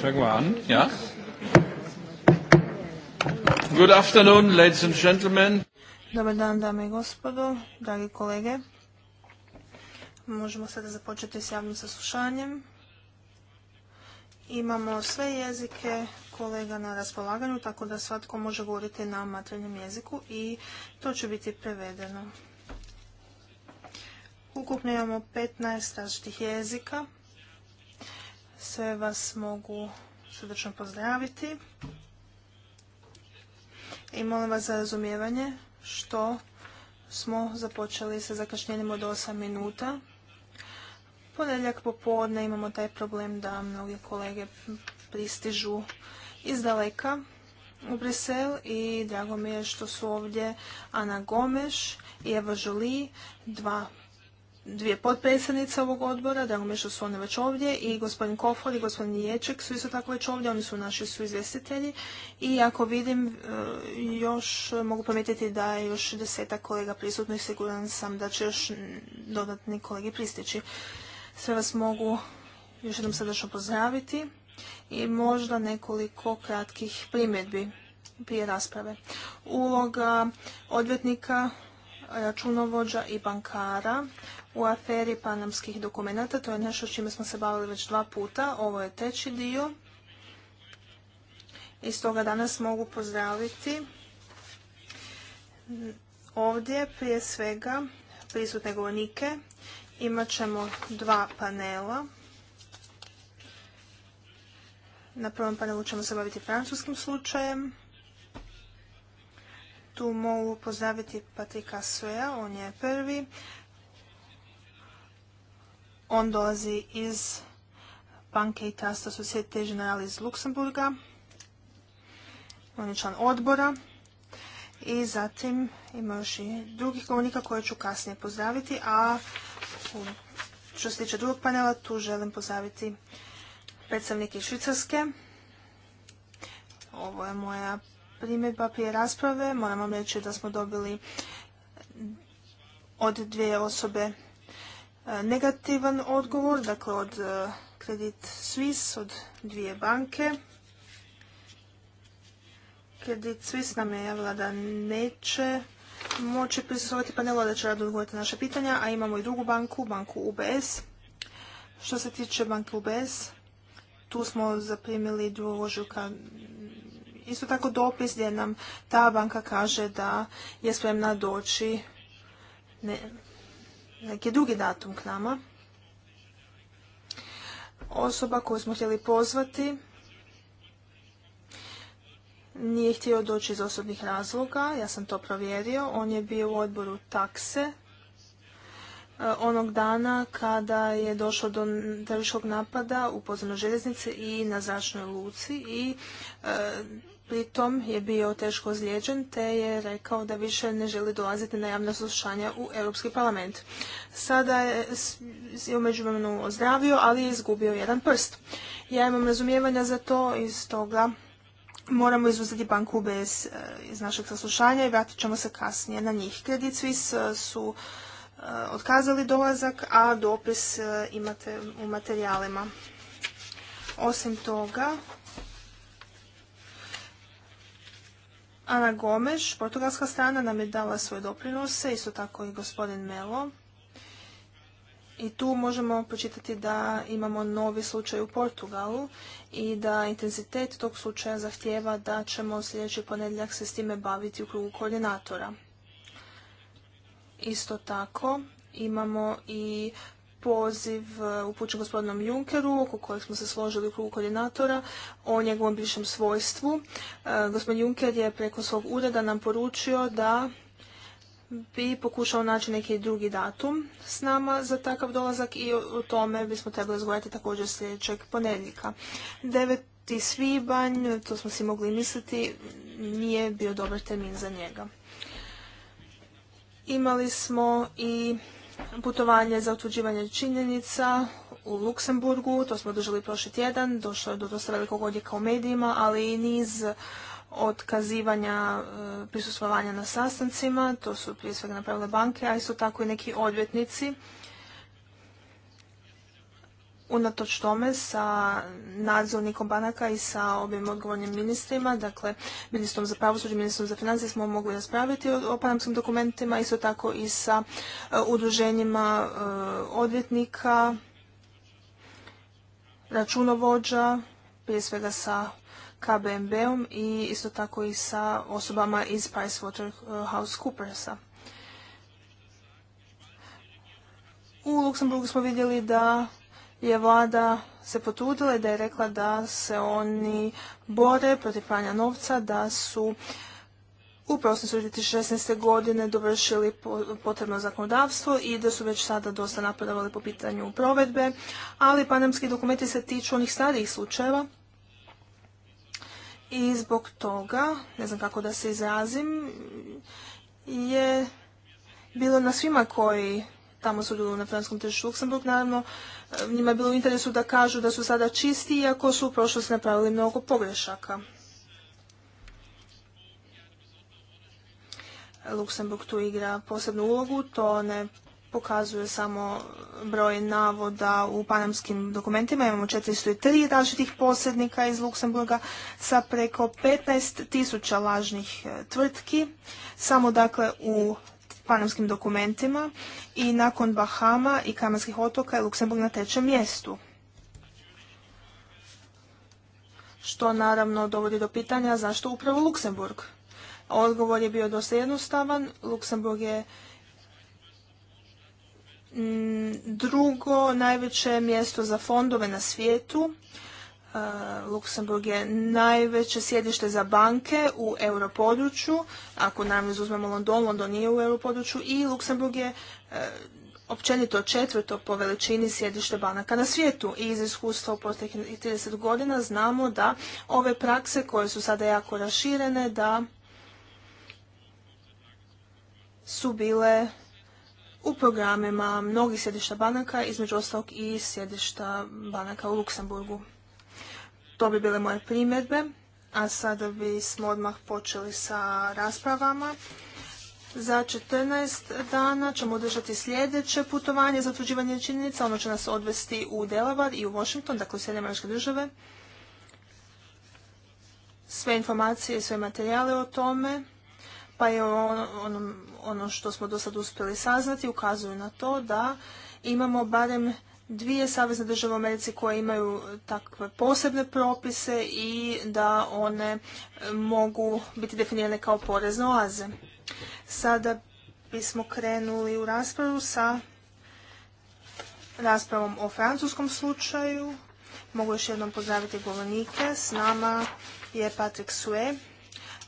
Fangen ja? Good afternoon, ladies and gentlemen. Dobar dan, dame i gospodo, dragi kolege. Možemo sada započeti s javnim saslušanjem. Imamo sve jezike kolega na raspolaganju, tako da svatko može govoriti na maternjem jeziku i to će biti prevedeno. Ukupno imamo 15 različitih jezika sve vas mogu srdečno pozdraviti i molim vas za razumijevanje što smo započeli sa zakašnjenjem od 8 minuta. Ponedjeljak popodne imamo taj problem da mnogi kolege pristižu iz daleka u Brisel i drago mi je što su ovdje Ana Gomeš i Eva Jolie, dva dvije potpredsjednice ovog odbora, drago mi što su one već ovdje, i gospodin Kofor i gospodin Ječek su isto tako već ovdje, oni su naši su izvjestitelji i ako vidim e, još mogu pametiti da je još desetak kolega prisutno i siguran sam da će još dodatni kolegi pristići. Sve vas mogu još jednom srdečno pozdraviti i možda nekoliko kratkih primjedbi prije rasprave. Uloga odvjetnika računovođa i bankara u aferi panamskih dokumenata. To je nešto s čime smo se bavili već dva puta. Ovo je teći dio. I stoga danas mogu pozdraviti ovdje prije svega prisutne govornike. Imat ćemo dva panela. Na prvom panelu ćemo se baviti francuskim slučajem. Tu mogu pozdraviti Patrika Sveja, on je prvi on dolazi iz banke i tasta Societe Generale iz Luksemburga. On je član odbora. I zatim ima još i drugih govornika koje ću kasnije pozdraviti, a što se tiče drugog panela, tu želim pozdraviti predstavnike Švicarske. Ovo je moja primjedba prije rasprave. Moram vam reći da smo dobili od dvije osobe E, negativan odgovor, dakle od e, Credit Suisse, od dvije banke. Credit Suisse nam je javila da neće moći pa ne da će rado odgovoriti naše pitanja, a imamo i drugu banku, banku UBS. Što se tiče banke UBS, tu smo zaprimili drugo ožujka isto tako dopis gdje nam ta banka kaže da je spremna doći ne, neki drugi datum k nama. Osoba koju smo htjeli pozvati nije htio doći iz osobnih razloga, ja sam to provjerio. On je bio u odboru takse e, onog dana kada je došlo do terorističkog napada u podzemnoj željeznici i na zračnoj luci i e, pritom je bio teško ozlijeđen te je rekao da više ne želi dolaziti na javna slušanja u Europski parlament. Sada je, u umeđu ozdravio, ali je izgubio jedan prst. Ja imam razumijevanja za to i stoga moramo izuzeti banku bez e, iz našeg saslušanja i vratit ćemo se kasnije na njih. Kredit e, su e, otkazali dolazak, a dopis imate u materijalima. Osim toga, Ana Gomes, portugalska strana, nam je dala svoje doprinose, isto tako i gospodin Melo. I tu možemo počitati da imamo novi slučaj u Portugalu i da intenzitet tog slučaja zahtjeva da ćemo sljedeći ponedjeljak se s time baviti u krugu koordinatora. Isto tako imamo i poziv e, upućen gospodinom Junkeru, oko kojeg smo se složili u krugu koordinatora, o njegovom bivšem svojstvu. E, gospodin Juncker je preko svog ureda nam poručio da bi pokušao naći neki drugi datum s nama za takav dolazak i o tome bismo trebali razgovarati također sljedećeg ponedjeljka. 9. svibanj, to smo si mogli misliti, nije bio dobar termin za njega. Imali smo i putovanje za utvrđivanje činjenica u Luksemburgu, to smo održali prošli tjedan, došlo je do dosta velikog odjeka u medijima, ali i niz otkazivanja e, prisustvovanja na sastancima, to su prije svega napravile banke, a isto tako i neki odvjetnici unatoč tome sa nadzornikom banaka i sa ovim odgovornim ministrima, dakle ministrom za pravosuđe, ministrom za financije smo mogli raspraviti o, panamskim dokumentima, isto tako i sa e, udruženjima e, odvjetnika, računovođa, prije svega sa KBMB-om i isto tako i sa osobama iz PricewaterhouseCoopersa. U Luksemburgu smo vidjeli da je vlada se potrudila i da je rekla da se oni bore protiv pranja novca, da su u prosincu 2016. godine dovršili potrebno zakonodavstvo i da su već sada dosta napredovali po pitanju provedbe, ali panemski dokumenti se tiču onih starijih slučajeva i zbog toga, ne znam kako da se izrazim, je bilo na svima koji tamo ljudi na franskom tržištu Luksemburg, naravno e, njima je bilo u interesu da kažu da su sada čisti, iako su u prošlosti napravili mnogo pogrešaka. Luksemburg tu igra posebnu ulogu, to ne pokazuje samo broj navoda u panamskim dokumentima. Imamo 403 različitih posrednika iz Luksemburga sa preko 15 tisuća lažnih e, tvrtki. Samo dakle u panamskim dokumentima i nakon Bahama i Kamarskih otoka je Luksemburg na trećem mjestu. Što naravno dovodi do pitanja zašto upravo Luksemburg. Odgovor je bio dosta jednostavan. Luksemburg je mm, drugo najveće mjesto za fondove na svijetu E, Luksemburg je najveće sjedište za banke u europodručju. Ako nam izuzmemo London, London nije u europodručju i Luksemburg je e, općenito četvrto po veličini sjedište banaka na svijetu. I iz iskustva u posljednjih 30 godina znamo da ove prakse koje su sada jako raširene, da su bile u programima mnogih sjedišta banaka, između ostalog i sjedišta banaka u Luksemburgu. To bi bile moje primjedbe, a sada bismo odmah počeli sa raspravama. Za 14 dana ćemo održati sljedeće putovanje za utvrđivanje činjenica. Ono će nas odvesti u Delavar i u Washington, dakle u Sjedinjene američke države. Sve informacije i sve materijale o tome, pa je ono, ono, ono što smo do sad uspjeli saznati, ukazuju na to da imamo barem dvije savezne države u Americi koje imaju takve posebne propise i da one e, mogu biti definirane kao porezne oaze. Sada bismo krenuli u raspravu sa raspravom o francuskom slučaju. Mogu još jednom pozdraviti govornike. S nama je Patrick Sue,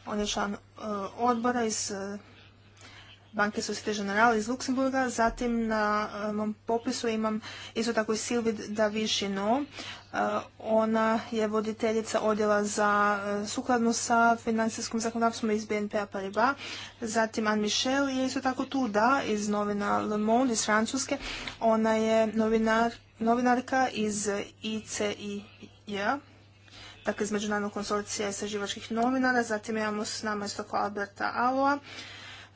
on je član e, odbora iz banke Societe Generale iz Luksemburga. Zatim na e, mom popisu imam isto tako i Silvid Davišino. E, ona je voditeljica odjela za e, sukladno sa financijskom zakonodavstvom iz BNP-a Paribas. Zatim Anne Michel je isto tako tu, da, iz novina Le Monde iz Francuske. Ona je novinarka iz ICIJ. dakle iz Međunarodnog konsorcija istraživačkih novinara, zatim imamo s nama isto tako Alberta Aloa,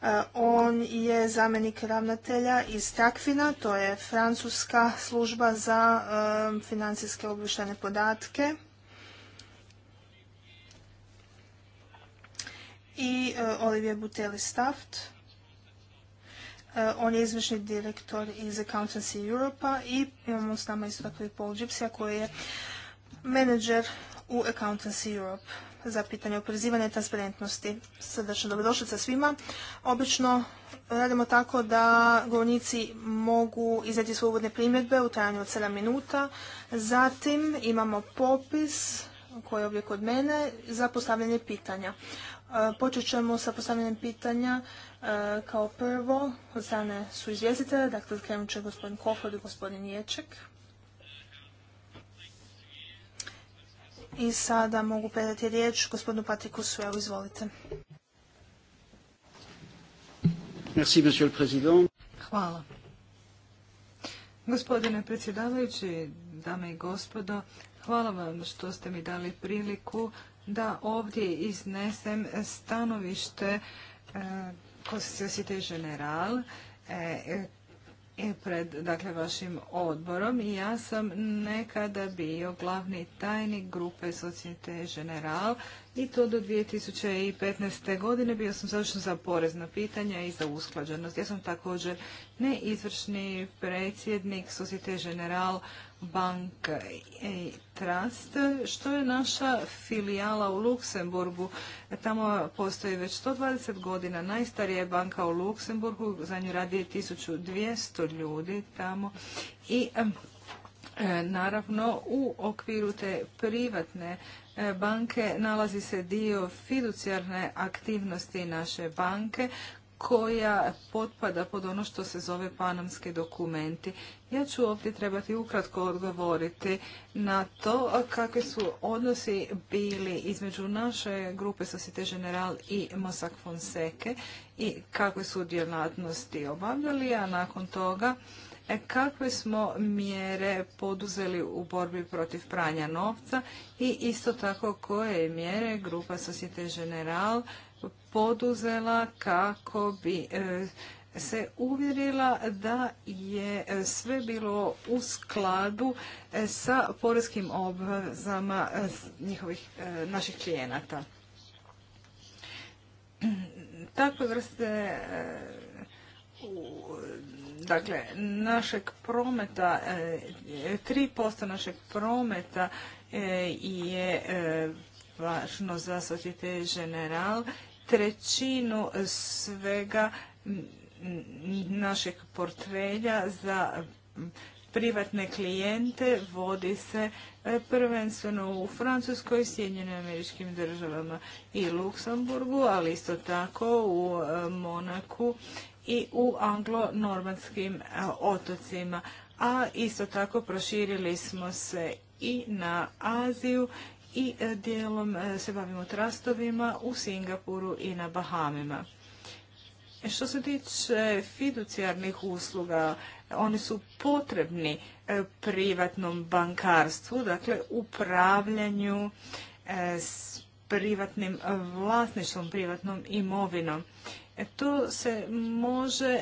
E, on je zamjenik ravnatelja iz Takfina, to je francuska služba za e, financijske obvišene podatke. I e, Olivier Buteli Staft. On je izvršni direktor iz Accountancy Europa i imamo s nama isto tako i Paul koji je menadžer u Accountancy Europe za pitanje oporezivanja i transparentnosti. Srdečno dobrodošli sa svima. Obično radimo tako da govornici mogu izneti svoje uvodne primjedbe u trajanju od 7 minuta. Zatim imamo popis koji je ovdje kod mene za postavljanje pitanja. E, počet ćemo sa postavljanjem pitanja e, kao prvo od strane su izvjestitelja, dakle krenut će gospodin Kofod i gospodin Ječek. I sada mogu predati riječ gospodinu Patriku Sueu. Izvolite. Merci, monsieur le président. Hvala. Gospodine predsjedavajući, dame i gospodo, hvala vam što ste mi dali priliku da ovdje iznesem stanovište e, General eh, pred dakle, vašim odborom i ja sam nekada bio glavni tajnik grupe Societe General i to do 2015. godine bio sam završen za porezna pitanja i za usklađenost. Ja sam također neizvršni predsjednik Societe General Bank i Trust, što je naša filijala u Luksemburgu. Tamo postoji već 120 godina. Najstarija je banka u Luksemburgu, za nju radi 1200 ljudi tamo i e, naravno u okviru te privatne e, banke nalazi se dio fiducijarne aktivnosti naše banke koja potpada pod ono što se zove panamski dokumenti. Ja ću ovdje trebati ukratko odgovoriti na to kakvi su odnosi bili između naše grupe Societe General i Mossack Fonseca i kakve su djelatnosti obavljali, a nakon toga e, kakve smo mjere poduzeli u borbi protiv pranja novca i isto tako koje mjere grupa Societe General poduzela kako bi e, se uvjerila da je e, sve bilo u skladu e, sa porezkim obvezama njihovih naših klijenata. Takve vrste dakle našeg prometa 3% našeg prometa je važno za Societe General trećinu svega našeg portrelja za privatne klijente vodi se e, prvenstveno u Francuskoj, Sjedinjenim američkim državama i Luksemburgu, ali isto tako u e, Monaku i u anglo-normanskim e, otocima. A isto tako proširili smo se i na Aziju i e, dijelom e, se bavimo trastovima u Singapuru i na Bahamima. E, što se tiče fiducijarnih usluga, oni su potrebni privatnom bankarstvu, dakle upravljanju s privatnim vlasništvom, privatnom imovinom. E, to se može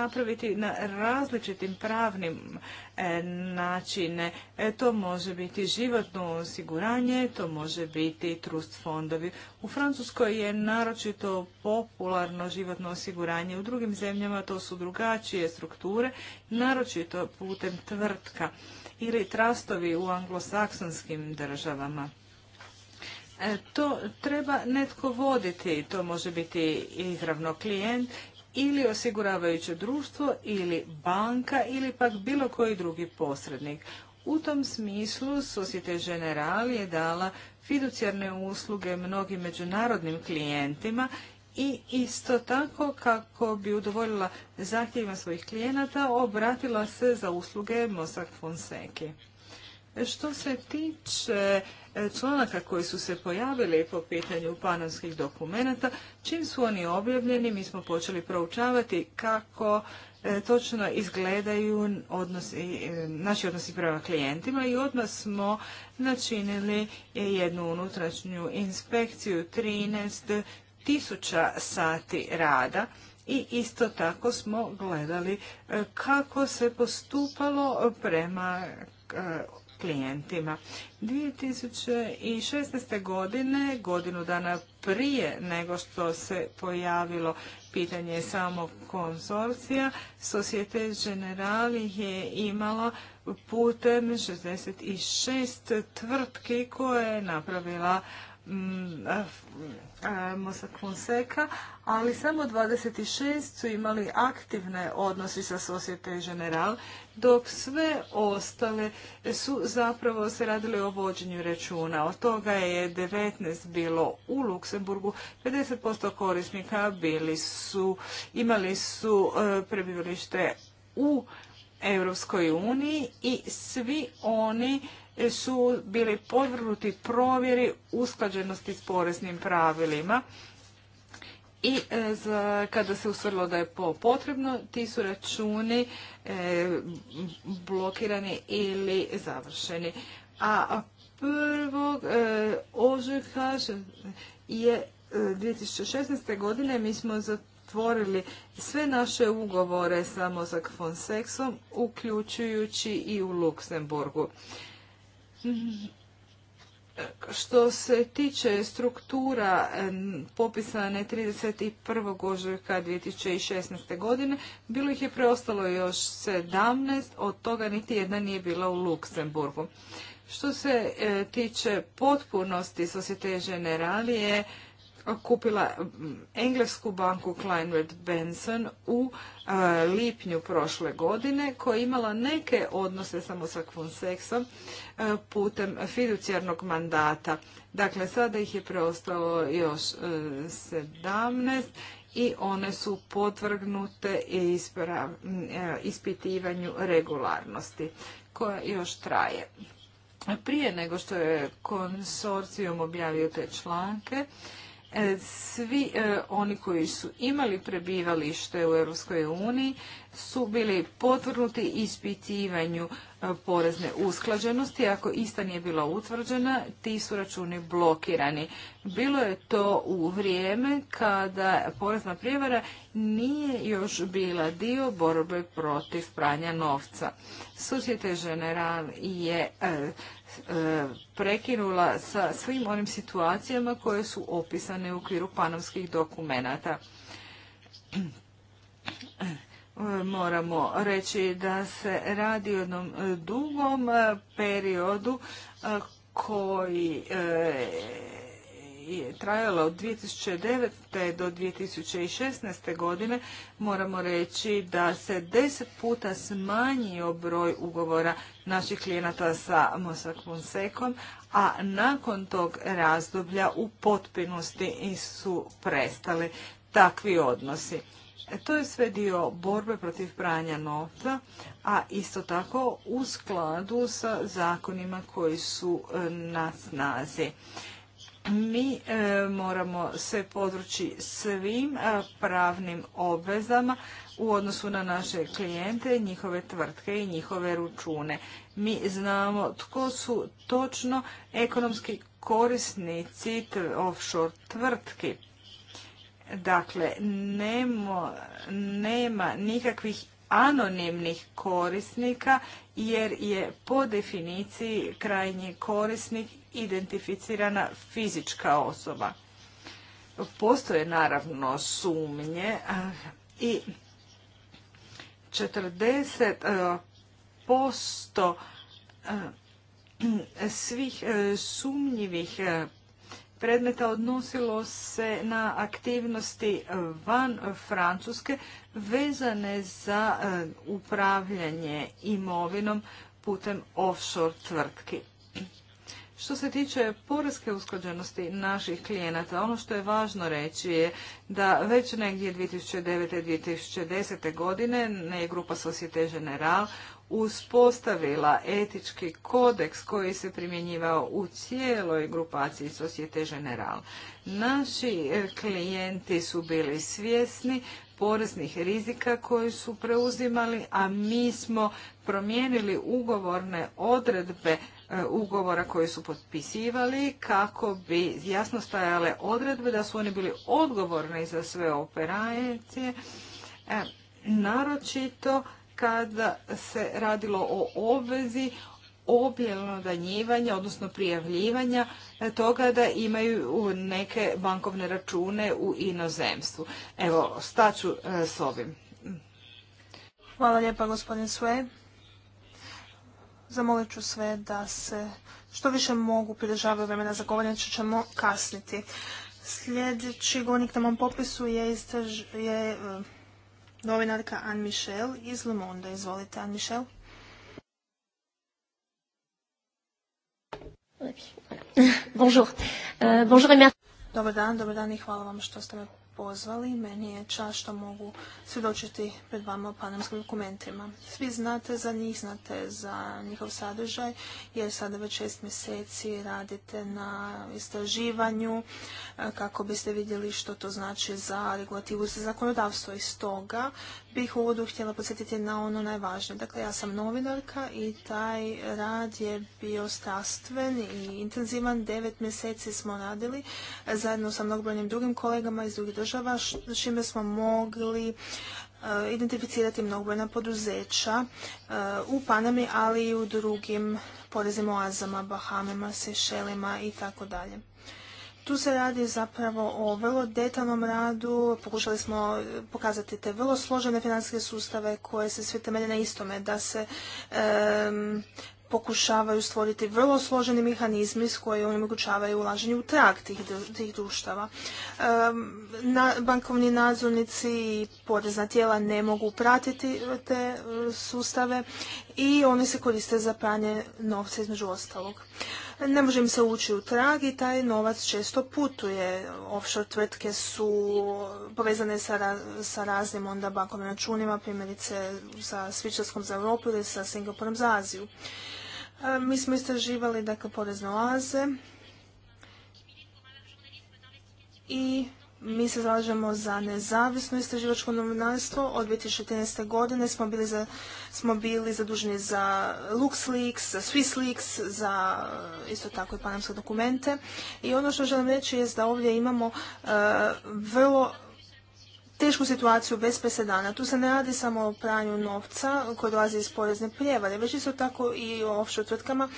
napraviti na različitim pravnim e, načine. E, to može biti životno osiguranje, to može biti trust fondovi. U Francuskoj je naročito popularno životno osiguranje. U drugim zemljama to su drugačije strukture, naročito putem tvrtka ili trastovi u anglosaksonskim državama. E, to treba netko voditi. To može biti izravno klijent ili osiguravajuće društvo ili banka ili pak bilo koji drugi posrednik. U tom smislu Societe General je dala fiducijarne usluge mnogim međunarodnim klijentima i isto tako kako bi udovoljila zahtjevima svojih klijenata obratila se za usluge Mossack Fonseca. Što se tiče e, članaka koji su se pojavili po pitanju panonskih dokumenata, čim su oni objavljeni, mi smo počeli proučavati kako e, točno izgledaju odnosi, e, naši odnosi prema klijentima i odmah smo načinili jednu unutrašnju inspekciju 13 tisuća sati rada i isto tako smo gledali kako se postupalo prema klijentima. 2016. godine, godinu dana prije nego što se pojavilo pitanje samog konsorcija, Societe Generali je imala putem 66 tvrtki koje je napravila Mm, eh, eh, Mosa ali samo 26 su imali aktivne odnosi sa Societe General, dok sve ostale su zapravo se radile o vođenju računa. Od toga je 19 bilo u Luksemburgu, 50% korisnika bili su, imali su eh, prebivalište u Europskoj uniji i svi oni su bili podvrnuti provjeri usklađenosti s poreznim pravilima i e, kada se usvrlo da je potrebno, ti su računi e, blokirani ili završeni. A prvog e, ožujka je 2016. godine mi smo zatvorili sve naše ugovore samo za Fonsexom, uključujući i u Luksemburgu. Što se tiče struktura popisa na 31. ožujka 2016. godine, bilo ih je preostalo još 17, od toga niti jedna nije bila u Luksemburgu. Što se e, tiče potpunosti Societe Generalije, kupila mm, englesku banku Kleinwert Benson u e, lipnju prošle godine koja je imala neke odnose samo sa Kvonseksom e, putem fiducijarnog mandata. Dakle, sada ih je preostalo još e, sedamnaest i one su potvrgnute ispitivanju regularnosti koja još traje. Prije nego što je konsorcijom objavio te članke, E, svi e, oni koji su imali prebivalište u Europskoj uniji su bili potvrnuti ispitivanju e, porezne usklađenosti. Ako ista nije bila utvrđena, ti su računi blokirani. Bilo je to u vrijeme kada porezna prijevara nije još bila dio borbe protiv pranja novca. Societe General je E, prekinula sa svim onim situacijama koje su opisane u okviru panovskih dokumenata. E, moramo reći da se radi o jednom dugom periodu e, koji je trajala od 2009. do 2016. godine, moramo reći da se deset puta smanjio broj ugovora naših klijenata sa Mossack a nakon tog razdoblja u potpunosti su prestali takvi odnosi. E, to je sve dio borbe protiv pranja novca, a isto tako u skladu sa zakonima koji su e, na snazi mi e, moramo se podrući svim e, pravnim obvezama u odnosu na naše klijente, njihove tvrtke i njihove ručune. Mi znamo tko su točno ekonomski korisnici offshore tvrtki. Dakle, nema nikakvih anonimnih korisnika jer je po definiciji krajnji korisnik identificirana fizička osoba. Postoje naravno sumnje i 40% svih e, sumnjivih e, predmeta odnosilo se na aktivnosti e, van Francuske vezane za e, upravljanje imovinom putem offshore tvrtki. Što se tiče poreske usklađenosti naših klijenata, ono što je važno reći je da već negdje 2009. i 2010. godine je grupa Societe General uspostavila etički kodeks koji se primjenjivao u cijeloj grupaciji Societe General. Naši e, klijenti su bili svjesni poreznih rizika koji su preuzimali, a mi smo promijenili ugovorne odredbe e, ugovora koje su potpisivali kako bi jasno stajale odredbe da su oni bili odgovorni za sve operacije, e, naročito kada se radilo o obvezi objelodanjivanja, odnosno prijavljivanja toga da imaju neke bankovne račune u inozemstvu. Evo, staću e, s ovim. Hvala lijepa gospodin Sve. Zamolit ću sve da se što više mogu pridržavaju vremena za govorenje, ćemo kasniti. Sljedeći govornik na mom popisu je novinarka Anne Michel iz Le Monde. Izvolite, Anne Michel. Bonjour. Euh, bonjour Dobar dan, dobar dan i hvala vam što ste me pozvali. Meni je čast što mogu svjedočiti pred vama o panamskim dokumentima. Svi znate za njih, znate za njihov sadržaj, jer sada već šest mjeseci radite na istraživanju e, kako biste vidjeli što to znači za regulativu za zakonodavstvo. I stoga bih u uvodu htjela podsjetiti na ono najvažnije. Dakle, ja sam novinarka i taj rad je bio strastven i intenzivan. Devet mjeseci smo radili zajedno sa mnogobrojnim drugim kolegama iz drugih država, čime smo mogli e, identificirati mnogobojna poduzeća e, u Panami, ali i u drugim poreznim oazama, Bahamima, Sešelima i tako dalje. Tu se radi zapravo o vrlo detaljnom radu. Pokušali smo e, pokazati te vrlo složene financijske sustave koje se sve temelje na istome, da se pokušavaju stvoriti vrlo složeni mehanizmi s koji onemogućavaju ulaženje u trag tih, tih društava. na, bankovni nadzornici i porezna tijela ne mogu pratiti te e, sustave i oni se koriste za pranje novca između ostalog. Ne može im se ući u trag i taj novac često putuje. Offshore tvrtke su povezane sa, sa raznim onda bankovnim računima, primjerice sa Svičarskom za Europu ili sa Singapurom za Aziju. E, mi smo istraživali dakle, porezne oaze i mi se zalažemo za nezavisno istraživačko novinarstvo. Od 2013. godine smo bili, za, smo bili zaduženi za LuxLeaks, za SwissLeaks, za e, isto tako i panamske dokumente. I ono što želim reći je da ovdje imamo e, vrlo tešku situaciju bez presedana. Tu se ne radi samo o pranju novca koji dolazi iz porezne prijevare, već isto tako i o offshore tvrtkama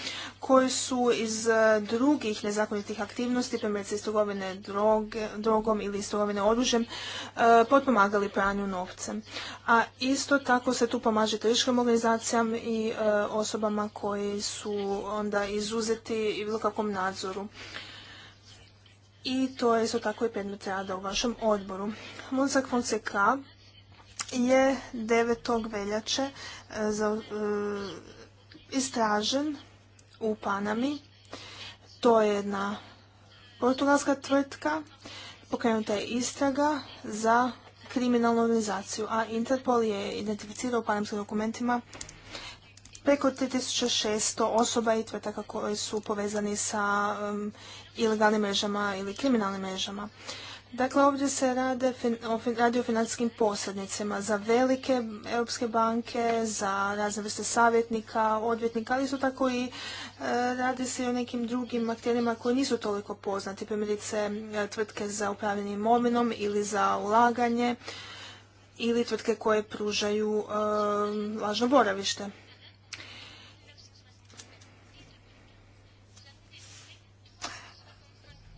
koje su iz e, drugih nezakonitih aktivnosti, primjerice iz trgovine drogom ili iz trgovine oružjem, e, potpomagali pranju novce. A isto tako se tu pomaže teškim organizacijama i e, osobama koji su onda izuzeti i bilo kakvom nadzoru i to je isto tako i predmet rada u vašem odboru. Mozak Fonseca je 9. veljače e, za, e, istražen u Panami. To je jedna portugalska tvrtka. Pokrenuta je istraga za kriminalnu organizaciju, a Interpol je identificirao u panamskim dokumentima preko 3600 osoba i tvrtaka koje su povezani sa ilegalnim mrežama ili kriminalnim mrežama. Dakle, ovdje se rade, radi o financijskim posrednicima za velike europske banke, za razne vrste savjetnika, odvjetnika, ali isto tako i e, radi se i o nekim drugim akterima koji nisu toliko poznati, primjerice e, tvrtke za upravljanje imovinom ili za ulaganje ili tvrtke koje pružaju e, lažno boravište.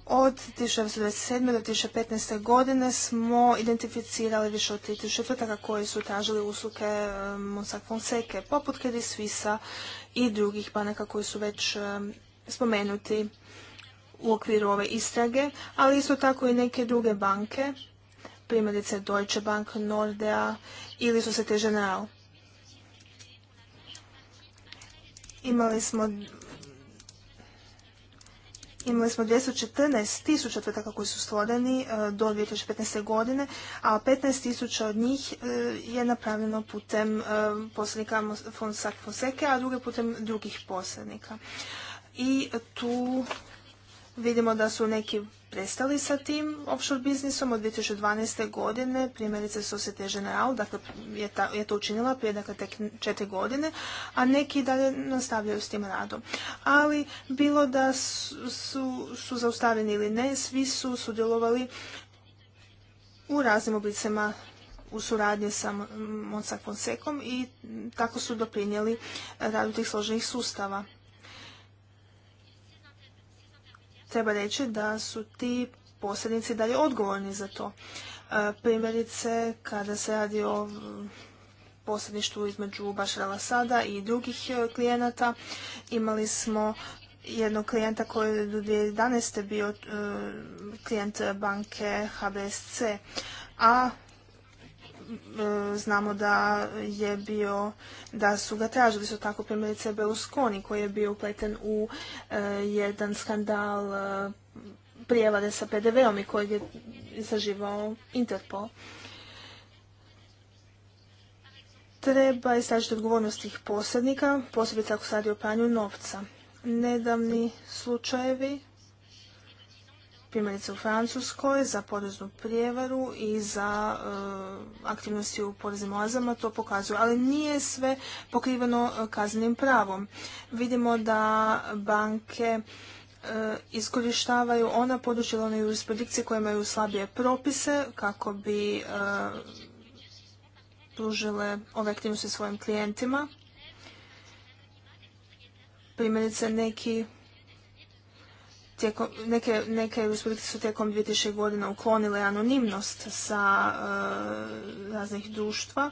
Od 1997. do 2015. godine smo identificirali više od 3000 tvrtaka koji su tražili usluke eh, Monsak Fonseca poput Credit i drugih banaka koji su već eh, spomenuti u okviru ove istrage, ali isto tako i neke druge banke, primjerice Deutsche Bank, Nordea ili su se te General. Imali smo Imali smo 214 tisuća tvrtaka koji su stvoreni e, do 2015. godine, a 15 tisuća od njih e, je napravljeno putem e, posljednika Fonsak Fonseke, a druge putem drugih posljednika. I tu Vidimo da su neki prestali sa tim offshore biznisom od 2012. godine, primjerice Societe General, dakle je, je to učinila prije dakle, tek četiri godine, a neki dalje nastavljaju s tim radom. Ali bilo da su, zaustavljeni ili ne, svi su sudjelovali u raznim oblicima u suradnji sa Monsak Fonsecom i tako su doprinijeli radu tih složenih sustava. treba reći da su ti posrednici dalje odgovorni za to. E, primjerice, kada se radi o posredništvu između baš sada i drugih e, klijenata, imali smo jednog klijenta koji je do 2011. bio e, klijent banke HBSC, a znamo da je bio, da su ga tražili su tako primjerice Berlusconi koji je bio upleten u e, jedan skandal e, prijevare sa PDV-om i kojeg je zaživao Interpol. Treba istražiti odgovornost tih posrednika, posebice ako se radi o pranju novca. Nedavni slučajevi primjerice u Francuskoj za poreznu prijevaru i za e, aktivnosti u poreznim oazama to pokazuju, ali nije sve pokriveno e, kaznenim pravom. Vidimo da banke e, iskorištavaju ona područja one jurisdikcije koje imaju slabije propise kako bi pružile ove aktivnosti svojim klijentima. Primjerice neki neke, neke su tijekom 2000 godina uklonile anonimnost sa e, raznih društva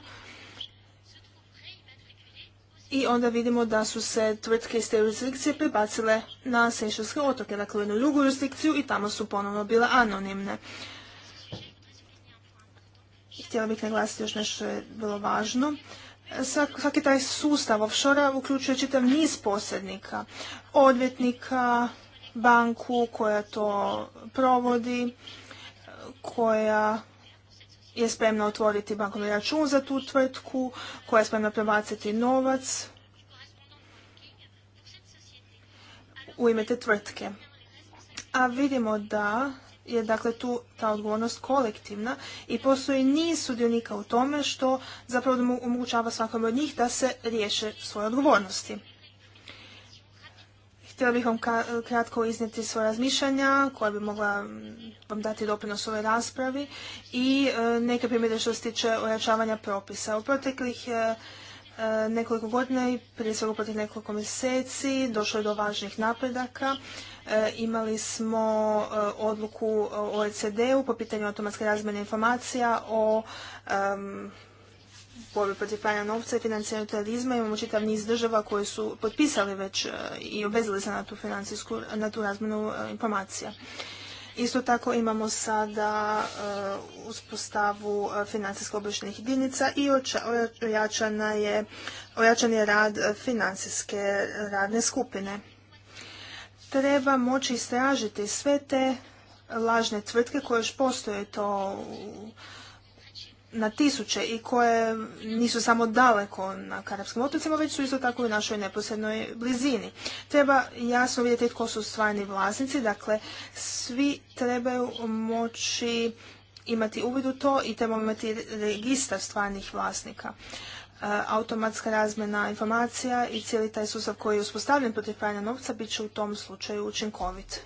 i onda vidimo da su se tvrtke iz te jurisdikcije prebacile na Sešovske otoke, dakle u jednu drugu jurisdikciju i tamo su ponovno bile anonimne. Htjela bih naglasiti još nešto je bilo važno. Svaki taj sustav offshore-a uključuje čitav niz posrednika, odvjetnika, banku koja to provodi, koja je spremna otvoriti bankovni račun za tu tvrtku, koja je spremna prebaciti novac u ime te tvrtke. A vidimo da je dakle tu ta odgovornost kolektivna i postoji niz sudionika u tome što zapravo omogućava svakome od njih da se riješe svoje odgovornosti. Htjela bih vam kratko iznijeti svoje razmišljanja koja bi mogla mm, vam dati doprinos ovoj raspravi i e, neke primjere što se tiče ojačavanja propisa. U proteklih e, e, nekoliko godina i prije svega u proteklih nekoliko mjeseci došlo je do važnih napredaka. imali smo odluku odluku OECD-u po pitanju automatske razmjene informacija o borbe protiv pranja novca i financijanju terorizma. Imamo čitav niz država koje su potpisali već e, i obezili se na tu financijsku, na tu razmjenu e, informacija. Isto tako imamo sada e, uspostavu financijsko obješnjenih jedinica i je, ojačan je rad financijske radne skupine. Treba moći istražiti sve te lažne tvrtke koje još postoje to u na tisuće i koje nisu samo daleko na Karabskim otocima, već su isto tako i u našoj neposrednoj blizini. Treba jasno vidjeti tko su stvarni vlasnici, dakle svi trebaju moći imati uvid u to i trebamo imati registar stvarnih vlasnika. E, automatska razmjena informacija i cijeli taj sustav koji je uspostavljen protiv pranja novca bit će u tom slučaju učinkovit.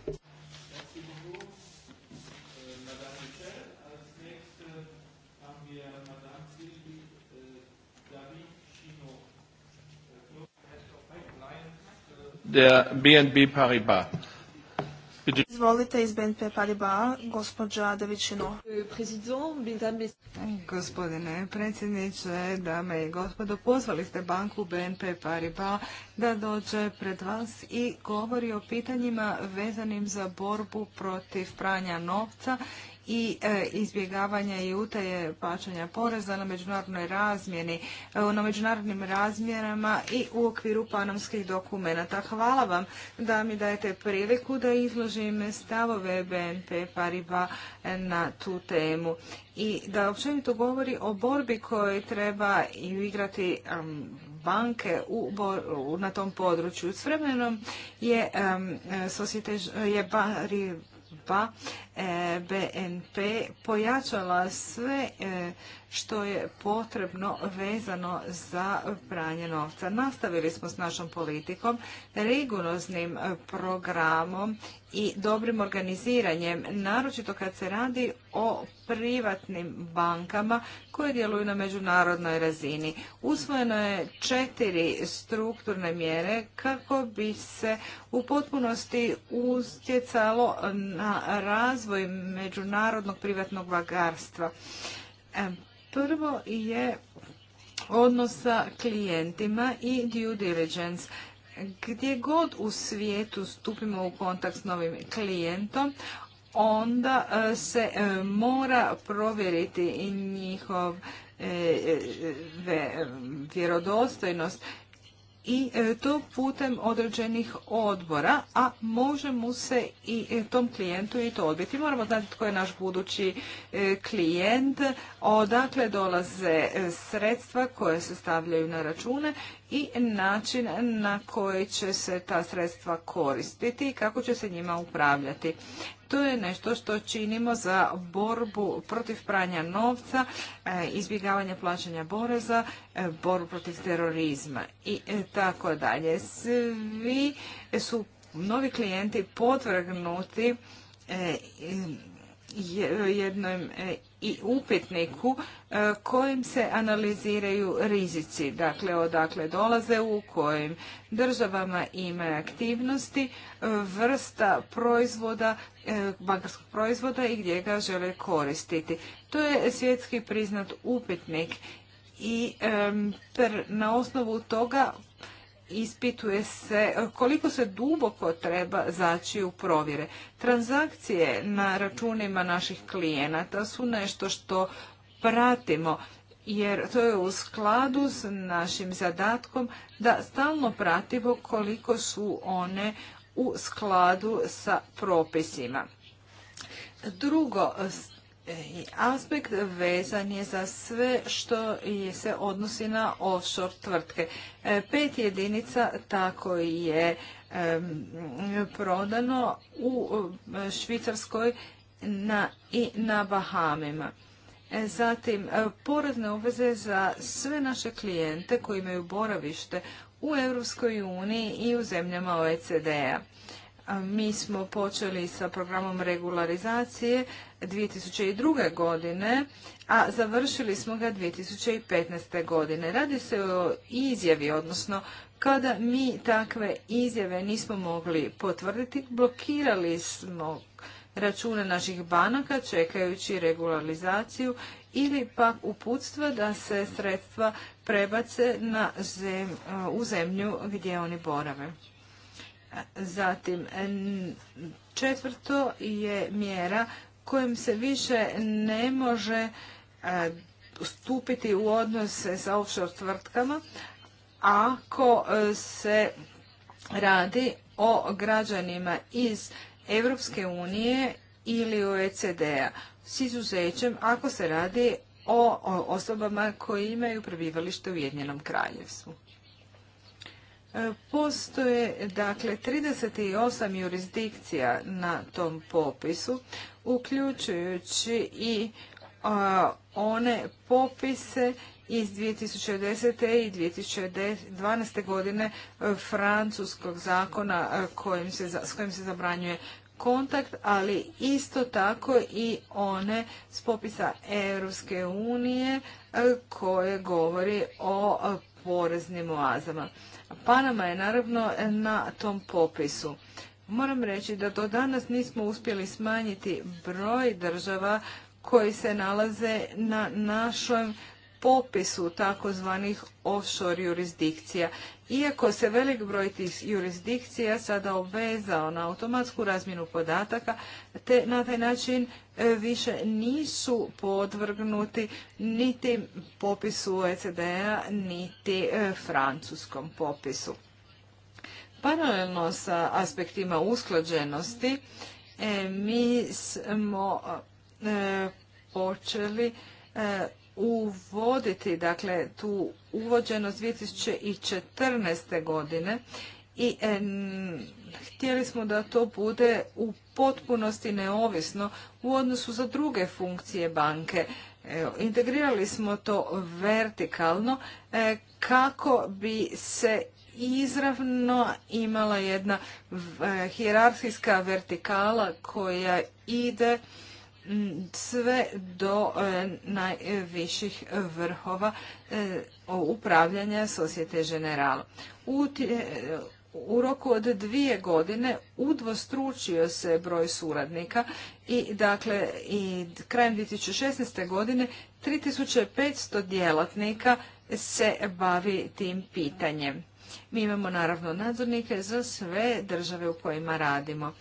der BNB Paribas. Izvolite iz BNP Paribas, gospođa Devičino. Gospodine predsjedniče, dame i gospodo, pozvali ste banku BNP Paribas da dođe pred vas i govori o pitanjima vezanim za borbu protiv pranja novca i e, izbjegavanja i utaje plaćanja poreza na međunarodnoj razmjeni, e, na međunarodnim razmjerama i u okviru panomskih dokumenata. Hvala vam da mi dajete priliku da izložim stavove BNP Pariba e, na tu temu i da općenito govori o borbi koju treba igrati banke u, na tom području. S vremenom je, um, je E, BNP pojačala sve e, što je potrebno vezano za pranje novca. Nastavili smo s našom politikom, rigoroznim programom i dobrim organiziranjem, naročito kad se radi o privatnim bankama koje djeluju na međunarodnoj razini. Usvojeno je četiri strukturne mjere kako bi se u potpunosti utjecalo na razvoj razvoj međunarodnog privatnog vagarstva. E, prvo je odnos sa klijentima i due diligence. Gdje god u svijetu stupimo u kontakt s novim klijentom, onda e, se e, mora provjeriti njihov vjerodostojnost i e, to putem određenih odbora, a može mu se i e, tom klijentu i to odbiti. Moramo znati tko je naš budući e, klijent, odakle dolaze sredstva koje se stavljaju na račune i način na koji će se ta sredstva koristiti i kako će se njima upravljati. To je nešto što činimo za borbu protiv pranja novca, e, izbjegavanje plaćanja boreza, e, borbu protiv terorizma i e, tako dalje. Svi su novi klijenti podvrgnuti jednom i upitniku e, kojim se analiziraju rizici, dakle odakle dolaze, u kojim državama ima aktivnosti, vrsta proizvoda, e, bankarskog proizvoda i gdje ga žele koristiti. To je svjetski priznat upitnik i na osnovu toga ispituje se e, koliko se duboko treba zaći u provjere. Transakcije na računima naših klijenata su nešto što pratimo jer to je u skladu s našim zadatkom da stalno pratimo koliko su one u skladu sa propisima. Drugo, E, aspekt vezan je za sve što se odnosi na offshore tvrtke. E, pet jedinica tako je prodano u e, Švicarskoj na, i na Bahamima. Zatim, porezne obveze za sve naše klijente koji imaju boravište u Europskoj uniji i u zemljama OECD-a. Mi smo počeli sa programom regularizacije 2002. godine, a završili smo ga 2015. godine. Radi se o izjavi, odnosno kada mi takve izjave nismo mogli potvrditi, blokirali smo račune naših banaka čekajući regularizaciju ili pak uputstva da se sredstva prebace na u zemlju gdje oni borave. Zatim, četvrto je mjera kojim se više ne može e, stupiti u odnose sa offshore tvrtkama ako e, se radi o građanima iz Europske unije ili OECD-a s izuzećem ako se radi o osobama koje imaju prebivalište u Ujedinjenom kraljevstvu. Postoje dakle 38 jurisdikcija na tom popisu, uključujući i one popise iz 2010. i 2012. godine e, francuskog zakona e, s kojim se zabranjuje kontakt, ali isto tako i one s popisa Europske unije e, koje govori o poreznim oazama. Panama je naravno na tom popisu. Moram reći da do danas nismo uspjeli smanjiti broj država koji se nalaze na našem popisu takozvanih offshore jurisdikcija. Iako se velik broj tih jurisdikcija sada obvezao na automatsku razmjenu podataka, te na taj način e, više nisu podvrgnuti niti popisu OECD-a, niti e, francuskom popisu. Paralelno sa aspektima usklađenosti, e, mi smo počeli uvoditi dakle, tu uvođenost 2014. godine i htjeli smo da to bude u potpunosti neovisno u odnosu za druge funkcije banke. integrirali smo to vertikalno e, kako bi se izravno imala jedna e, hijerarhijska vertikala koja ide sve do e, najviših vrhova e, upravljanja Societe General. U, u roku od dvije godine udvostručio se broj suradnika i dakle i krajem 2016. godine 3500 djelatnika se bavi tim pitanjem. Mi imamo naravno nadzornike za sve države u kojima radimo.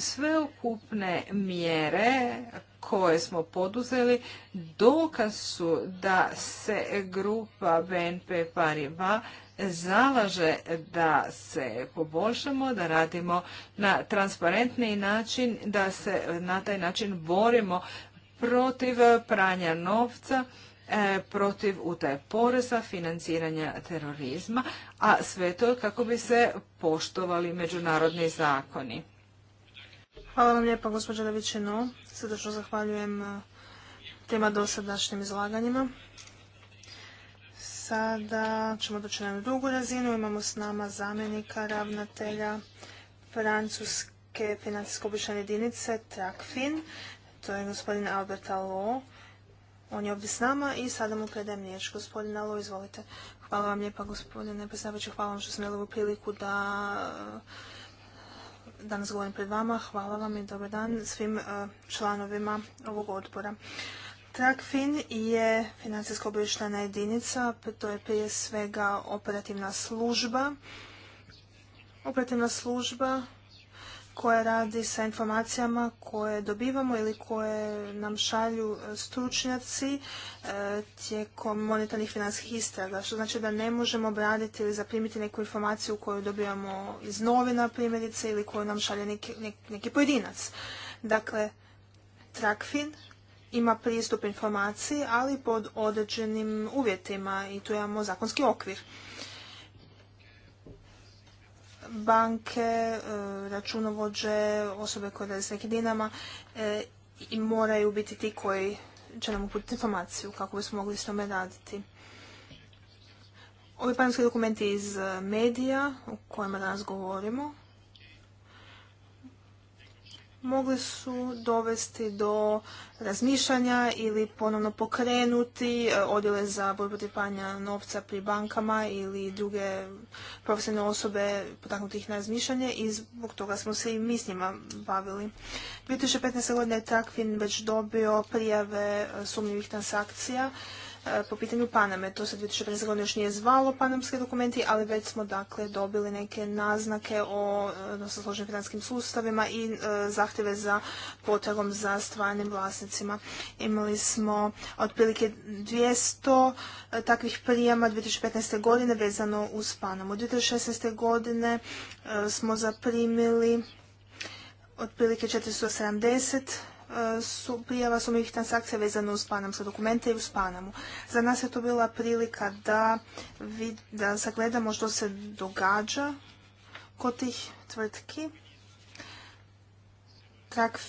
Sveukupne mjere koje smo poduzeli dokaz su da se grupa BNP Paribas zalaže da se poboljšamo, da radimo na transparentni način, da se na taj način borimo protiv pranja novca, e, protiv utaje poreza, financiranja terorizma, a sve to kako bi se poštovali međunarodni zakoni. Hvala vam lijepa, gospođa Davićeno. Srdečno zahvaljujem eh, tema dosadašnjim izlaganjima. Sada ćemo doći na drugu razinu. Imamo s nama zamjenika ravnatelja Francuske financijsko obične jedinice TRAKFIN. To je gospodin Albert Alo. On je ovdje s nama i sada mu predajem riječ. Gospodin Alo, izvolite. Hvala vam lijepa gospodine Hvala vam što sam imala ovu priliku da danas govorim pred vama. Hvala vam i dobar dan svim e, članovima ovog odbora. TRAKFIN je financijsko obještena jedinica, to je prije svega operativna služba. Operativna služba koja radi sa informacijama koje dobivamo ili koje nam šalju e, stručnjaci e, tijekom monetarnih finanskih istraga, što znači da ne možemo obraditi ili zaprimiti neku informaciju koju dobivamo iz novina primjerice ili koju nam šalje neki, neki pojedinac. Dakle, Trakfin ima pristup informaciji, ali pod određenim uvjetima i tu imamo zakonski okvir banke, e, računovođe, osobe koje rade s nekretninama e, i moraju biti ti koji će nam uputiti informaciju kako bismo mogli s tome raditi. Ovi panelski dokumenti iz e, medija o kojima danas govorimo mogli su dovesti do razmišljanja ili ponovno pokrenuti e, odjele za borbu protiv novca pri bankama ili druge profesionalne osobe potaknuti na razmišljanje i zbog toga smo se i mi s njima bavili. 2015. godine je Trakvin već dobio prijave e, sumnjivih transakcija E, po pitanju Paname. To se 2015. godine još nije zvalo Panamske dokumenti, ali već smo dakle dobili neke naznake o odnosno e, složenim financijskim sustavima i e, zahtjeve za potragom za stvarnim vlasnicima. Imali smo otprilike 200 takvih prijama 2015. godine vezano uz Panamu. 2016. godine smo zaprimili otprilike 470 su prijava sumnjivih transakcija vezano uz sa dokumente i uz Panamu. Za nas je to bila prilika da, da sagledamo što se događa kod tih tvrtki.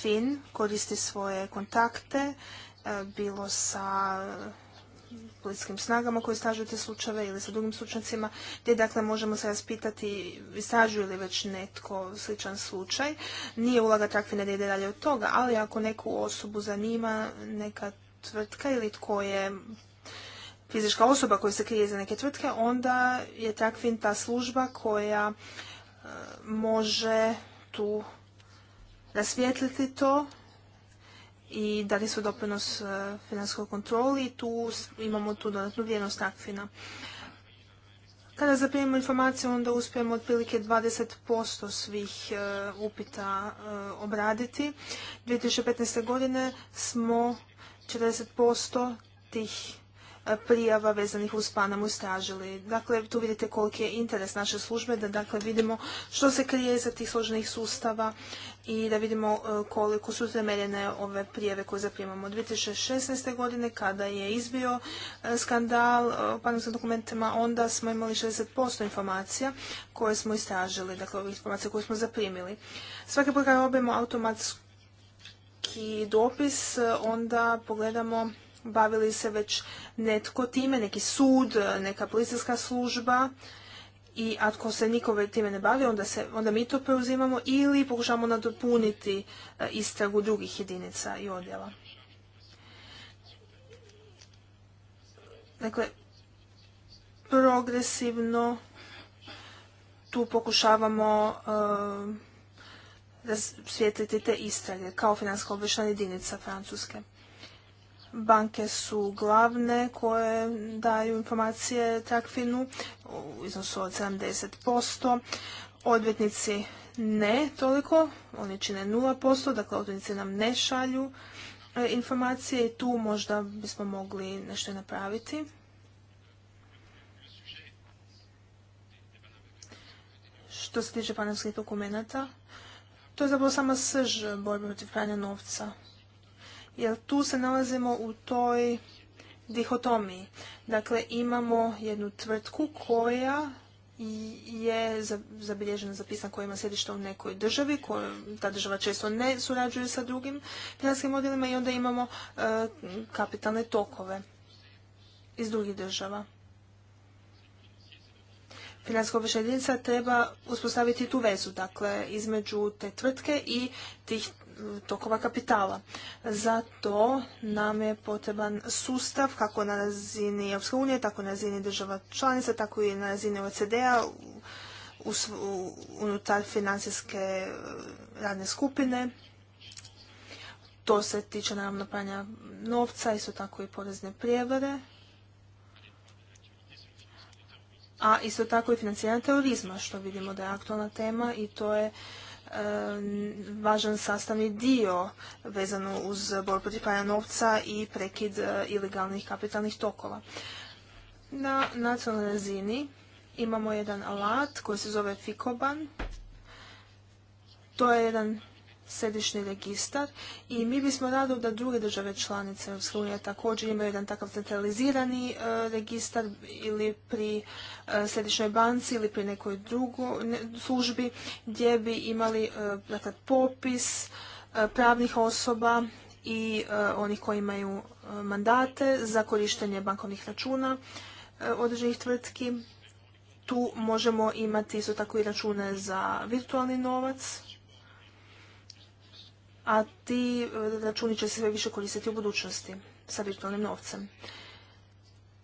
Fin koristi svoje kontakte, e, bilo sa policijskim snagama koji istražuju te slučajeve ili sa drugim slučajcima gdje dakle možemo se raspitati istražuje li već netko sličan slučaj. Nije ulaga trakvina da ide dalje od toga, ali ako neku osobu zanima neka tvrtka ili tko je fizička osoba koja se krije za neke tvrtke, onda je takvin ta služba koja e, može tu rasvijetliti to i dali su doprinos e, financijskoj kontroli i tu imamo tu dodatnu vrijednost akfina. Kada zaprimimo informaciju, onda uspijemo otprilike 20% svih e, upita e, obraditi. 2015. godine smo 40% tih prijava vezanih uz Panamu istražili. Dakle, tu vidite koliki je interes naše službe da dakle vidimo što se krije za tih složenih sustava i da vidimo e, koliko su temeljene ove prijeve koje zaprimamo. Od 2016. godine kada je izbio e, skandal e, o panamskim dokumentima, onda smo imali 60% informacija koje smo istražili, dakle ove informacije koje smo zaprimili. Svaki put kada robimo automatski dopis, onda pogledamo bavili se već netko time, neki sud, neka policijska služba i ako se niko time ne bavi, onda, se, onda mi to preuzimamo ili pokušavamo nadopuniti e, istragu drugih jedinica i odjela. Dakle, progresivno tu pokušavamo uh, te istrage kao finansko jedinica Francuske. Banke su glavne koje daju informacije Trakfinu u iznosu od 70%. Odvjetnici ne toliko, oni čine 0%, dakle odvjetnici nam ne šalju e, informacije i tu možda bismo mogli nešto napraviti. Što se tiče panamskih dokumenata, to je zapravo sama srž borbe protiv pranja novca jer tu se nalazimo u toj dihotomiji. Dakle, imamo jednu tvrtku koja je zabilježena zapisana, koja ima sjedište u nekoj državi, koja, ta država često ne surađuje sa drugim finanskim modelima i onda imamo e, kapitalne tokove iz drugih država. Financijska obvešća jedinica treba uspostaviti tu vezu, dakle, između te tvrtke i tih tokova kapitala. Zato nam je potreban sustav kako na razini EU, unije, tako na razini država članica, tako i na razini OECD-a unutar financijske e, radne skupine. To se tiče naravno pranja novca, isto tako i porezne prijevare, a isto tako i financiranje terorizma, što vidimo da je aktualna tema i to je važan sastavni dio vezano uz borbu protiv novca i prekid e, ilegalnih kapitalnih tokova. Na nacionalnoj razini imamo jedan alat koji se zove Fikoban. To je jedan središnji registar i mi bismo rado da druge države članice EU također imaju jedan takav centralizirani e, registar ili pri e, središnjoj banci ili pri nekoj drugoj službi gdje bi imali e, dakle, popis pravnih osoba i onih koji imaju mandate za korištenje bankovnih računa određenih tvrtki. Tu možemo imati isto tako i račune za virtualni novac a ti e, računi će se sve više koristiti u budućnosti sa virtualnim novcem.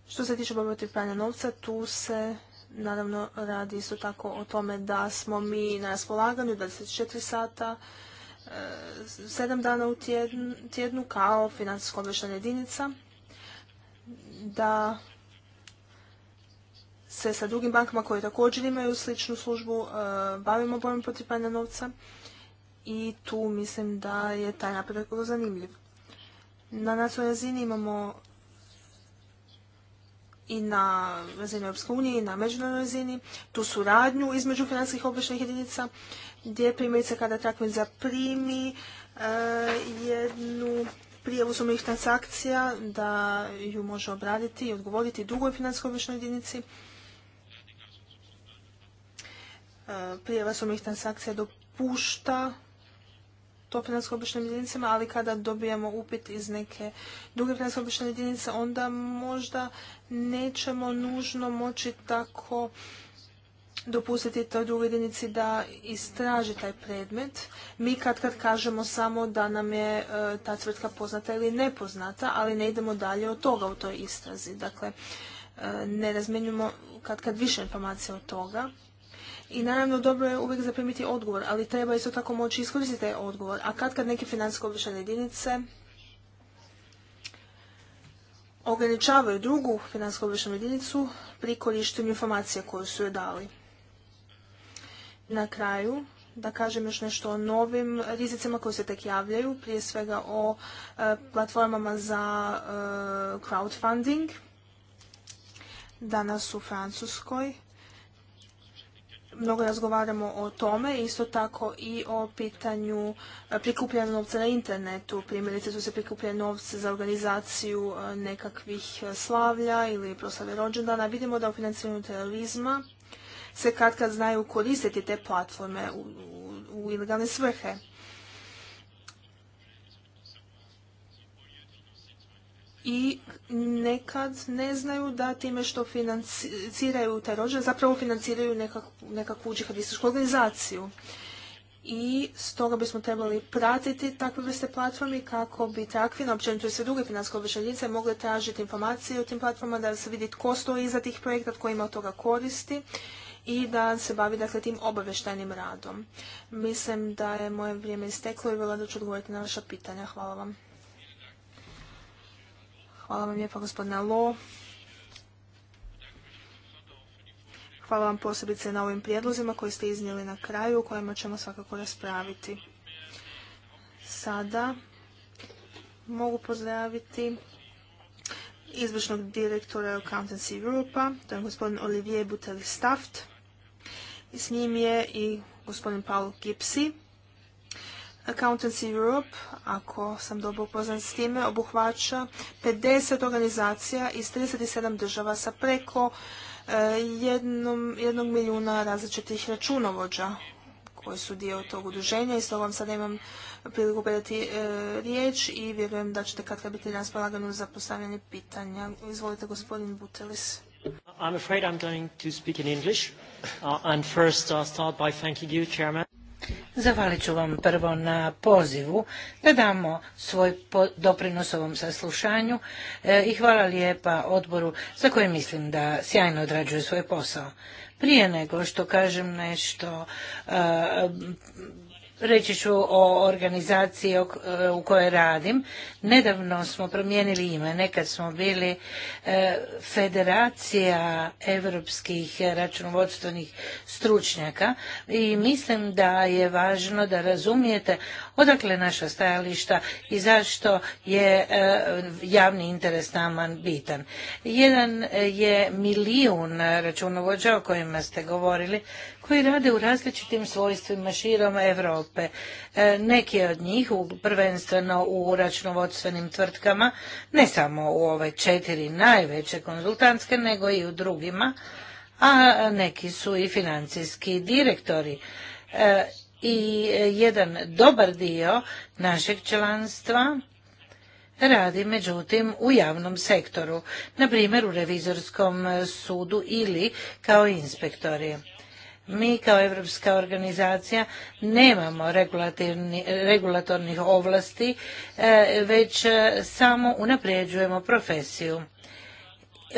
Što se tiče borbe protiv pranja novca, tu se naravno radi isto tako o tome da smo mi na raspolaganju 24 sata, 7 e, dana u tjednu kao financijsko obješana jedinica, da se sa drugim bankama koje također imaju sličnu službu e, bavimo borbom protiv pranja novca i tu mislim da je taj napredak vrlo zanimljiv. Na nacionalnoj razini imamo i na razini Europske unije i na međunarodnoj razini tu suradnju između financijskih obveštenih jedinica gdje primjerice kada takvim zaprimi e, jednu prijavu sumnih transakcija da ju može obraditi i odgovoriti drugoj financijskoj obveštenoj jedinici. E, prijava sumnih transakcija dopušta to financijsko jedinicama, ali kada dobijemo upit iz neke druge finansko obične jedinice, onda možda nećemo nužno moći tako dopustiti toj drugoj jedinici da istraži taj predmet. Mi kad kad kažemo samo da nam je e, ta tvrtka poznata ili nepoznata, ali ne idemo dalje od toga u toj istrazi. Dakle, e, ne razmenjujemo kad kad više informacija od toga i naravno dobro je uvijek zaprimiti odgovor, ali treba isto tako moći iskoristiti taj odgovor. A kad kad neke financijske obvešene jedinice ograničavaju drugu financijsku obvešenu jedinicu pri korištenju informacija koju su joj dali. Na kraju, da kažem još nešto o novim rizicima koji se tek javljaju, prije svega o e, platformama za e, crowdfunding. Danas u Francuskoj mnogo razgovaramo o tome, isto tako i o pitanju e, prikupljanja novca na internetu. Primjerice su se prikupljene novce za organizaciju e, nekakvih e, slavlja ili proslave rođendana. Vidimo da u financiranju terorizma se kad kad znaju koristiti te platforme u ilegalne svrhe. i nekad ne znaju da time što financiraju rođe, zapravo financiraju nekakvu, nekakvu džihadističku organizaciju. I stoga bismo trebali pratiti takve vrste platformi kako bi takvi, na općenito i sve druge financijske obešeljenice, mogle tražiti informacije o tim platformama, da se vidi tko stoji iza tih projekta, tko ima od toga koristi i da se bavi dakle, tim obavještajnim radom. Mislim da je moje vrijeme isteklo i vjerojatno da ću odgovoriti na vaša pitanja. Hvala vam. Hvala vam lijepa gospodina Lo. Hvala vam posebice na ovim prijedlozima koje ste iznijeli na kraju, o kojima ćemo svakako raspraviti. Sada mogu pozdraviti izvršnog direktora Accountancy Europa, to je gospodin Olivier Butel Staft. S njim je i gospodin Paul Gipsi, Accountants Europe, ako sam dobro upoznan s time, obuhvaća 50 organizacija iz 37 država sa preko e, jednom, jednog milijuna različitih računovođa koji su dio tog udruženja i s vam sada imam priliku predati e, riječ i vjerujem da ćete kad biti raspolagani za postavljanje pitanja. Izvolite gospodin Butelis. I'm afraid I'm going to speak in English uh, and first I'll start by thanking you, Chairman. Zahvalit ću vam prvo na pozivu da damo svoj doprinos ovom saslušanju e, i hvala lijepa odboru za koje mislim da sjajno odrađuje svoj posao. Prije nego što kažem nešto e, reći ću o organizaciji e, u kojoj radim. Nedavno smo promijenili ime, nekad smo bili e, Federacija europskih računovodstvenih stručnjaka i mislim da je važno da razumijete odakle naša stajališta i zašto je e, javni interes nama bitan. Jedan je milijun računovođa o kojima ste govorili koji rade u različitim svojstvima širom Europe. E, neki od njih, prvenstveno u računovodstvenim tvrtkama, ne samo u ove četiri najveće konzultantske, nego i u drugima, a neki su i financijski direktori. E, I jedan dobar dio našeg članstva radi međutim u javnom sektoru, na primjer u revizorskom sudu ili kao inspektori. Mi kao Europska organizacija nemamo regulatornih ovlasti, e, već e, samo unapređujemo profesiju.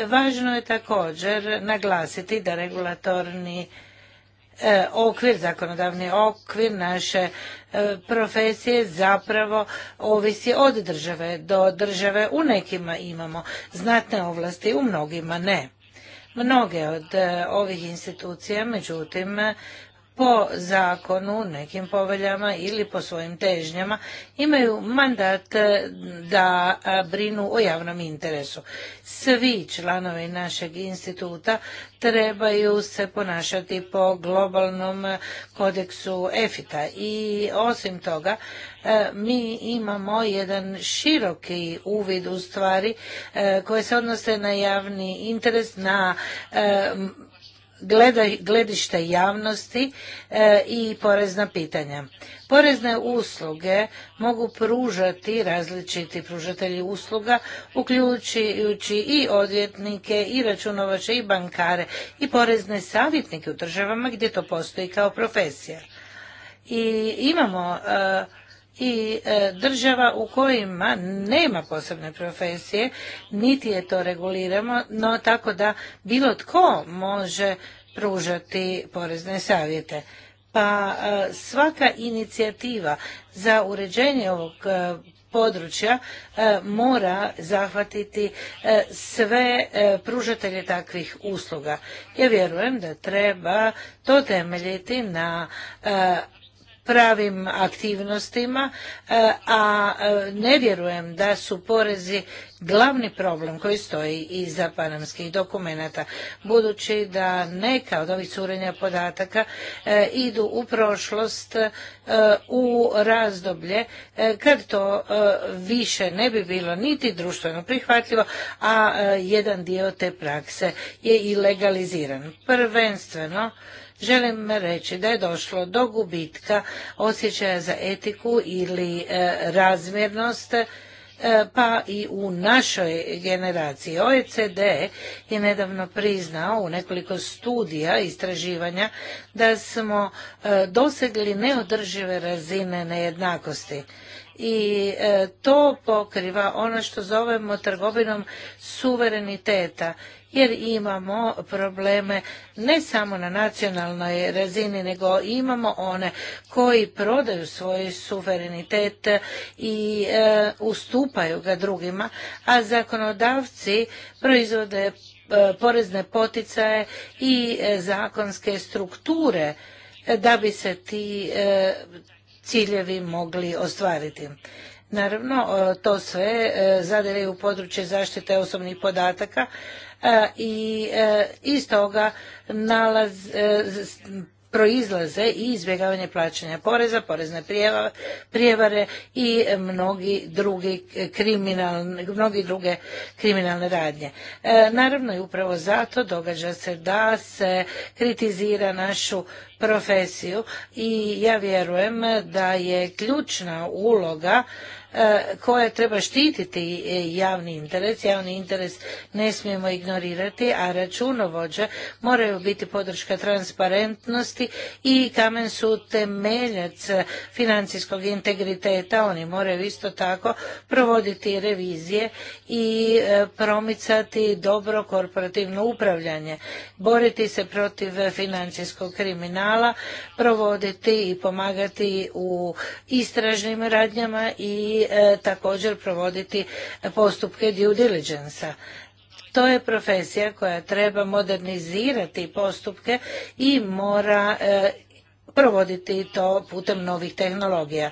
Važno je također naglasiti da regulatorni e, okvir, zakonodavni okvir naše profesije zapravo ovisi od države do države. U nekima imamo znatne ovlasti, u mnogima ne mnoge od eh, ovih institucija, međutim po zakonu, nekim poveljama ili po svojim težnjama imaju mandat eh, da eh, brinu o javnom interesu. Svi članovi našeg instituta trebaju se ponašati po globalnom eh, kodeksu EFITA i osim toga mi imamo jedan široki uvid u stvari koje se odnose na javni interes, na gledište javnosti e, i porezna pitanja. Porezne usluge mogu pružati različiti pružatelji usluga, uključujući i odvjetnike, i računovače, i bankare, i porezne savjetnike u državama gdje to postoji kao profesija. I imamo e, i e, država u kojima nema posebne profesije, niti je to reguliramo, no tako da bilo tko može pružati porezne savjete. Pa e, svaka inicijativa za uređenje ovog e, područja mora zahvatiti sve pružatelje takvih usluga. Ja vjerujem da treba to temeljiti na pravim aktivnostima, e, a e, ne vjerujem da su porezi glavni problem koji stoji iza panamskih dokumenata, budući da neka od ovih curenja podataka e, idu u prošlost u razdoblje kad to više ne bi bilo niti društveno prihvatljivo, a jedan dio te prakse je i legaliziran. Prvenstveno Želim reći da je došlo do gubitka osjećaja za etiku ili e, razmjernost e, pa i u našoj generaciji. OECD je nedavno priznao u nekoliko studija istraživanja da smo e, dosegli neodržive razine nejednakosti i to pokriva ono što zovemo trgovinom suvereniteta jer imamo probleme ne samo na nacionalnoj razini, nego imamo one koji prodaju svoj suverenitet i e, ustupaju ga drugima, a zakonodavci proizvode e, porezne poticaje i e, zakonske strukture da bi se ti ciljevi mogli ostvariti. Naravno, to sve zadire u područje zaštite osobnih podataka, E, i e, iz toga nalaz, e, proizlaze i izbjegavanje plaćanja poreza, porezne prijevare i mnogi drugi mnogi druge kriminalne radnje. naravno i upravo zato događa se da se kritizira našu profesiju i ja vjerujem da je ključna uloga E, koje treba štititi e, javni interes. Javni interes ne smijemo ignorirati, a računovođe moraju biti podrška transparentnosti i kamen su temeljac financijskog integriteta. Oni moraju isto tako provoditi revizije i e, promicati dobro korporativno upravljanje, boriti se protiv financijskog kriminala, provoditi i pomagati u istražnim radnjama i E, također provoditi postupke due diligence-a. To je profesija koja treba modernizirati postupke i mora e, provoditi to putem novih tehnologija.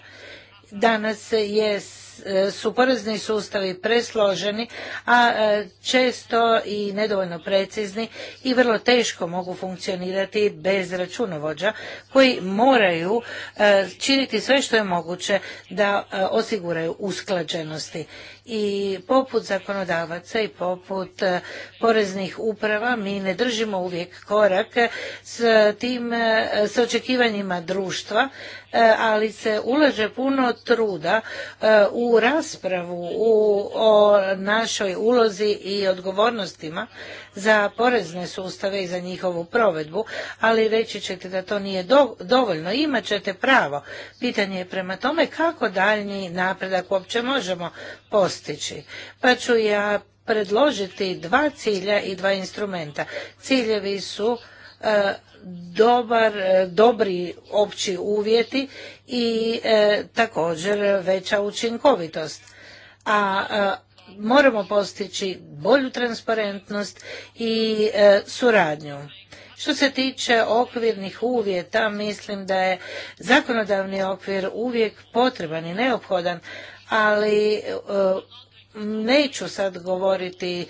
Danas je E, su porezni sustavi presloženi, a e, često i nedovoljno precizni i vrlo teško mogu funkcionirati bez računovođa koji moraju e, činiti sve što je moguće da osiguraju usklađenosti i poput zakonodavaca i poput e, poreznih uprava mi ne držimo uvijek korak s tim e, s očekivanjima društva e, ali se ulaže puno truda u raspravu u, o našoj ulozi i odgovornostima za porezne sustave i za njihovu provedbu, ali reći ćete da to nije dovoljno, imat ćete pravo. Pitanje je prema tome kako daljnji napredak uopće možemo postaviti postići. Pa ću ja predložiti dva cilja i dva instrumenta. Ciljevi su e, dobar, e, dobri opći uvjeti i e, također veća učinkovitost. A moramo postići bolju transparentnost i suradnju. Što se tiče okvirnih uvjeta, mislim da je zakonodavni okvir uvijek potreban i neophodan, ali e, neću sad govoriti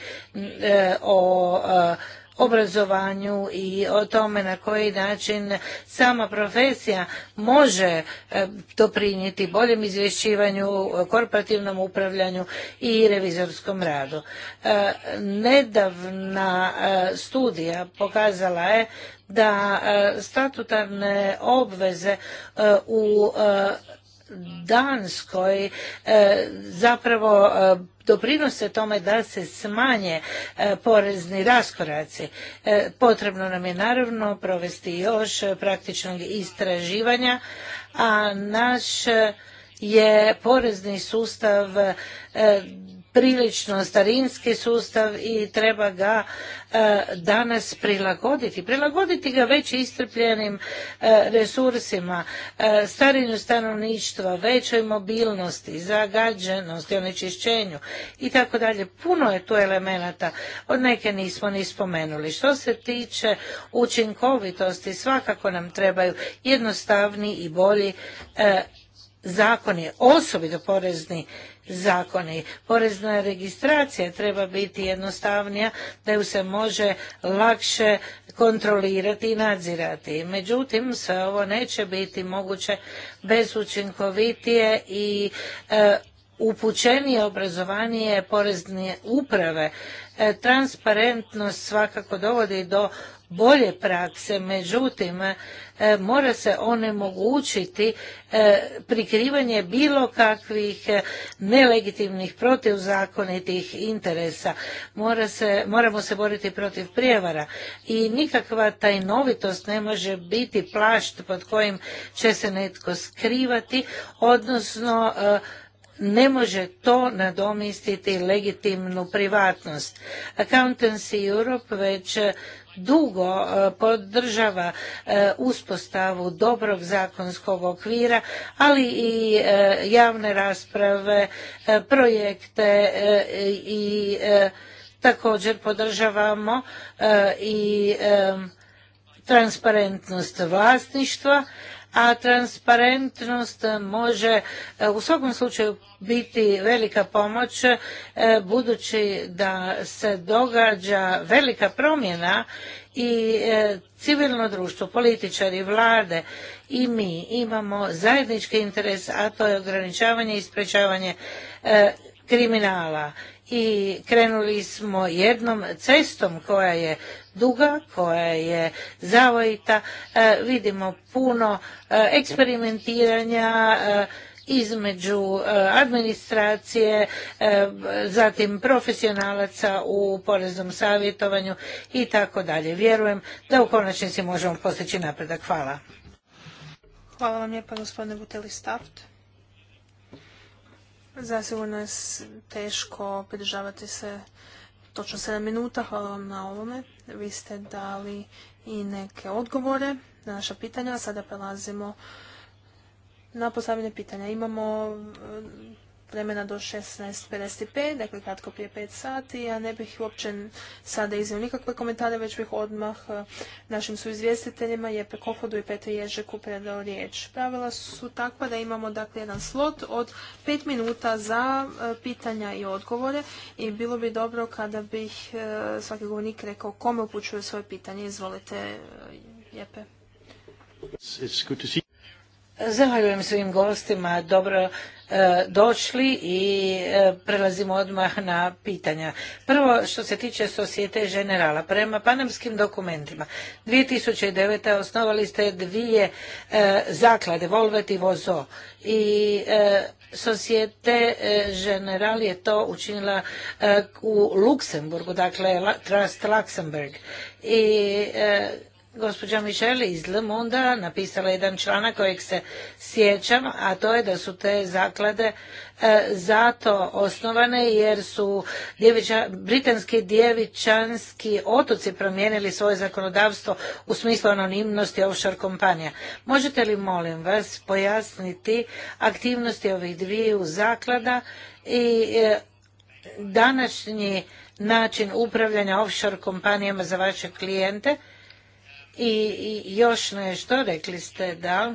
e, o e, obrazovanju i o tome na koji način sama profesija može doprinijeti boljem izvješćivanju, korporativnom upravljanju i revizorskom radu. Nedavna studija pokazala je da statutarne obveze u Danskoj e, zapravo e, doprinose tome da se smanje e, porezni raskoraci. Potrebno nam je naravno provesti još praktičnog istraživanja, a naš je porezni sustav prilično starinski sustav i treba ga e, danas prilagoditi. Prilagoditi ga već istrpljenim e, resursima, e, starinju stanovništva, većoj mobilnosti, zagađenosti, onečišćenju i tako dalje. Puno je tu elemenata, od neke nismo ni spomenuli. Što se tiče učinkovitosti, svakako nam trebaju jednostavni i bolji zakoni, osobito porezni zakoni. Porezna registracija treba biti jednostavnija da ju se može lakše kontrolirati i nadzirati. Međutim, sve ovo neće biti moguće bez učinkovitije i e, upućenije obrazovanje porezne uprave. E, transparentnost svakako dovodi do bolje prakse, međutim E, mora se onemogućiti e, prikrivanje bilo kakvih e, nelegitimnih protivzakonitih interesa. moramo se boriti protiv prijevara i nikakva tajnovitost ne može biti plašt pod kojim će se netko skrivati, odnosno ne može to nadomistiti legitimnu privatnost. Accountancy Europe već dugo e, podržava e, uspostavu dobrog zakonskog okvira, ali i e, javne rasprave, projekte i također podržavamo i transparentnost vlasništva a transparentnost može e, u svakom slučaju biti velika pomoć e, budući da se događa velika promjena i e, civilno društvo, političari, vlade i mi imamo zajednički interes, a to je ograničavanje i sprečavanje kriminala i krenuli smo jednom cestom koja je duga, koja je zavojita, e, vidimo puno e, eksperimentiranja e, između administracije, zatim profesionalaca u poreznom savjetovanju i tako dalje. Vjerujem da u konačnici možemo postići napredak. Hvala. Hvala vam lijepa gospodine Buteli Staft. Zasigurno je teško pridržavati se točno 7 minuta. Hvala vam na ovome. Vi ste dali i neke odgovore na naša pitanja. Sada prelazimo na postavljanje pitanja. Imamo vremena do 16.55, dakle kratko prije 5 sati. Ja ne bih uopće sada iznio nikakve komentare, već bih odmah e, našim suizvjestiteljima je Kofodu i Petri Ježeku predao riječ. Pravila su takva da imamo dakle jedan slot od 5 minuta za e, pitanja i odgovore i bilo bi dobro kada bih e, svaki govornik rekao kome upućuje svoje pitanje. Izvolite, Jepe. It's good to see Zahvaljujem svim gostima, dobro e, došli i e, prelazimo odmah na pitanja. Prvo što se tiče Societe Generala, prema panamskim dokumentima 2009. osnovali ste dvije e, zaklade, Volvet i Vozo i Societe General je to učinila u Luksemburgu, dakle Trust Luxemburg i gospođa Michelle iz Le Monde napisala jedan članak kojeg se sjećam, a to je da su te zaklade e, zato osnovane jer su britanski djevičanski otoci promijenili svoje zakonodavstvo u smislu anonimnosti offshore kompanija. Možete li molim vas pojasniti aktivnosti ovih dviju zaklada i e, današnji način upravljanja offshore kompanijama za vaše klijente? I još nešto, rekli ste da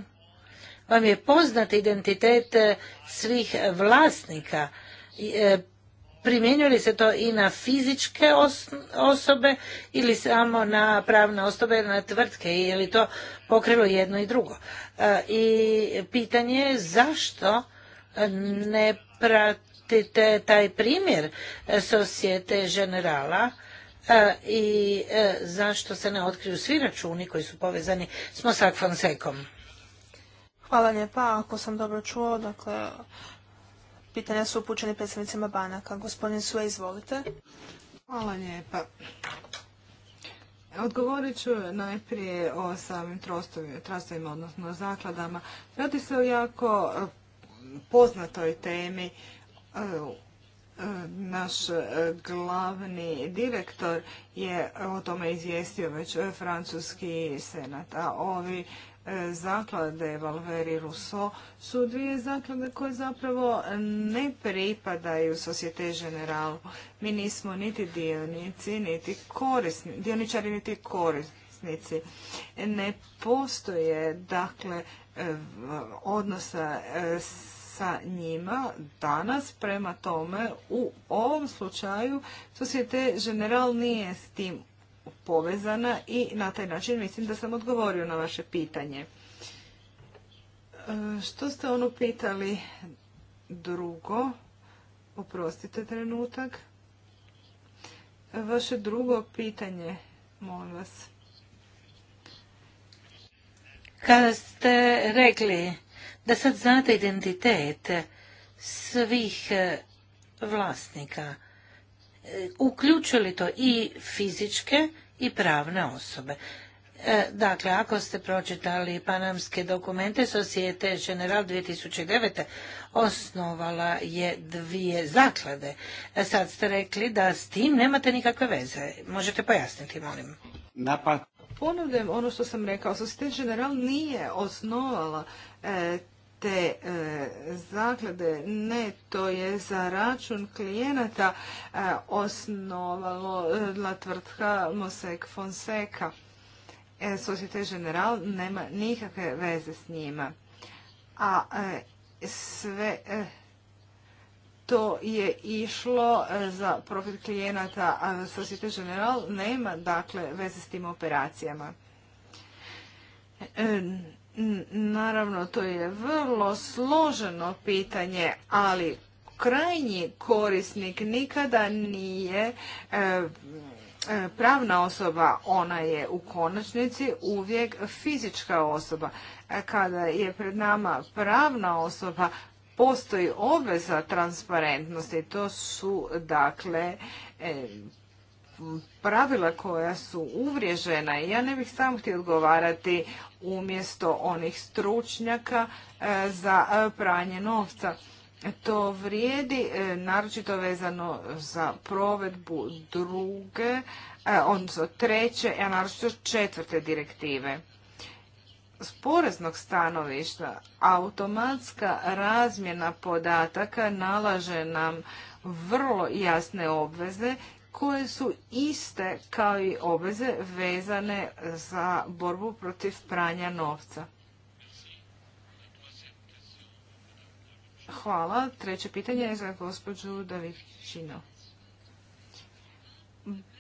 vam je poznat identitet e, svih vlasnika. E, primjenjuje li se to i na fizičke osobe ili samo na pravne osobe, na tvrtke? Je li to pokrilo jedno i drugo? E, I pitanje je zašto ne pratite taj primjer Societe Generala E, i e, zašto se ne otkriju svi računi koji su povezani s Mosak Fonsekom. Hvala lijepa. Ako sam dobro čuo, dakle, pitanja su upućeni predstavnicima banaka. Gospodin Sue, izvolite. Hvala lijepa. Odgovorit ću najprije o samim trostovima, odnosno zakladama. Radi se o jako poznatoj temi e, naš e, glavni direktor je o tome izvijestio već e, francuski senat, a ovi e, zaklade Valver i Rousseau su dvije zaklade koje zapravo ne pripadaju Societe General. Mi nismo niti dionici, niti korisni, dioničari, niti korisnici. Ne postoje, dakle, odnosa s sa njima danas. Prema tome, u ovom slučaju Societe General nije s tim povezana i na taj način mislim da sam odgovorio na vaše pitanje. E, što ste ono pitali drugo? Oprostite trenutak. Vaše drugo pitanje, molim vas. Kada ste rekli da sad znate identitet svih e, vlasnika, e, uključili to i fizičke i pravne osobe. E, dakle, ako ste pročitali panamske dokumente, Societe General 2009. osnovala je dvije zaklade. Sad ste rekli da s tim nemate nikakve veze. Možete pojasniti, molim. Napad. ono što sam rekao. Societe General nije osnovala te e, zaklade, ne, to je za račun klijenata e, osnovala e, tvrtka Mosek Fonseca. E, Societe General nema nikakve veze s njima. A e, sve to je išlo za profit klijenata, a Societe General nema dakle veze s tim operacijama. Naravno, to je vrlo složeno pitanje, ali krajnji korisnik nikada nije e, e, pravna osoba, ona je u konačnici uvijek fizička osoba. E, kada je pred nama pravna osoba, postoji obveza transparentnosti. To su, dakle, pravila koja su uvriježena ja ne bih sam htio odgovarati umjesto onih stručnjaka e, za e, pranje novca. To vrijedi e, naročito vezano za provedbu druge, odnosno treće, a naročito četvrte direktive. S poreznog stanovišta automatska razmjena podataka nalaže nam vrlo jasne obveze koje su iste kao i obveze vezane za borbu protiv pranja novca. Hvala. Treće pitanje je za gospođu Davidčino.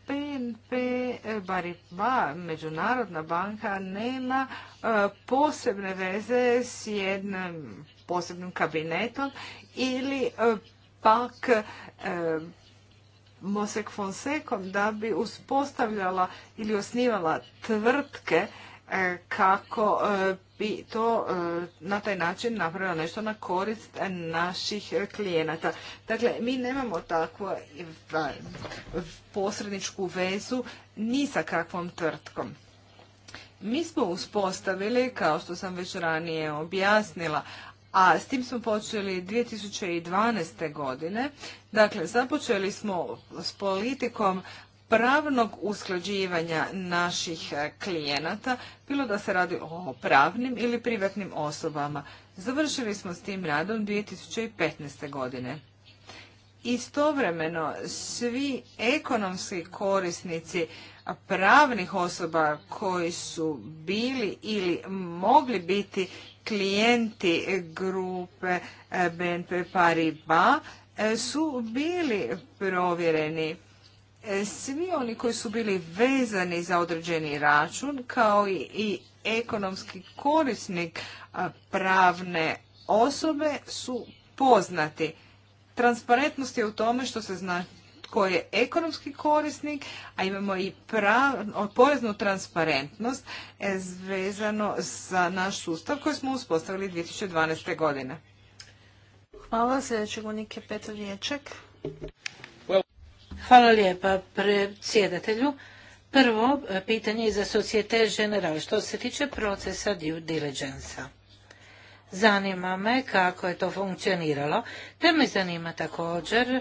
BNP Bariba, Međunarodna banka, nema e, posebne veze s jednim posebnim kabinetom ili e, pak e, Mosek Fonsekom da bi uspostavljala ili osnivala tvrtke e, kako e, bi to e, na taj način napravila nešto na korist naših klijenata. Dakle, mi nemamo takvu posredničku vezu ni sa kakvom tvrtkom. Mi smo uspostavili, kao što sam već ranije objasnila, a s tim smo počeli 2012. godine. Dakle, započeli smo s politikom pravnog usklađivanja naših e, klijenata, bilo da se radi o pravnim ili privatnim osobama. Završili smo s tim radom 2015. godine. Istovremeno, svi ekonomski korisnici pravnih osoba koji su bili ili mogli biti klijenti grupe eh, BNP Paribas eh, su bili provjereni. Eh, svi oni koji su bili vezani za određeni račun kao i ekonomski korisnik pravne osobe su poznati. Transparentnost je u tome što se zna tko je ekonomski korisnik, a imamo i poreznu transparentnost e, vezano za naš sustav koji smo uspostavili 2012. godine. Hvala, sljedeći govornik je Petar Hvala lijepa predsjedatelju. Prvo, e, pitanje je za Societe General, što se tiče procesa due diligence-a. Zanima me kako je to funkcioniralo, te me zanima također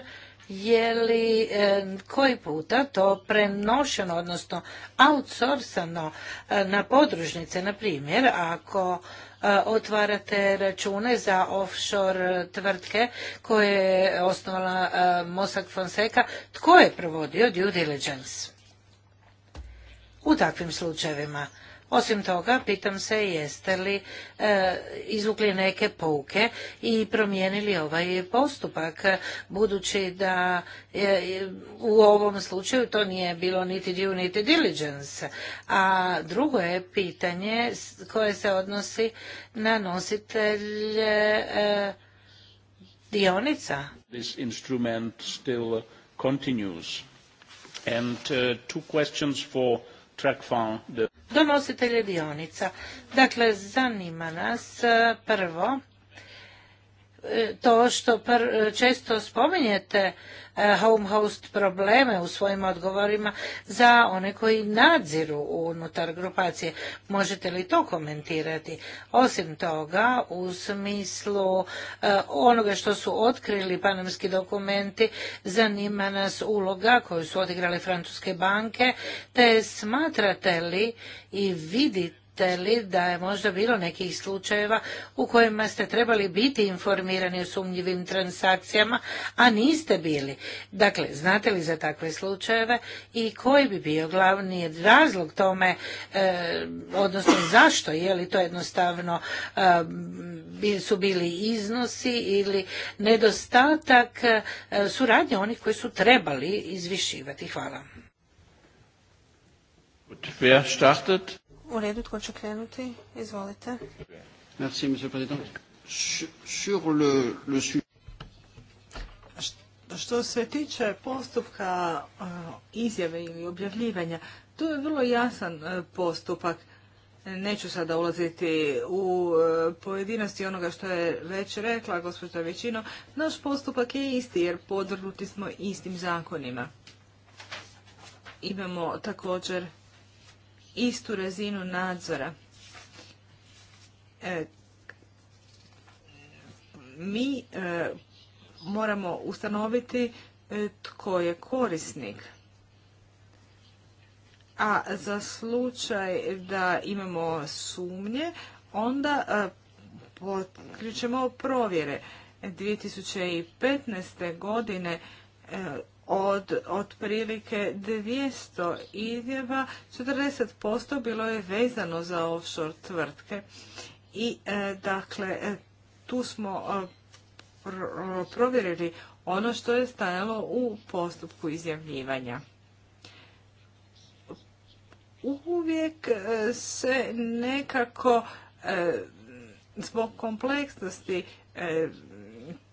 je li e, koji puta to prenošeno, odnosno outsourcano e, na podružnice, na primjer, ako e, otvarate račune za offshore tvrtke koje je osnovala Mossack Fonseca, tko je provodio due diligence? U takvim slučajevima osim toga, pitam se jeste li e, izvukli neke pouke i promijenili ovaj postupak, budući da e, u ovom slučaju to nije bilo niti due niti diligence. A drugo je pitanje koje se odnosi na nositelj e, dionica. This instrument still continues. And uh, two questions for donositelje dionica. Dakle, zanima nas eh, prvo to što često spominjete e, home host probleme u svojim odgovorima za one koji nadziru unutar grupacije. Možete li to komentirati? Osim toga, u smislu e, onoga što su otkrili panamski dokumenti, zanima nas uloga koju su odigrale francuske banke, te smatrate li i vidite je li da je možda bilo nekih slučajeva u kojima ste trebali biti informirani o sumnjivim transakcijama, a niste bili? Dakle, znate li za takve slučajeve i koji bi bio glavni razlog tome, e, odnosno zašto? Je li to jednostavno e, su bili iznosi ili nedostatak e, suradnje onih koji su trebali izvišivati? Hvala. Wer startet? U redu, tko će krenuti? Izvolite. što se tiče postupka izjave ili objavljivanja, to je vrlo jasan e, postupak. Neću sada ulaziti u e, pojedinosti onoga što je već rekla gospođa Većino. Naš postupak je isti jer podvrnuti smo istim zakonima. Imamo također istu razinu nadzora. E, mi e, moramo ustanoviti e, tko je korisnik. A za slučaj da imamo sumnje, onda potkrićemo provjere. 2015. godine od otprilike 200 izjava, 40% bilo je vezano za offshore tvrtke. I e, dakle, e, tu smo e, provjerili ono što je stajalo u postupku izjavljivanja. Uvijek se nekako zbog kompleksnosti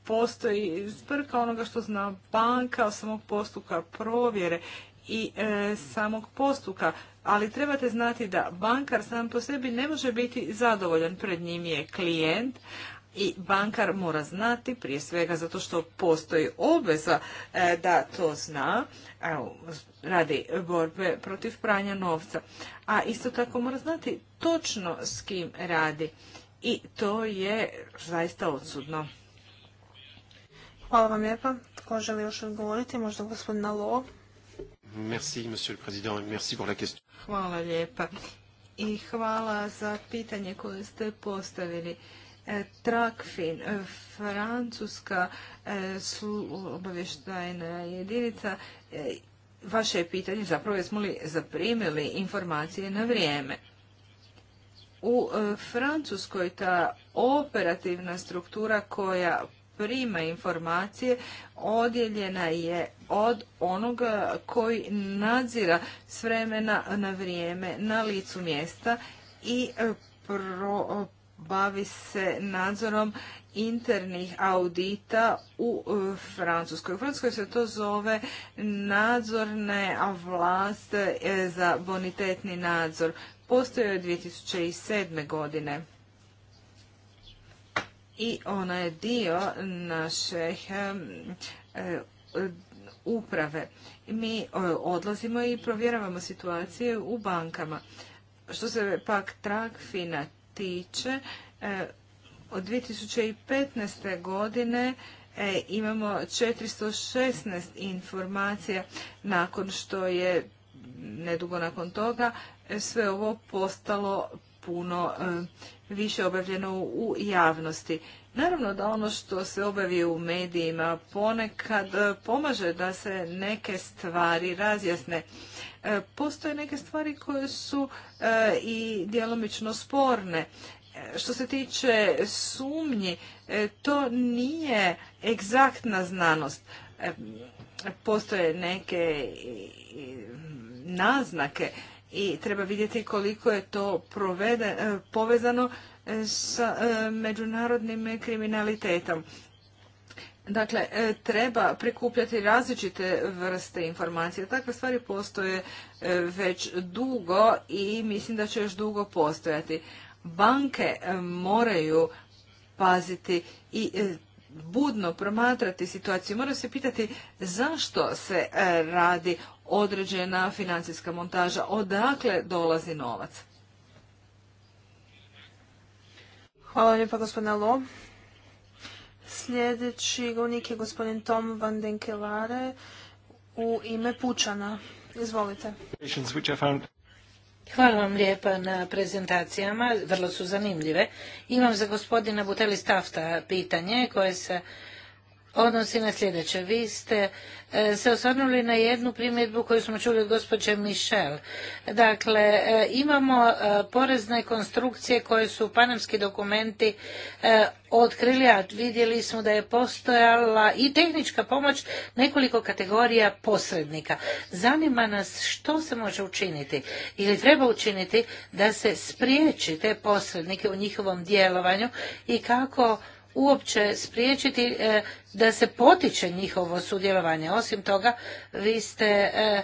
postoji zbrka onoga što zna banka o samog postupka provjere i e, samog postupka. Ali trebate znati da bankar sam po sebi ne može biti zadovoljan. Pred njim je klijent i bankar mora znati prije svega zato što postoji obveza e, da to zna radi borbe protiv pranja novca. A isto tako mora znati točno s kim radi. I to je zaista odsudno. Hvala vam lijepa. Tko želi još odgovoriti? Možda gospodin Alo. Merci, monsieur le président, merci pour la question. Hvala lijepa. I hvala za pitanje koje ste postavili. E, Trakfin, e, francuska e, obavještajna jedinica, vaše je pitanje zapravo jesmo li zaprimili informacije na vrijeme. U Francuskoj ta operativna struktura koja prima informacije odjeljena je od onoga koji nadzira s vremena na vrijeme na licu mjesta i e, bavi se nadzorom internih audita u e, Francuskoj. U Francuskoj se to zove nadzorne vlast e, za bonitetni nadzor. Postoje od 2007. godine i ona je dio naše e, uprave. Mi e, odlazimo i provjeravamo situacije u bankama. Što se pak fina tiče, e, od 2015. godine imamo 416 informacija nakon što je nedugo nakon toga sve ovo postalo puno e, više obavljeno u javnosti. Naravno da ono što se obavi u medijima ponekad e, pomaže da se neke stvari razjasne. E, postoje neke stvari koje su i djelomično sporne. Što se tiče sumnji, to nije egzaktna znanost. Postoje neke naznake i treba vidjeti koliko je to e, povezano e, sa e, međunarodnim kriminalitetom. Dakle, treba prikupljati različite vrste informacija. Takve stvari postoje već dugo i mislim da će još dugo postojati. Banke moraju paziti i budno promatrati situaciju. Moraju se pitati zašto se radi određena financijska montaža. Odakle dolazi novac? Hvala lijepa gospodina Lo. Sljedeći govornik je gospodin Tom van Denkelare u ime Pučana. Izvolite. Hvala vam lijepa na prezentacijama, vrlo su zanimljive. Imam za gospodina Buteli Stafta pitanje koje se odnosi na sljedeće. Vi ste e, se osvrnuli na jednu primjedbu koju smo čuli od gospođe Michel. Dakle, e, imamo e, porezne konstrukcije koje su panamski dokumenti otkrili, a vidjeli smo da je postojala i tehnička pomoć nekoliko kategorija posrednika. Zanima nas što se može učiniti ili treba učiniti da se spriječi te posrednike u njihovom djelovanju i kako uopće spriječiti e, da se potiče njihovo sudjelovanje. Osim toga, vi ste e,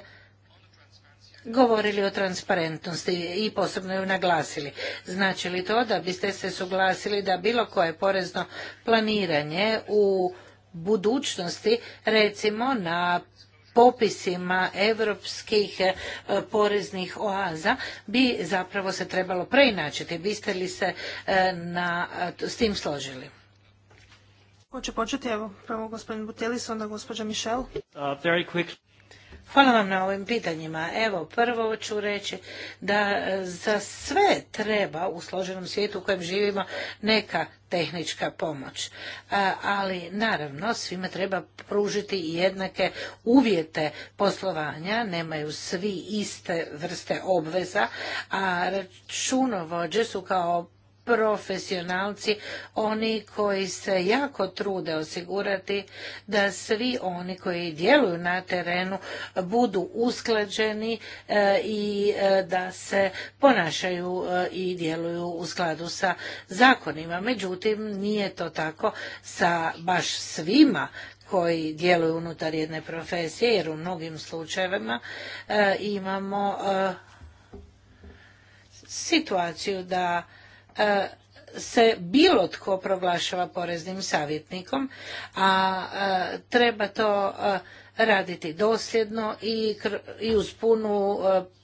govorili o transparentnosti i posebno ju naglasili. Znači li to da biste se suglasili da bilo koje porezno planiranje u budućnosti, recimo na popisima europskih e, poreznih oaza bi zapravo se trebalo preinačiti. Biste li se na, s tim složili? prvo onda uh, Hvala vam na ovim pitanjima. Evo, prvo ću reći da e, za sve treba u složenom svijetu u kojem živimo neka tehnička pomoć. E, ali naravno svima treba pružiti jednake uvjete poslovanja, nemaju svi iste vrste obveza, a računovođe su kao profesionalci, oni koji se jako trude osigurati da svi oni koji djeluju na terenu budu usklađeni e, i e, da se ponašaju e, i djeluju u skladu sa zakonima. Međutim, nije to tako sa baš svima koji djeluju unutar jedne profesije, jer u mnogim slučajevima imamo situaciju da E, se bilo tko proglašava poreznim savjetnikom, a e, treba to e, raditi dosljedno i uz punu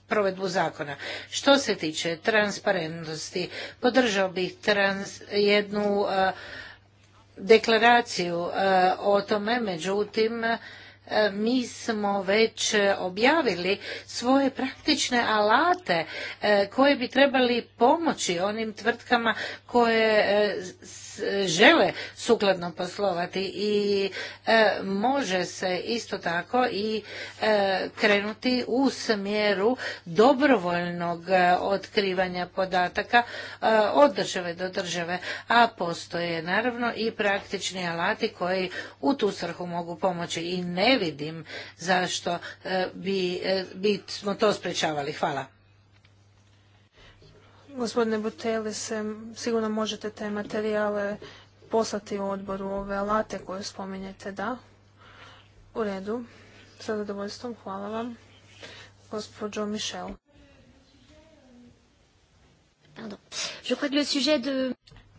provedbu zakona. Što se tiče transparentnosti, podržao bih jednu deklaraciju o tome, međutim, E, mi smo već objavili svoje praktične alate e, koje bi trebali pomoći onim tvrtkama koje e, žele sukladno poslovati i e, može se isto tako i e, krenuti u smjeru dobrovoljnog e, otkrivanja podataka od države do države, a postoje naravno i praktični alati koji u tu svrhu mogu pomoći i ne vidim zašto bi, bi smo to sprečavali. Hvala. Gospodine Buteli, se, sigurno možete te materijale poslati u odboru ove alate koje spominjete, da? U redu. Sa zadovoljstvom, hvala vam. Gospođo Mišel.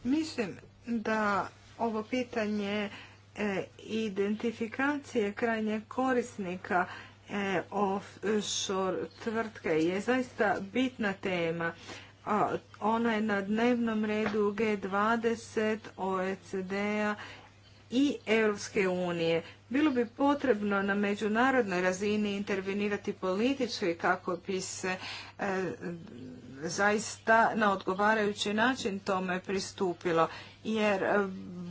Mislim da ovo pitanje e, identifikacije krajnjeg korisnika e, offshore tvrtke je zaista bitna tema a ona je na dnevnom redu G20, OECD-a i Europske unije. Bilo bi potrebno na međunarodnoj razini intervenirati politički kako bi se e, zaista na odgovarajući način tome pristupilo. Jer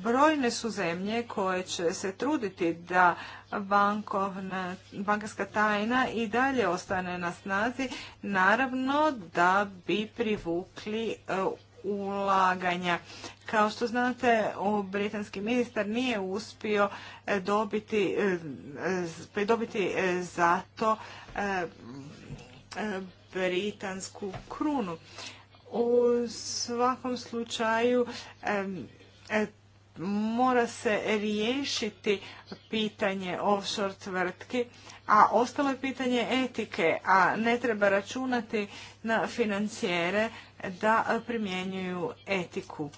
Brojne su zemlje koje će se truditi da bankovna, bankarska tajna i dalje ostane na snazi, naravno da bi privukli e, ulaganja. Kao što znate, britanski ministar nije uspio e, dobiti, e, pridobiti zato britansku krunu. U svakom slučaju mora se riješiti pitanje offshore tvrtki, a ostalo je pitanje etike, a ne treba računati na financijere da primjenjuju etiku.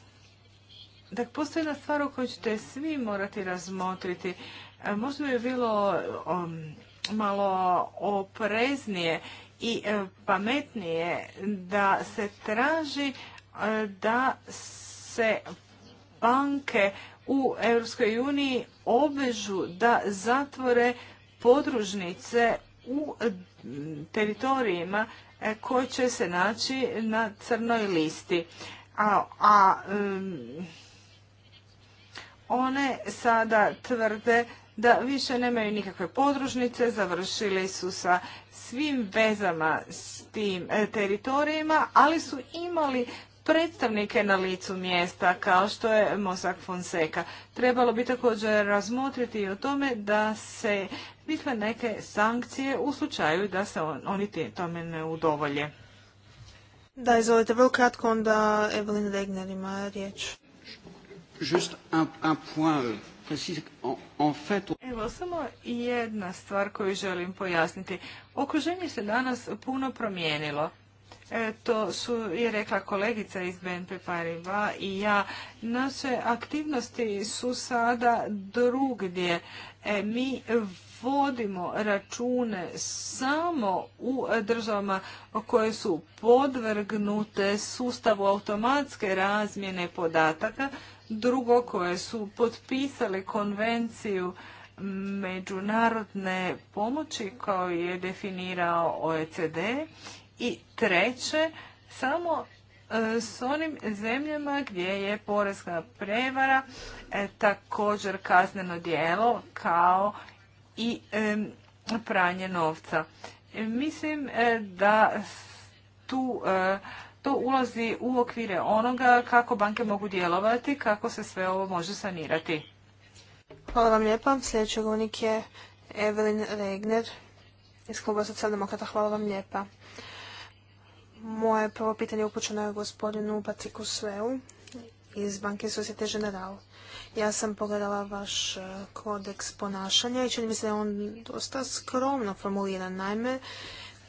Dakle, postoji jedna stvar o kojoj ćete svi morati razmotriti. E, možda bi bilo um, malo opreznije i e, pametnije da se traži e, da se banke u EU uniji obvežu da zatvore podružnice u teritorijima e, koje će se naći na crnoj listi. A, a one sada tvrde da više nemaju nikakve podružnice, završili su sa svim vezama s tim e, teritorijima, ali su imali predstavnike na licu mjesta kao što je Mosak Fonseca. Trebalo bi također razmotriti i o tome da se misle neke sankcije u slučaju da se on, oni tome ne udovolje. Da, izvolite, vrlo kratko onda Evelyn Regner ima riječ. Just un, un point Evo samo jedna stvar koju želim pojasniti. Okruženje se danas puno promijenilo. E, to su je rekla kolegica iz BNP Paribas i ja. Naše aktivnosti su sada drugdje. E, mi vodimo račune samo u državama koje su podvrgnute sustavu automatske razmjene podataka, drugo koje su potpisale konvenciju međunarodne pomoći koju je definirao OECD i treće samo e, s onim zemljama gdje je porezna prevara e, također kazneno djelo kao i e, pranje novca. Mislim da tu to ulazi u okvire onoga kako banke mogu djelovati, kako se sve ovo može sanirati. Hvala vam lijepa. Sljedeći govornik je Evelin Regner iz Kluba Hvala vam lijepa. Moje prvo pitanje upućeno je gospodinu Patriku Sveu iz Banke Societe General. Ja sam pogledala vaš e, kodeks ponašanja i čini mi se da je on dosta skromno formuliran. Naime,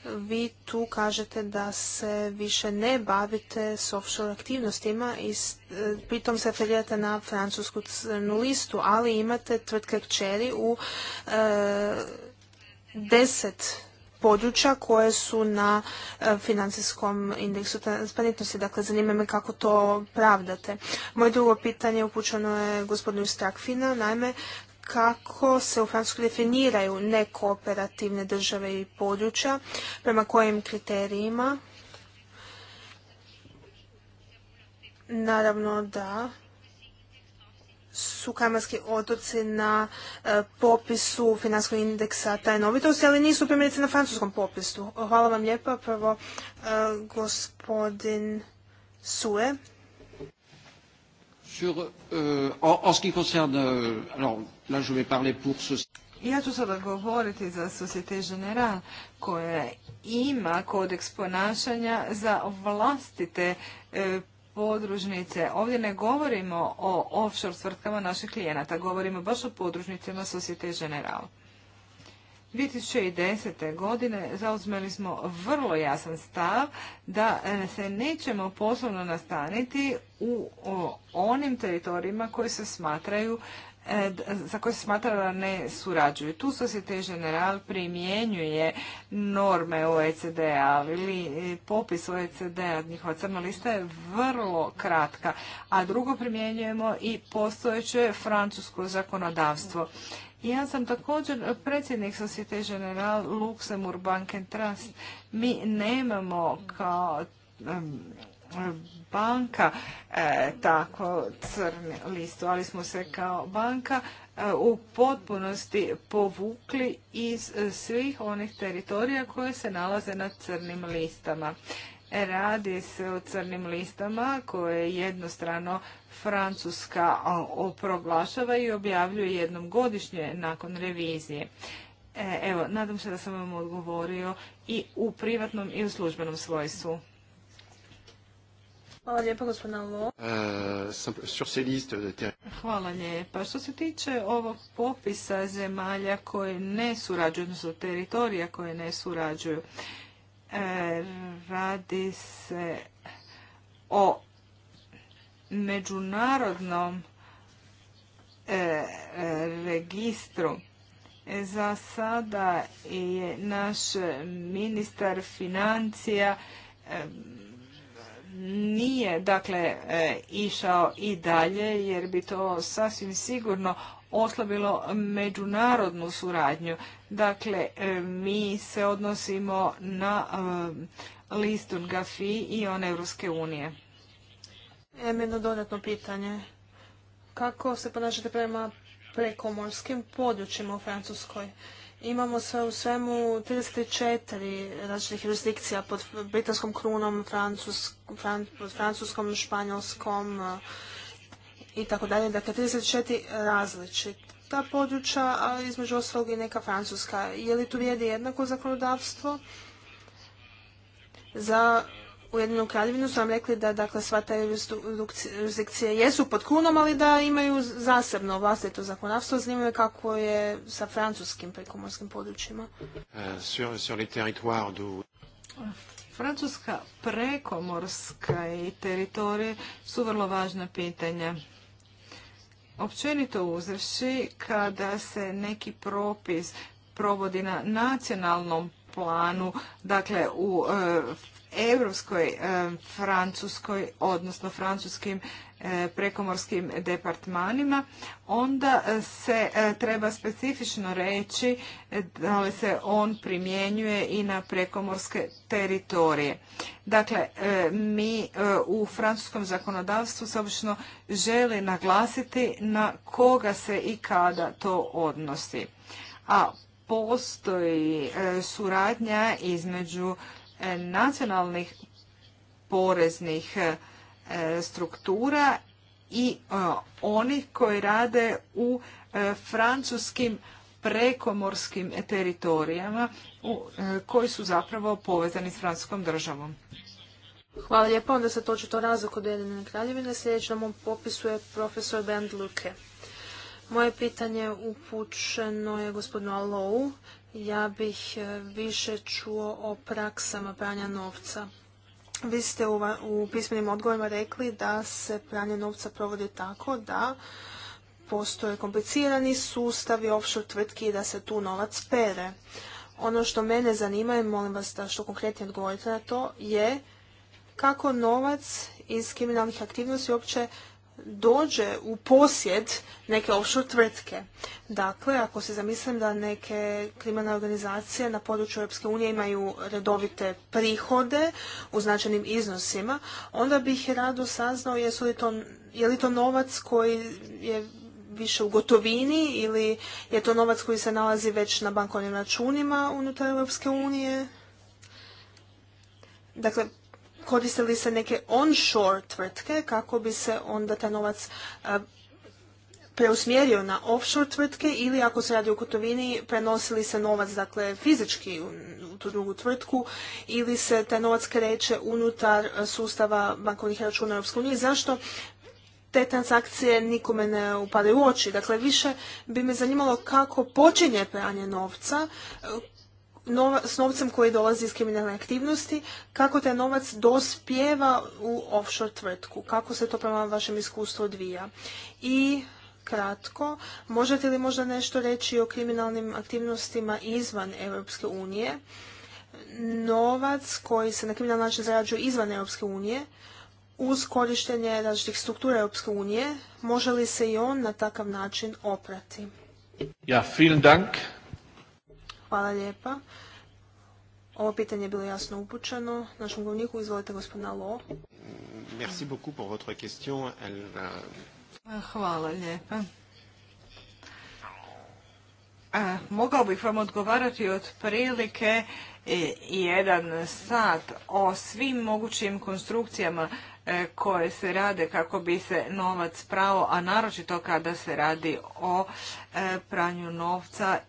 vi tu kažete da se više ne bavite s offshore aktivnostima i e, pritom se referirate na francusku crnu listu, ali imate tvrtke kćeri u e, deset područja koje su na e, financijskom indeksu transparentnosti. Dakle, zanima me kako to pravdate. Moje drugo pitanje upućeno je gospodinu Strakfina. Naime, kako se u Francusku definiraju nekooperativne države i područja, prema kojim kriterijima? Naravno da su kamarski otoci na e, popisu finanskog indeksa tajnovitosti, ali nisu primjerice na francuskom popisu. Hvala vam lijepa. Prvo, e, gospodin Sue. Ja ću sada govoriti za Societe General koja ima kodeks ponašanja za vlastite e, podružnice. Ovdje ne govorimo o offshore tvrtkama naših klijenata, govorimo baš o podružnicima Societe Generale. 2010. godine zauzmeli smo vrlo jasan stav da e, se nećemo poslovno nastaniti u onim teritorijima koji se smatraju E, za koje se smatra da ne surađuju. Tu Societe General primjenjuje norme OECD-a, ali e, popis OECD-a, njihova crna lista je vrlo kratka, a drugo primjenjujemo i postojeće francusko zakonodavstvo. Ja sam također predsjednik Societe General Luxembourg Bank and Trust. Mi nemamo kao banka e, tako crn listu, ali smo se kao banka e, u potpunosti povukli iz svih onih teritorija koje se nalaze na crnim listama. Radi se o crnim listama koje jednostrano Francuska proglašava i objavljuje jednom godišnje nakon revizije. E, evo, nadam se da sam vam odgovorio i u privatnom i u službenom svojstvu. Hvala lijepa, Što se tiče ovog popisa zemalja koje ne surađuju, odnosno teritorija koje ne surađuju, e, radi se o međunarodnom e, registru. E, za sada je naš ministar financija nije dakle e, išao i dalje jer bi to sasvim sigurno oslabilo međunarodnu suradnju. Dakle, e, mi se odnosimo na e, listu GAFI i on Europske unije. Jedno dodatno pitanje. Kako se ponašate prema prekomorskim područjima u Francuskoj? Imamo sve u svemu 34 različitih jurisdikcija pod britanskom krunom, pod francuskom, španjolskom eh, i tako dalje. Dakle, 34 različita područja, a između ostalog i neka francuska. Je li tu vrijedi jednako zakonodavstvo za Ujedinu kraljevinu su vam rekli da dakle, sva ta jurisdikcija jesu pod krunom, ali da imaju zasebno vlastito zakonodavstvo. je kako je sa francuskim prekomorskim područjima. Eh, Francuska prekomorska i teritorije su vrlo važna pitanja. Općenito uzreši kada se neki propis provodi na nacionalnom planu, dakle u eh, Europskoj e, Francuskoj, odnosno francuskim e, prekomorskim departmanima, onda se e, treba specifično reći da li se on primjenjuje i na prekomorske teritorije. Dakle, mi u francuskom zakonodavstvu se obično želi naglasiti na koga se i kada to odnosi. A postoji suradnja između nacionalnih poreznih e, struktura i e, onih koji rade u e, francuskim prekomorskim teritorijama koji su zapravo povezani s francuskom državom. Hvala lijepo, onda se to očito razliku od Ujedinjene kraljevine. Sljedeći na popisu je profesor bend Luke. Moje pitanje upućeno je gospodinu Alou, ja bih e, više čuo o praksama pranja novca. Vi ste u, pismenim odgovorima rekli da se pranje novca provodi tako da postoje komplicirani sustavi offshore tvrtki i da se tu novac pere. Ono što mene zanima i molim vas da što konkretnije odgovorite na to je kako novac iz kriminalnih aktivnosti uopće dođe u posjed neke offshore tvrtke. Dakle, ako se zamislim da neke kriminalne organizacije na području Europske unije imaju redovite prihode u značajnim iznosima, onda bih rado saznao to, je li to novac koji je više u gotovini ili je to novac koji se nalazi već na bankovnim računima unutar Europske unije. Dakle, Koristili se neke onshore tvrtke kako bi se onda taj novac preusmjerio na offshore tvrtke ili ako se radi o gotovini prenosili se novac dakle fizički u tu drugu tvrtku ili se taj novac kreće unutar sustava bankovnih računa Europske unije. Zašto te transakcije nikome ne upadaju u oči. Dakle, više bi me zanimalo kako počinje pranje novca, s novcem koji dolazi iz kriminalne aktivnosti, kako taj novac dospjeva u offshore tvrtku, kako se to prema vašem iskustvu odvija. I kratko, možete li možda nešto reći o kriminalnim aktivnostima izvan Europske unije? Novac koji se na kriminalni način zarađuje izvan Europske unije, uz korištenje različitih struktura Europske unije, može li se i on na takav način oprati? Ja, vielen dank. Hvala lijepa. Ovo pitanje je bilo jasno upućeno. Našom govniku izvolite gospodina Lo. Merci beaucoup pour votre question. Eh, hvala lijepa. Eh, mogao bih vam odgovarati otprilike eh, jedan sat o svim mogućim konstrukcijama koje se rade kako bi se novac prao, a naročito kada se radi o pranju novca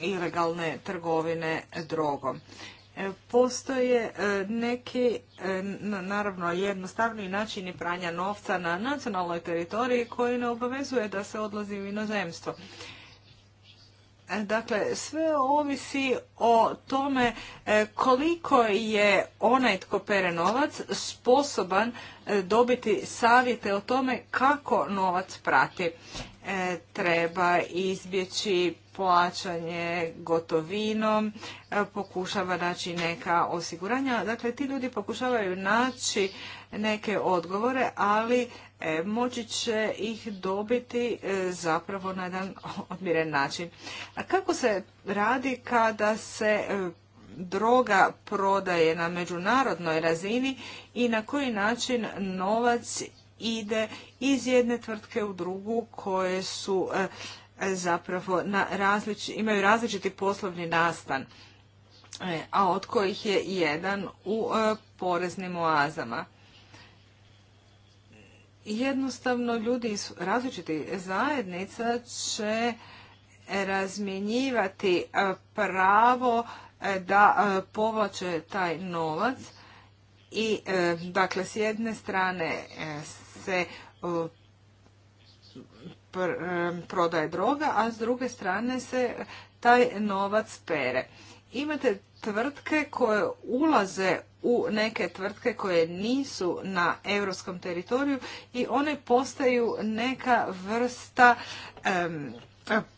ilegalne trgovine drogom. E, postoje e, neki, e, naravno, jednostavni načini pranja novca na nacionalnoj teritoriji koji ne obavezuje da se odlazi u inozemstvo. Dakle, sve ovisi o tome koliko je onaj tko pere novac sposoban dobiti savjete o tome kako novac prati. E, treba izbjeći plaćanje gotovinom, e, pokušava naći neka osiguranja. Dakle, ti ljudi pokušavaju naći neke odgovore, ali e, moći će ih dobiti zapravo na jedan odmiren način. A kako se radi kada se droga prodaje na međunarodnoj razini i na koji način novac ide iz jedne tvrtke u drugu koje su e, zapravo na imaju različiti poslovni nastan, e, a od kojih je jedan u e, poreznim oazama. Jednostavno ljudi iz različitih zajednica će razmjenjivati pravo da povlače taj novac i dakle s jedne strane se e, prodaje droga, a s druge strane se taj novac pere. Imate tvrtke koje ulaze u neke tvrtke koje nisu na europskom teritoriju i one postaju neka vrsta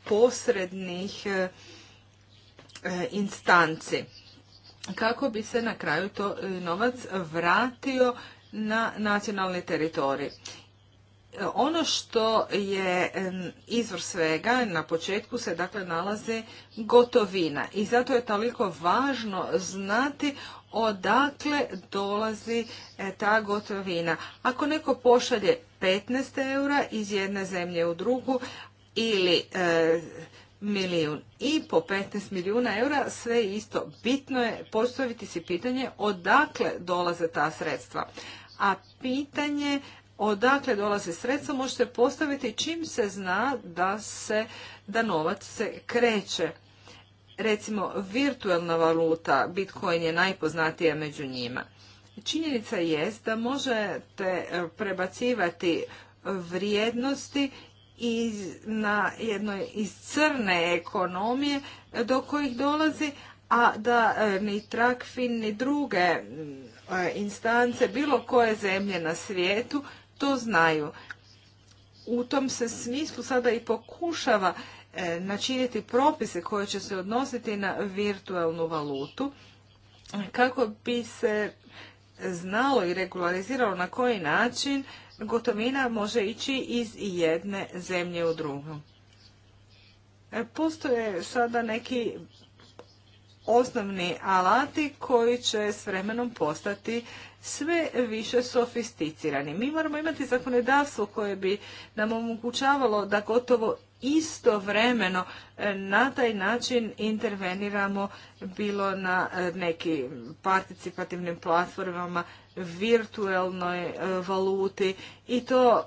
posrednih e, e, instanci kako bi se na kraju to novac vratio na nacionalni teritorij. E, ono što je izvor svega na početku se dakle nalazi gotovina i zato je toliko važno znati odakle dolazi e, ta gotovina. Ako neko pošalje 15 eura iz jedne zemlje u drugu ili e, milijun i po 15 milijuna eura, sve isto. Bitno je postaviti si pitanje odakle dolaze ta sredstva. A pitanje odakle dolaze sredstva možete postaviti čim se zna da se da novac se kreće. Recimo, virtualna valuta, Bitcoin je najpoznatija među njima. Činjenica jest da možete prebacivati vrijednosti iz, na jednoj iz crne ekonomije do kojih dolazi, a da e, ni Trakfin ni druge e, instance bilo koje zemlje na svijetu to znaju. U tom se smislu sada i pokušava e, načiniti propise koje će se odnositi na virtualnu valutu kako bi se znalo i regulariziralo na koji način gotovina može ići iz jedne zemlje u drugu. E, postoje sada neki osnovni alati koji će s vremenom postati sve više sofisticirani. Mi moramo imati zakonodavstvo koje bi nam omogućavalo da gotovo istovremeno e, na taj način interveniramo bilo na e, neki participativnim platformama, virtualnoj e, valuti i to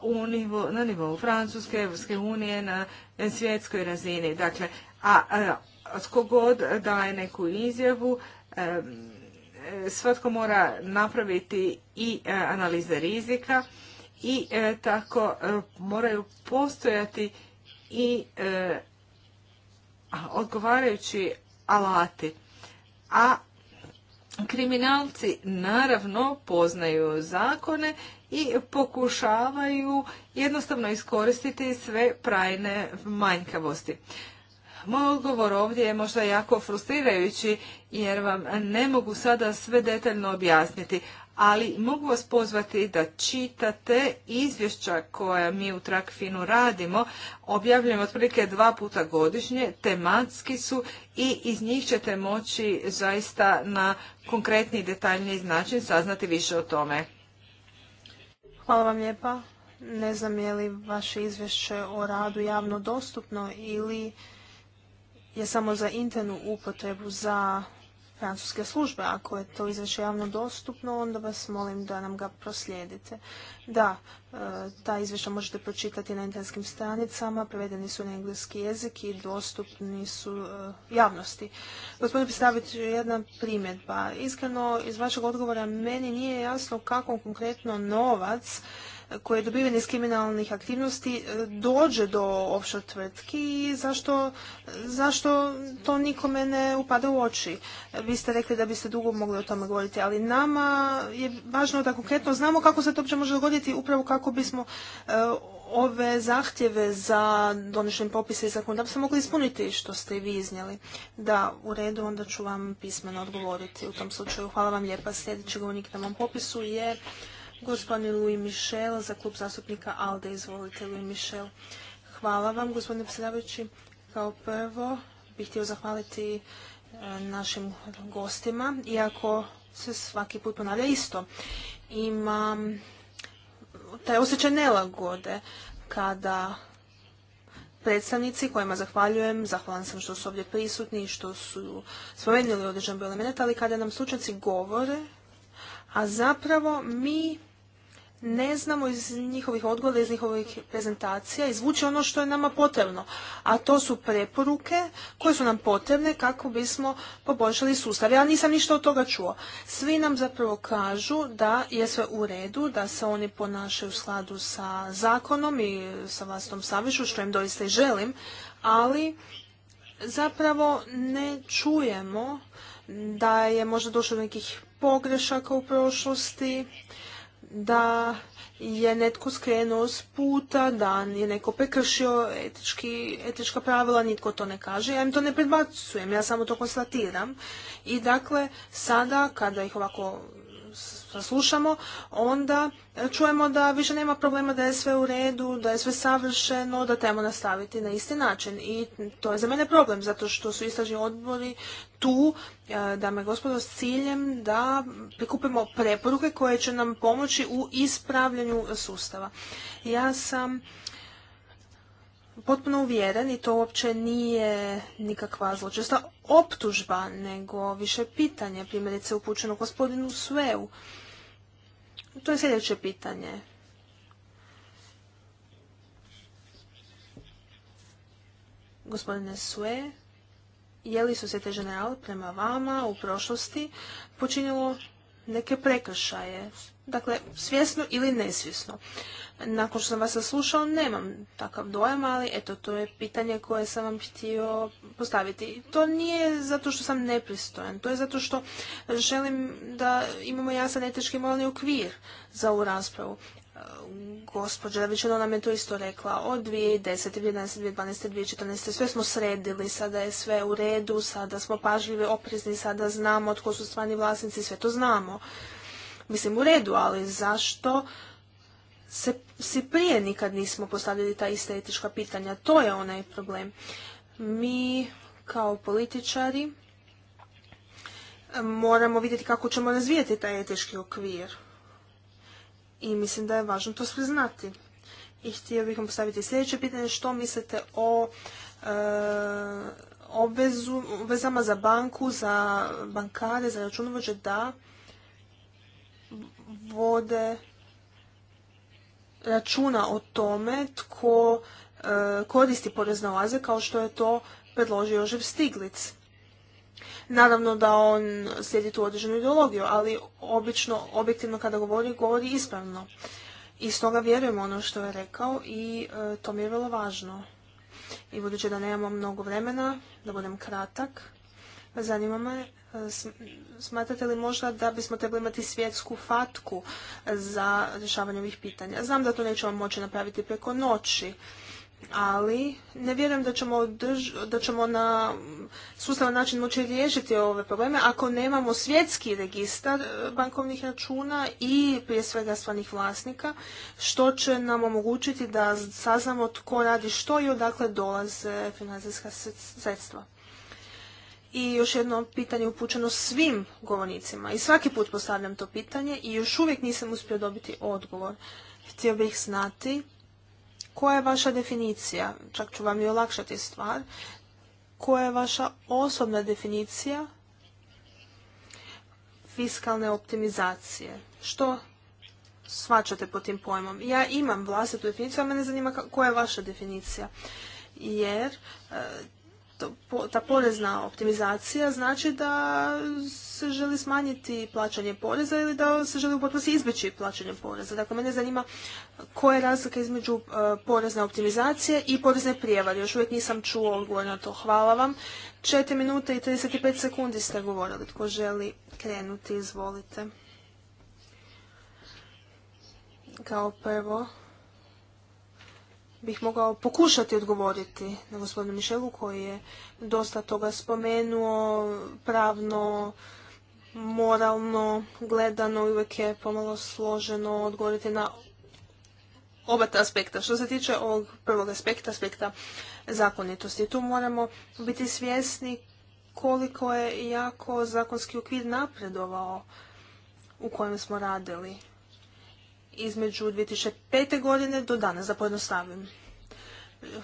na nivou Francuske, Evropske unije, na svjetskoj razini. Dakle, a, tko god daje neku izjavu, svatko mora napraviti i analize rizika i tako moraju postojati i e, odgovarajući alati. A kriminalci naravno poznaju zakone i pokušavaju jednostavno iskoristiti sve prajne manjkavosti. Moj odgovor ovdje je možda jako frustrirajući jer vam ne mogu sada sve detaljno objasniti, ali mogu vas pozvati da čitate izvješća koja mi u Trakfinu radimo, objavljujemo otprilike dva puta godišnje, tematski su i iz njih ćete moći zaista na konkretni i detaljni način saznati više o tome. Hvala vam lijepa. Ne znam je li vaše izvješće o radu javno dostupno ili je samo za internu upotrebu za francuske službe. Ako je to izvješće javno dostupno, onda vas molim da nam ga proslijedite. Da, e, ta izvješća možete pročitati na internetskim stranicama, prevedeni su na engleski jezik i dostupni su e, javnosti. Gospodin predstaviti jedna primjedba. Iskreno, iz vašeg odgovora meni nije jasno kako konkretno novac koje je dobiven iz kriminalnih aktivnosti e, dođe do offshore tvrtki i zašto, to nikome ne upada u oči. Vi ste rekli da biste dugo mogli o tome govoriti, ali nama je važno da konkretno znamo kako se to uopće može dogoditi upravo kako bismo e, ove zahtjeve za donošenje popisa i se mogli ispuniti što ste i vi iznijeli. Da, u redu, onda ću vam pismeno odgovoriti u tom slučaju. Hvala vam lijepa. Sljedeći govornik na mom popisu je Gospodin Louis Michel za klub zastupnika ALDE. Izvolite, Louis Michel. Hvala vam, gospodine predsjedavajući. Kao prvo bih htio zahvaliti e, našim gostima, iako se svaki put ponavlja isto. Imam taj osjećaj nelagode kada predstavnici kojima zahvaljujem, zahvalan sam što su ovdje prisutni i što su spomenuli određen broj elemenata, ali kada nam slučajci govore, a zapravo mi ne znamo iz njihovih odgovora, iz njihovih prezentacija izvući ono što je nama potrebno. A to su preporuke koje su nam potrebne kako bismo poboljšali sustav. Ja nisam ništa od toga čuo. Svi nam zapravo kažu da je sve u redu, da se oni ponašaju u skladu sa zakonom i sa vlastnom savješu, što im doista i želim, ali zapravo ne čujemo da je možda došlo do nekih pogrešaka u prošlosti, da je netko skrenuo s puta, da je neko prekršio etički, etička pravila, nitko to ne kaže. Ja im to ne predbacujem, ja samo to konstatiram. I dakle, sada kada ih ovako slušamo, onda čujemo da više nema problema, da je sve u redu, da je sve savršeno, da trebamo nastaviti na isti način. I to je za mene problem, zato što su istražni odbori tu, eh, dame i gospodo, s ciljem da prikupimo preporuke koje će nam pomoći u ispravljanju sustava. Ja sam potpuno uvjeren i to uopće nije nikakva zločesta optužba, nego više pitanje, primjerice upućeno gospodinu Sveu. To je sljedeće pitanje. Gospodine Sue, je li su se te general prema vama u prošlosti počinilo neke prekršaje? Dakle, svjesno ili nesvjesno nakon što sam vas saslušao, nemam takav dojam, ali eto, to je pitanje koje sam vam htio postaviti. To nije zato što sam nepristojan, to je zato što želim da imamo jasan etički moralni okvir za ovu raspravu. Gospođa većina nam je to isto rekla. Od 2010. 2011. 2012. 2014. sve smo sredili, sada je sve u redu, sada smo pažljivi, oprezni, sada znamo tko su stvarni vlasnici, sve to znamo. Mislim u redu, ali zašto se, si prije nikad nismo postavljali ta ista etička pitanja. To je onaj problem. Mi kao političari eh, moramo vidjeti kako ćemo razvijati taj etički okvir. I mislim da je važno to sve znati. I htio bih vam postaviti sljedeće pitanje. Što mislite o e, obvezu, obvezama za banku, za bankare, za računovođe da vode računa o tome tko e, koristi porezne oaze kao što je to predložio Jožef Stiglic. Naravno da on slijedi tu određenu ideologiju, ali obično, objektivno kada govori, govori ispravno. I stoga vjerujem ono što je rekao i e, to mi je vrlo važno. I budući da nemamo mnogo vremena, da budem kratak, zanima me Smatrate li možda da bismo trebali imati svjetsku fatku za rješavanje ovih pitanja? Znam da to nećemo moći napraviti preko noći, ali ne vjerujem da ćemo, da ćemo na sustavan način moći riješiti ove probleme ako nemamo svjetski registar e, bankovnih računa i prije svega stvarnih vlasnika, što će nam omogućiti da saznamo tko radi što i odakle dolaze financijska sredstva. I još jedno pitanje upućeno svim govornicima. I svaki put postavljam to pitanje i još uvijek nisam uspio dobiti odgovor. Htio bih znati koja je vaša definicija, čak ću vam i olakšati stvar, koja je vaša osobna definicija fiskalne optimizacije. Što svačate po tim pojmom? Ja imam vlastitu definiciju, a mene zanima koja je vaša definicija. Jer e, ta porezna optimizacija znači da se želi smanjiti plaćanje poreza ili da se želi u potpunosti izbjeći plaćanje poreza. Dakle, mene zanima koja je razlika između e, porezne optimizacije i porezne prijevare. Još uvijek nisam čuo odgovor na to. Hvala vam. 4 minute i 35 sekundi ste govorili. Tko želi krenuti, izvolite. Kao prvo, bih mogao pokušati odgovoriti na gospodinu Mišelu koji je dosta toga spomenuo, pravno, moralno, gledano, i uvijek je pomalo složeno odgovoriti na oba ta aspekta. Što se tiče ovog prvog aspekta, aspekta zakonitosti, tu moramo biti svjesni koliko je jako zakonski okvir napredovao u kojem smo radili između 2005. godine do danas, da pojednostavim.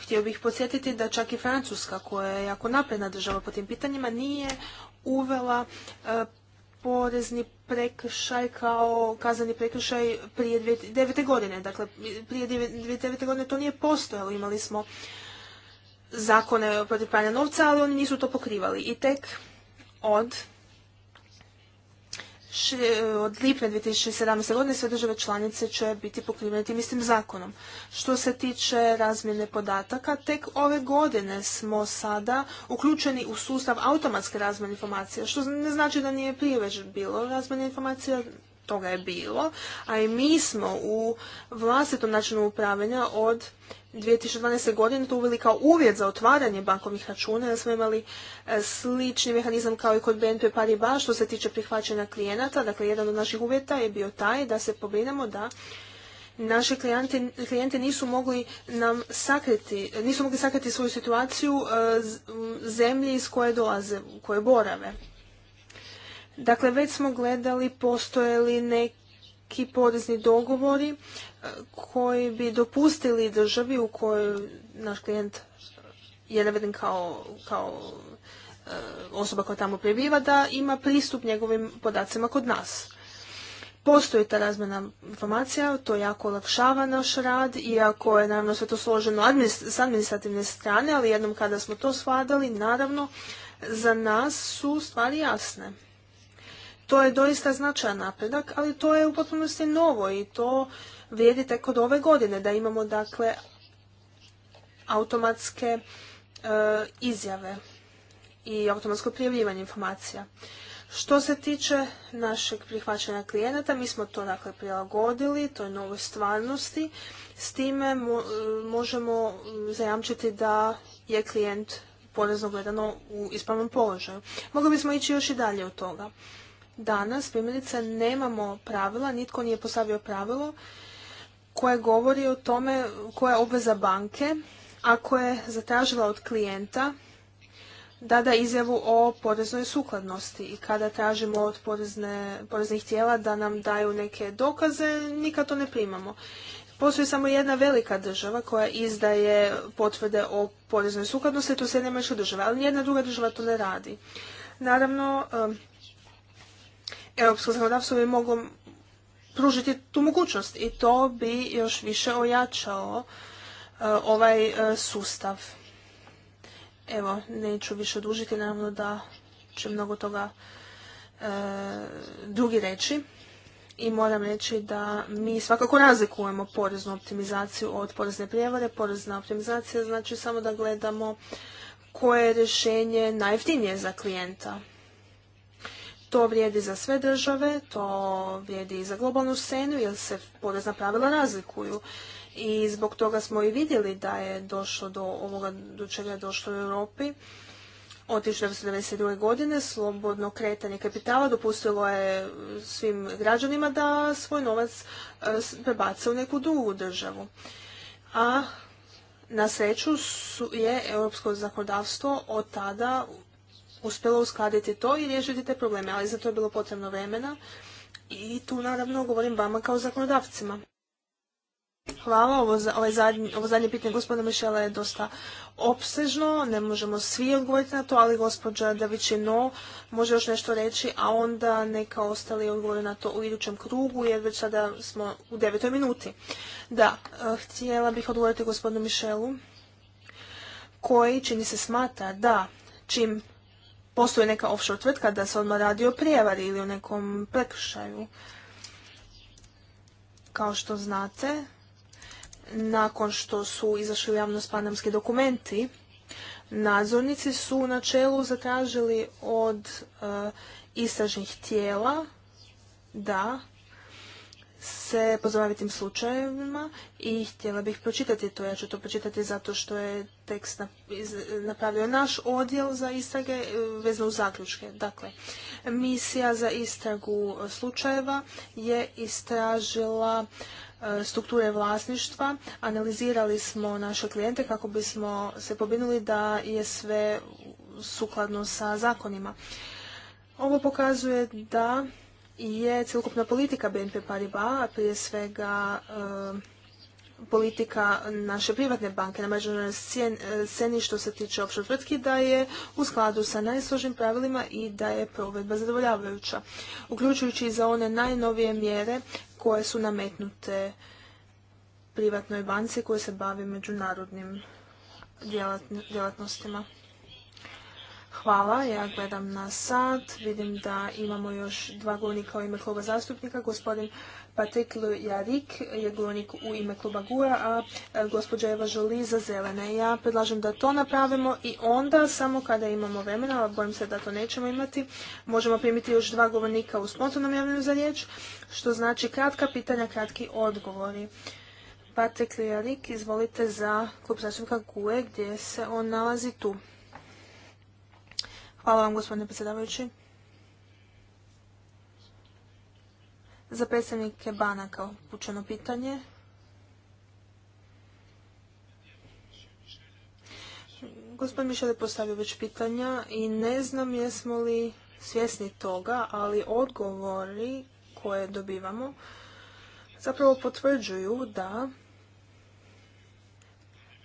Htio bih podsjetiti da čak i Francuska, koja je jako napredna država po tim pitanjima, nije uvela e, porezni prekršaj kao kazani prekršaj prije 2009. godine. Dakle, prije 2009. godine to nije postojalo. Imali smo zakone protiv pranja novca, ali oni nisu to pokrivali. I tek od od lipnja 2017. godine sve države članice će biti pokrivene tim istim zakonom. Što se tiče razmjene podataka, tek ove godine smo sada uključeni u sustav automatske razmjene informacija, što ne znači da nije prije već bilo razmjene informacija, toga je bilo, a i mi smo u vlastitom načinu upravljanja od 2012. godine to uveli kao uvjet za otvaranje bankovnih računa, jer smo imali e, slični mehanizam kao i kod BNP Paribas što se tiče prihvaćanja klijenata. Dakle, jedan od naših uvjeta je bio taj da se pobrinemo da naše klijente, nisu mogli nam sakriti, nisu mogli sakriti svoju situaciju e, zemlji iz koje dolaze, u koje borave. Dakle, već smo gledali postoje li neki porezni dogovori koji bi dopustili državi u kojoj naš klijent je naveden kao, kao eh, osoba koja tamo prebiva da ima pristup njegovim podacima kod nas. Postoji ta razmjena informacija, to jako olakšava naš rad, iako je naravno sve to složeno s administrativne strane, ali jednom kada smo to svadali, naravno, za nas su stvari jasne. To je doista značajan napredak, ali to je u potpunosti novo i to vrijedi tek od ove godine, da imamo dakle automatske e, izjave i automatsko prijavljivanje informacija. Što se tiče našeg prihvaćanja klijenata, mi smo to dakle prilagodili, to je novoj stvarnosti. S time e, možemo zajamčiti da je klijent porezno gledano u ispravnom položaju. Mogli bismo ići još i dalje od toga. Danas, primjerice, nemamo pravila, nitko nije postavio pravilo koje govori o tome koja je obveza banke ako je zatražila od klijenta da da izjavu o poreznoj sukladnosti i kada tražimo od porezne, poreznih tijela da nam daju neke dokaze, nikad to ne primamo. Postoji samo jedna velika država koja izdaje potvrde o poreznoj sukladnosti, to se još država, ali nijedna druga država to ne radi. Naravno, europsko zakonodavstvo bi moglo pružiti tu mogućnost i to bi još više ojačao e, ovaj e, sustav. Evo, neću više odužiti, naravno da će mnogo toga e, drugi reći. I moram reći da mi svakako razlikujemo poreznu optimizaciju od porezne prijevare. Porezna optimizacija znači samo da gledamo koje je rješenje najjeftinije za klijenta. To vrijedi za sve države, to vrijedi i za globalnu scenu jer se porezna pravila razlikuju. I zbog toga smo i vidjeli da je došlo do ovoga do čega je došlo u Europi. Od 1992. godine slobodno kretanje kapitala dopustilo je svim građanima da svoj novac e, prebace u neku drugu državu. A na sreću je europsko zakonodavstvo od tada uspjela uskladiti to i riješiti te probleme, ali za to je bilo potrebno vremena i tu naravno govorim vama kao zakonodavcima. Hvala, ovo, ovaj zadnje pitanje gospodina Mišela je dosta opsežno, ne možemo svi odgovoriti na to, ali gospođa No može još nešto reći, a onda neka ostali odgovore na to u idućem krugu, jer već sada smo u devetoj minuti. Da, eh, htjela bih odgovoriti gospodinu Mišelu, koji čini se smata da čim postoji neka offshore tvrtka da se odmah radi o prijevari ili o nekom prekršaju. Kao što znate, nakon što su izašli javnost panamski dokumenti, nadzornici su u načelu zatražili od e, istražnih tijela da se pozabavi tim slučajevima i htjela bih pročitati to. Ja ću to pročitati zato što je tekst napravio naš odjel za istrage e, vezno u zaključke. Dakle, misija za istragu slučajeva je istražila e, strukture vlasništva. Analizirali smo naše klijente kako bismo se pobinuli da je sve sukladno sa zakonima. Ovo pokazuje da je celokupna politika BNP Paribas, prije svega e, politika naše privatne banke na međunarodnoj e, sceni što se tiče opće tvrtki da je u skladu sa najsložim pravilima i da je provedba zadovoljavajuća, uključujući i za one najnovije mjere koje su nametnute privatnoj banci koja se bavi međunarodnim djelatnostima. Hvala, ja gledam na sat. Vidim da imamo još dva govornika u ime kluba zastupnika. Gospodin Patrik Jarik je govornik u ime kluba Gura, e, a e, gospođa Eva Žoli za zelene. Ja predlažem da to napravimo i onda, samo kada imamo vremena, a bojim se da to nećemo imati, možemo primiti još dva govornika u spontanom javljanju za riječ, što znači kratka pitanja, kratki odgovori. Patrik Jarik, izvolite za klub zastupnika GUE, gdje se on nalazi tu. Hvala vam gospodine predsjedavajući. Za predstavnike banaka upućeno pitanje. Gospodin Mišel je postavio već pitanja i ne znam jesmo li svjesni toga, ali odgovori koje dobivamo zapravo potvrđuju da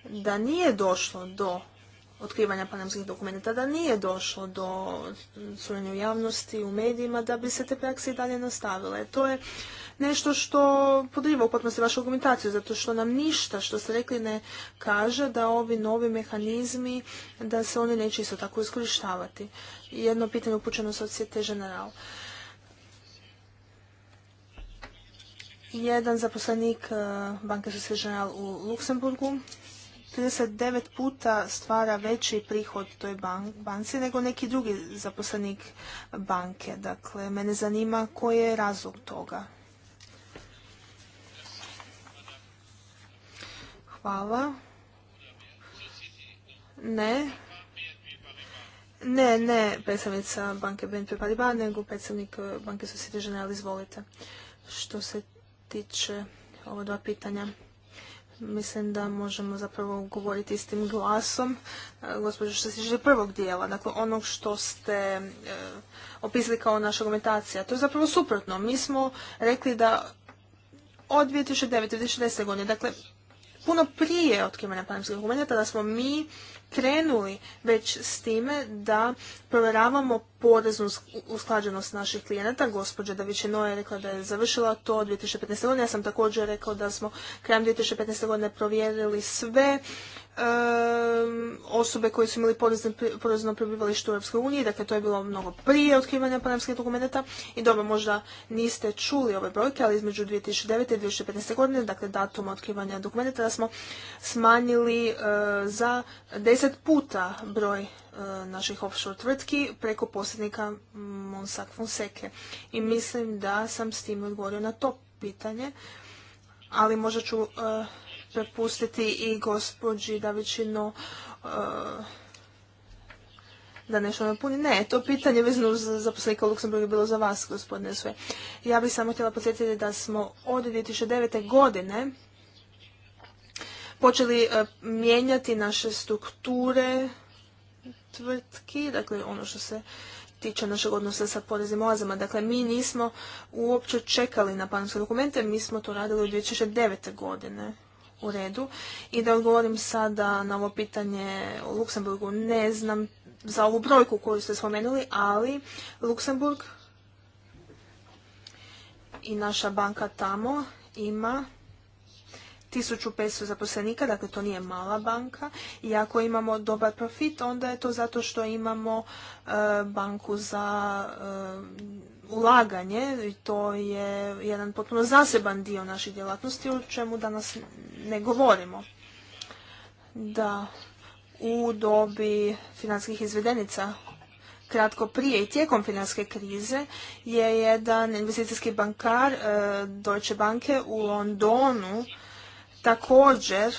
da nije došlo do otkrivanja panamskih dokumenta, da nije došlo do curenja u javnosti, u medijima, da bi se te prakse i dalje nastavile. To je nešto što podriva u potpunosti vašu argumentaciju, zato što nam ništa što ste rekli ne kaže da ovi novi mehanizmi, da se oni neće isto tako iskorištavati. Jedno pitanje upućeno societe general. Jedan zaposlenik eh, banke Societe General u Luksemburgu 39 puta stvara veći prihod toj banci nego neki drugi zaposlenik banke. Dakle, mene zanima koji je razlog toga. Hvala. Ne. Ne, ne predstavnica banke BNP Paribas, nego predstavnik banke Societe Generale, izvolite. Što se tiče ova dva pitanja mislim da možemo zapravo govoriti tim glasom, e, gospođo što se tiče prvog dijela, dakle onog što ste e, opisali kao naša argumentacija. To je zapravo suprotno. Mi smo rekli da od 2009. 2010. godine, dakle puno prije otkrivanja panamskih dokumenata da smo mi krenuli već s time da provjeravamo poreznu usklađenost naših klijenata. Gospođa Davičino je rekla da je završila to 2015. godine. Ja sam također rekao da smo krajem 2015. godine provjerili sve osobe koje su imali porezno prebivalište u Europskoj uniji, dakle to je bilo mnogo prije otkrivanja panamskih dokumenata i dobro možda niste čuli ove brojke, ali između 2009. i 2015. godine, dakle datum otkrivanja dokumenata da smo smanjili eh, za 10 puta broj eh, naših offshore tvrtki preko posljednika Monsak Fonseca. I mislim da sam s tim odgovorio na to pitanje, ali možda ću eh, prepustiti i gospođi da većinu eh, da nešto napuni. Ne, to pitanje vezano za zaposlenika Luksemburga je bilo za vas, gospodine Sve. Ja bih samo htjela podsjetiti da smo od 2009. godine počeli eh, mijenjati naše strukture tvrtki, dakle ono što se tiče našeg odnosa sa poreznim oazama. Dakle, mi nismo uopće čekali na panoske dokumente, mi smo to radili u 2009. godine u redu. I da odgovorim sada na ovo pitanje o Luksemburgu. Ne znam za ovu brojku koju ste spomenuli, ali Luksemburg i naša banka tamo ima 1500 zaposlenika, dakle to nije mala banka. I ako imamo dobar profit, onda je to zato što imamo e, banku za e, ulaganje i to je jedan potpuno zaseban dio naših djelatnosti o čemu danas ne govorimo. Da u dobi financijskih izvedenica kratko prije i tijekom financijske krize je jedan investicijski bankar e, Deutsche Banke u Londonu također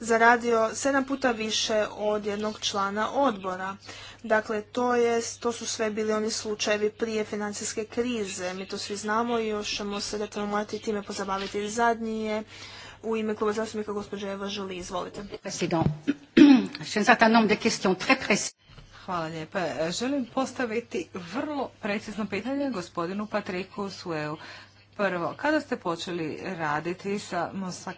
zaradio sedam puta više od jednog člana odbora. Dakle, to, je, to su sve bili oni slučajevi prije financijske krize. Mi to svi znamo i još ćemo se detaljno morati time pozabaviti. Zadnji u ime kluba zastupnika gospođa Eva Žuli. Izvolite. Hvala lijepa. Želim postaviti vrlo precizno pitanje gospodinu Patriku Sueu. Prvo, kada ste počeli raditi sa Mosak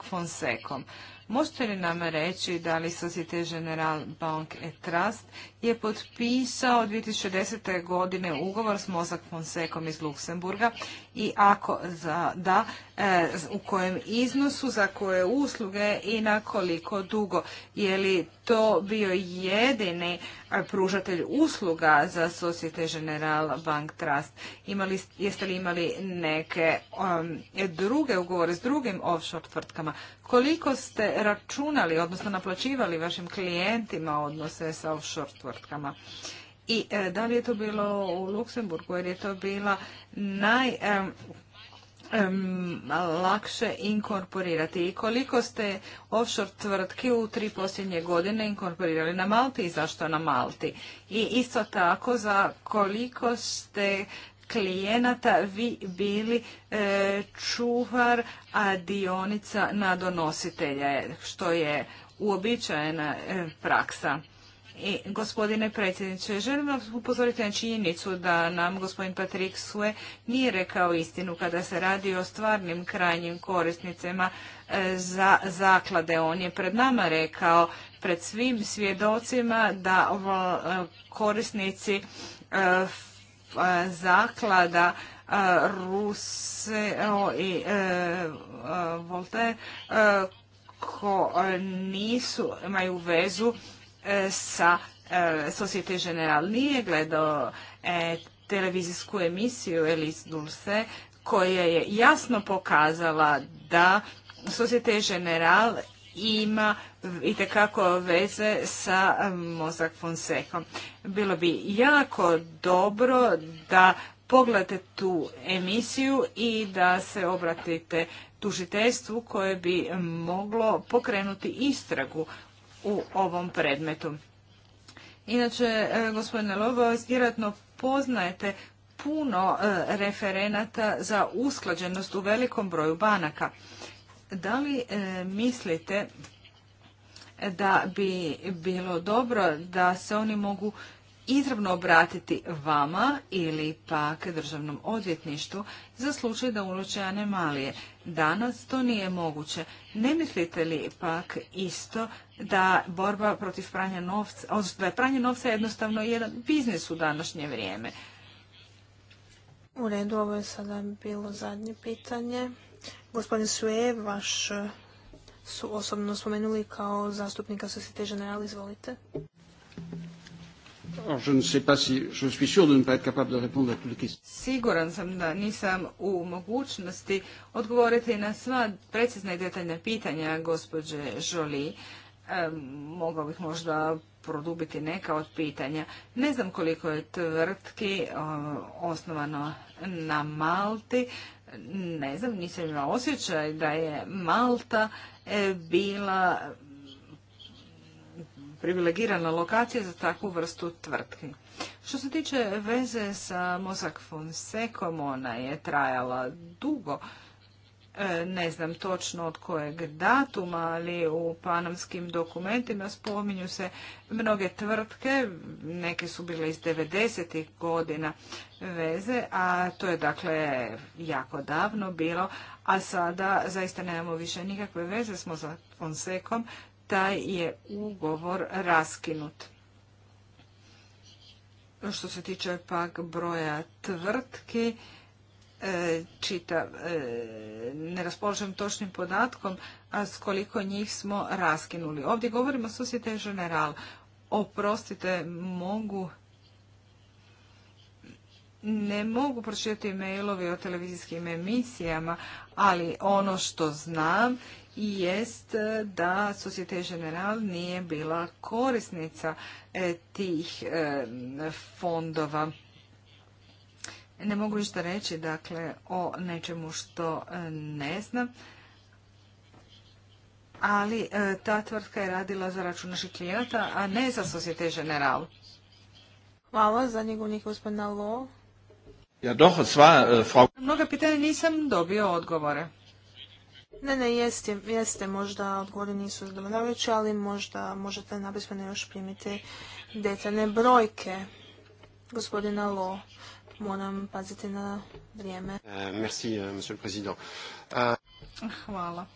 Možete li nam reći da li Societe General Bank et Trust je potpisao 2010. godine ugovor s Mozak Fonsekom iz Luksemburga i ako za, da, e, u kojem iznosu, za koje usluge i na koliko dugo? Je li to bio jedini e, pružatelj usluga za Societe General Bank Trust? Imali, jeste li imali neke um, druge ugovore s drugim offshore tvrtkama? koliko ste računali, odnosno naplaćivali vašim klijentima odnose sa offshore tvrtkama. I e, da li je to bilo u Luksemburgu, jer je to bila naj... inkorporirati i koliko ste offshore tvrtki u tri posljednje godine inkorporirali na Malti i zašto na Malti i isto tako za koliko ste klijenata vi bili e, čuvar, a dionica na donositelja, što je uobičajena e, praksa. I, gospodine predsjedniče, želim vam upozoriti na činjenicu da nam gospodin Patrik Sue nije rekao istinu kada se radi o stvarnim krajnjim korisnicima e, za zaklade. On je pred nama rekao pred svim svjedocima da korisnici E, zaklada e, Ruseo i e, Volte ko nisu, imaju vezu sa Societe General. Nije gledao televizijsku emisiju Elis Dulce koja je jasno pokazala da Societe General ima itekako veze sa mozak fonsehom. Bilo bi jako dobro da pogledate tu emisiju i da se obratite tužiteljstvu koje bi moglo pokrenuti istragu u ovom predmetu. Inače, e, gospodine Lobo, vjerojatno poznajete puno e, referenata za usklađenost u velikom broju banaka. Da li e, mislite da bi bilo dobro da se oni mogu izravno obratiti vama ili pak državnom odvjetništvu za slučaj da uloče anemalije Danas to nije moguće. Ne mislite li pak isto da borba protiv pranja novca, da je pranje novca jednostavno jedan biznis u današnje vrijeme? U redu, ovo je sada bilo zadnje pitanje. Gospodin Sue, vaš e, su osobno spomenuli kao zastupnika Societe Generale, izvolite. Siguran sam da nisam u mogućnosti odgovoriti na sva precizna i detaljna pitanja gospođe Jolie. E, mogao bih možda produbiti neka od pitanja. Ne znam koliko je tvrtki e, osnovano na Malti ne znam, nisam imala osjećaj da je Malta e, bila privilegirana lokacija za takvu vrstu tvrtki. Što se tiče veze sa Mozak Fonsekom, ona je trajala dugo E, ne znam točno od kojeg datuma, ali u panamskim dokumentima spominju se mnoge tvrtke, neke su bile iz 90. godina veze, a to je dakle jako davno bilo, a sada zaista nemamo više nikakve veze, smo za Fonsekom, taj je ugovor raskinut. Što se tiče pak broja tvrtki, E, čitav, e, ne raspoložujem točnim podatkom, a s koliko njih smo raskinuli. Ovdje govorimo Societe general. Oprostite, mogu ne mogu pročitati e-mailovi o televizijskim emisijama, ali ono što znam jest da Societe General nije bila korisnica e, tih fondova. Ne mogu ništa reći dakle, o nečemu što e, ne znam, ali e, ta tvrtka je radila za račun naših klijenata, a ne za Societe General. Hvala za njegovnik gospodina Lo. sva, äh, Mnoga pitanja nisam dobio odgovore. Ne, ne, jeste, jeste možda odgovori nisu odgovarajući, ali možda možete napismeno još primiti detaljne brojke gospodina Lo. Moram paziti na vrijeme. Eh, eh, eh, Hvala.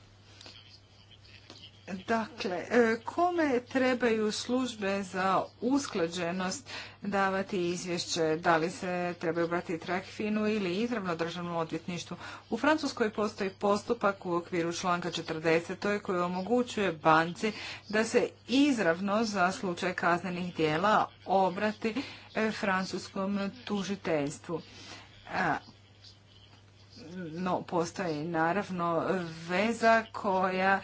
Dakle, e, kome trebaju službe za usklađenost davati izvješće? Da li se trebaju brati trakfinu ili izravno državnom odvjetništvu? U Francuskoj postoji postupak u okviru članka 40. koji omogućuje banci da se izravno za slučaj kaznenih dijela obrati e, francuskom tužiteljstvu. E, no, postoji naravno veza koja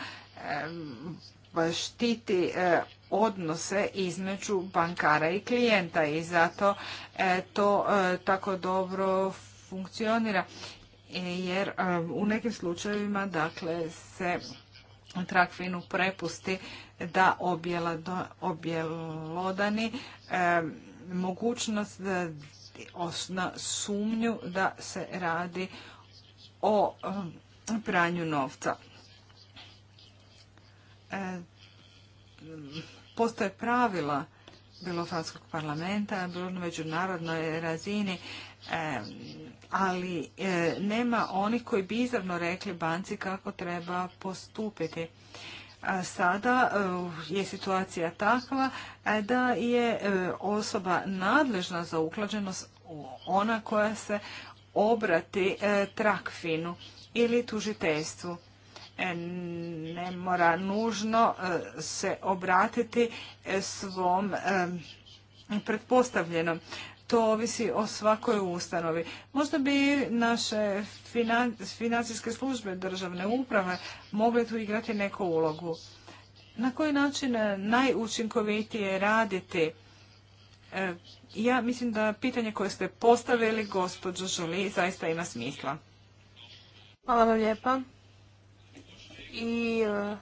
štiti e, odnose između bankara i klijenta i zato e, to e, tako dobro funkcionira jer u nekim slučajevima dakle se Trakfinu prepusti da objelodani mogućnost na sumnju da se radi o pranju novca. E, postoje pravila bilo Francuskog parlamenta, bilo na međunarodnoj razini, e, ali e, nema onih koji bi izravno rekli banci kako treba postupiti. Sada je situacija takva da je osoba nadležna za uklađenost ona koja se obrati trakfinu ili tužiteljstvu ne mora nužno e, se obratiti e, svom e, pretpostavljenom. To ovisi o svakoj ustanovi. Možda bi naše financijske službe državne uprave mogle tu igrati neku ulogu. Na koji način najučinkovitije raditi? Ja mislim da pitanje koje ste postavili, gospođo Žuli, zaista ima smisla. Hvala vam lijepa i e,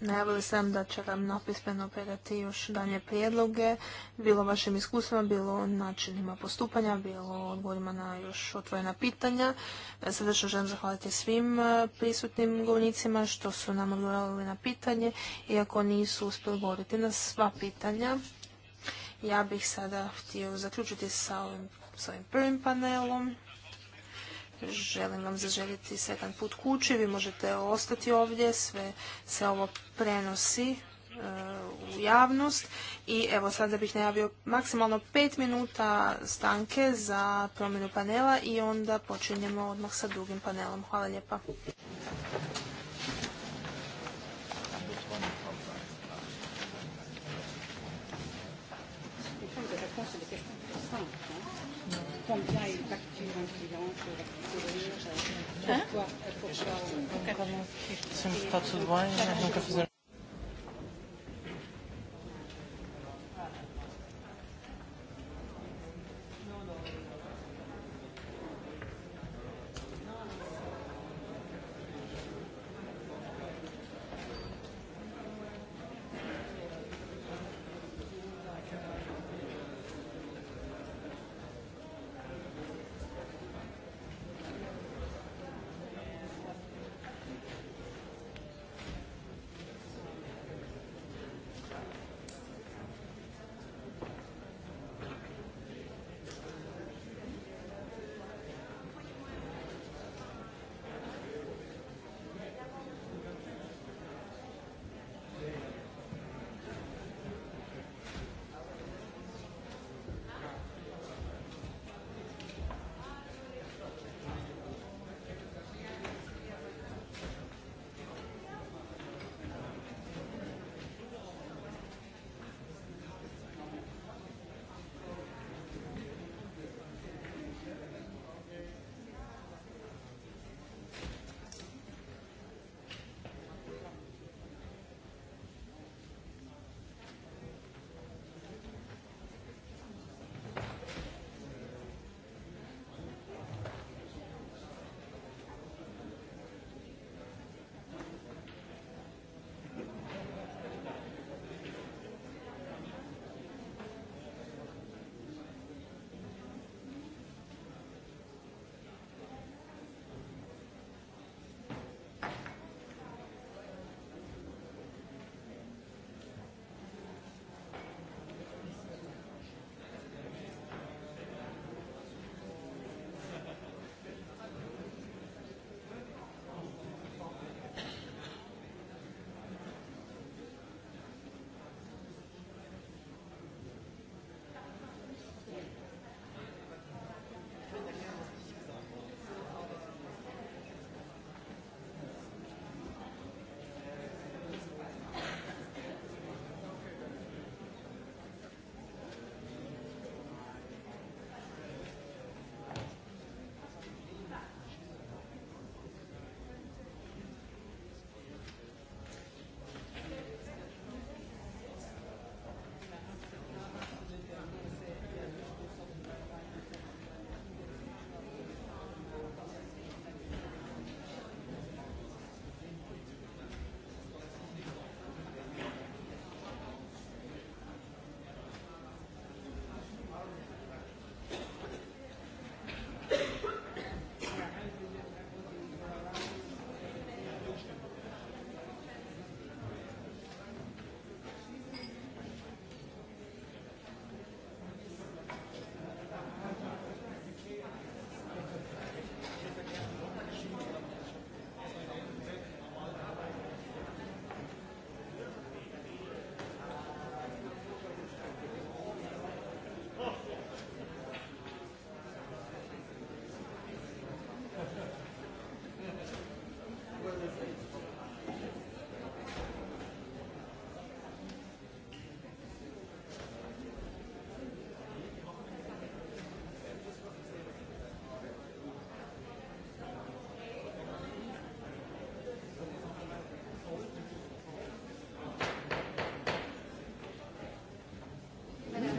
najavili sam da će vam napismeno predati još danje prijedloge, bilo vašim iskustvima, bilo načinima postupanja, bilo odgovorima na još otvorena pitanja. E, Srdečno želim zahvaliti svim e, prisutnim govornicima što su nam odgovorili na pitanje, iako nisu uspjeli odgovoriti na sva pitanja. Ja bih sada htio zaključiti sa ovim prvim panelom želim vam zaželjeti sretan put kući, vi možete ostati ovdje, sve se ovo prenosi e, u javnost i evo sada bih najavio maksimalno pet minuta stanke za promjenu panela i onda počinjemo odmah sa drugim panelom. Hvala lijepa da Pourquoi,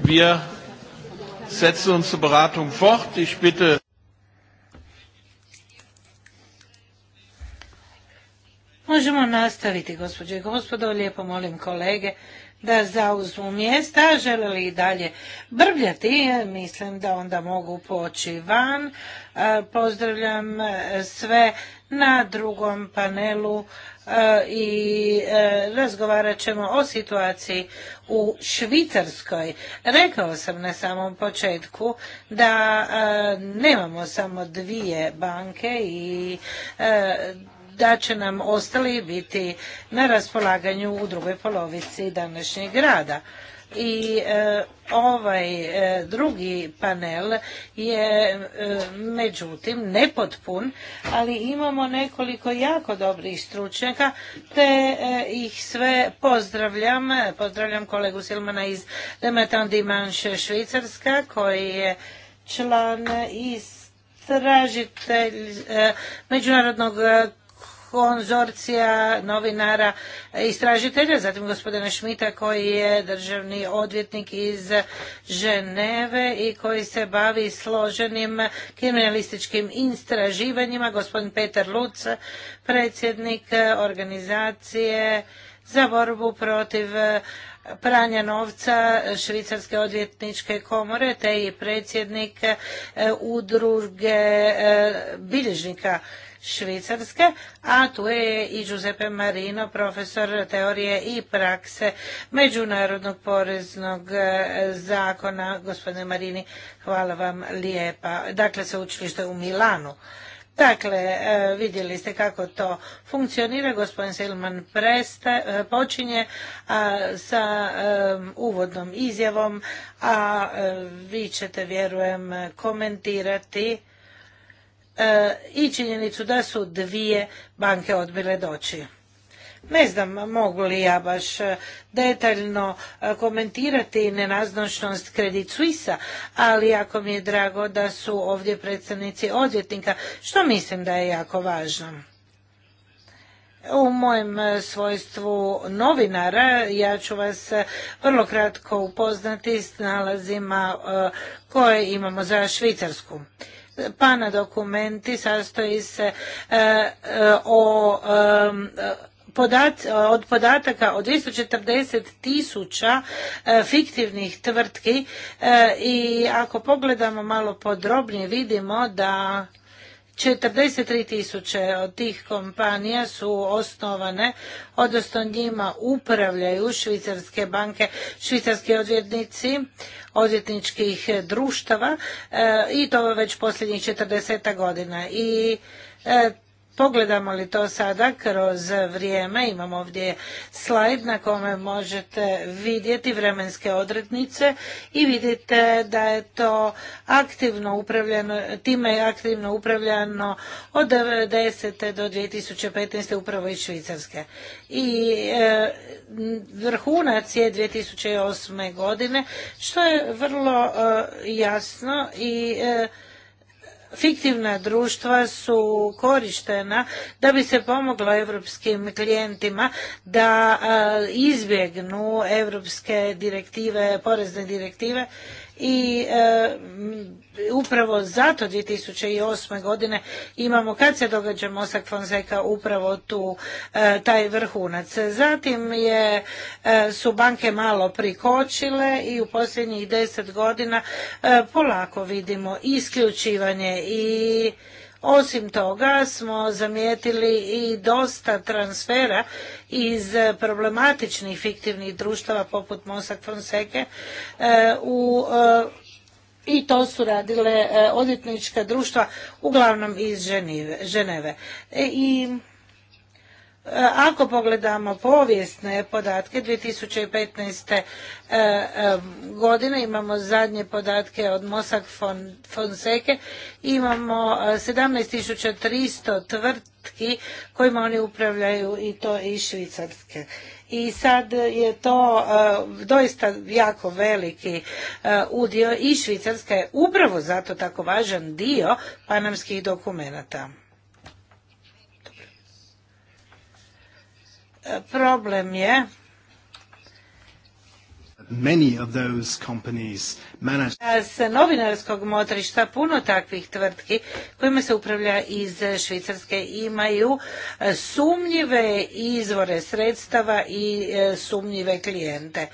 Wir setzen Beratung fort. Možemo nastaviti, gospođe i gospodo. Lijepo molim kolege da zauzmu mjesta. Žele li i dalje brbljati? Mislim da onda mogu poći van. E, pozdravljam sve na drugom panelu e, i e, razgovarat ćemo o situaciji u Švicarskoj. Rekao sam na samom početku da e, nemamo samo dvije banke i e, da će nam ostali biti na raspolaganju u drugoj polovici današnjeg rada i e, ovaj e, drugi panel je e, međutim nepotpun, ali imamo nekoliko jako dobrih stručnjaka te ih sve pozdravljam. Pozdravljam kolegu Silmana iz Demetan Dimanche Švicarska koji je član iz Međunarodnog konzorcija novinara istražitelja, zatim gospodina Šmita koji je državni odvjetnik iz Ženeve i koji se bavi složenim kriminalističkim istraživanjima, gospodin Peter Luc, predsjednik organizacije za borbu protiv pranja novca Švicarske odvjetničke komore te i predsjednik e, udruge e, bilježnika Švicarske, a tu je i Giuseppe Marino, profesor teorije i prakse Međunarodnog poreznog e, zakona. Gospodine Marini, hvala vam lijepa. Dakle, se učilište u Milanu. Dakle, e, vidjeli ste kako to funkcionira. Gospodin Silman preste, e, počinje sa uvodnom izjavom, a vi ćete, vjerujem, komentirati E, i činjenicu da su dvije banke odbile doći. Ne znam mogu li ja baš e, detaljno e, komentirati Credit kredit Suisa, ali jako mi je drago da su ovdje predstavnici odvjetnika, što mislim da je jako važno. U mojem svojstvu novinara ja ću vas vrlo kratko upoznati s nalazima koje imamo za Švicarsku pana dokumenti sastoji se e, e, o od podataka od 240 tisuća e, fiktivnih tvrtki i ako pogledamo malo podrobnije vidimo da 43 tisuće od tih kompanija su osnovane, odnosno njima upravljaju švicarske banke, švicarski odvjetnici odvjetničkih društava e, i to već posljednjih 40 godina. I e, Pogledamo li to sada kroz vrijeme, imamo ovdje slajd na kome možete vidjeti vremenske odrednice i vidite da je to aktivno upravljano, time je aktivno upravljano od 90. do 2015. upravo iz Švicarske. I e, vrhunac je 2008. godine, što je vrlo e, jasno i e, fiktivna društva su korištena da bi se pomoglo europskim klijentima da izbjegnu europske direktive, porezne direktive i e, upravo zato 2008. godine imamo kad se događa Mosak Fonseca upravo tu e, taj vrhunac. Zatim je, e, su banke malo prikočile i u posljednjih deset godina polako vidimo isključivanje i osim toga smo zamijetili i dosta transfera iz problematičnih fiktivnih društava poput Mosak Fonseke eh, u eh, i to su radile eh, odvjetnička društva uglavnom iz Ženeve. E, I E, ako pogledamo povijesne podatke 2015. E, e, godine imamo zadnje podatke od Mosak Fonseke, imamo 17.300 tvrtki kojima oni upravljaju i to iz Švicarske. I sad je to doista jako veliki udio i Švicarska je upravo zato tako važan dio panamskih dokumenata. problem je Many of those companies manage... S novinarskog motrišta puno takvih tvrtki kojima se upravlja iz Švicarske imaju e, sumnjive izvore sredstava i e, sumnjive klijente.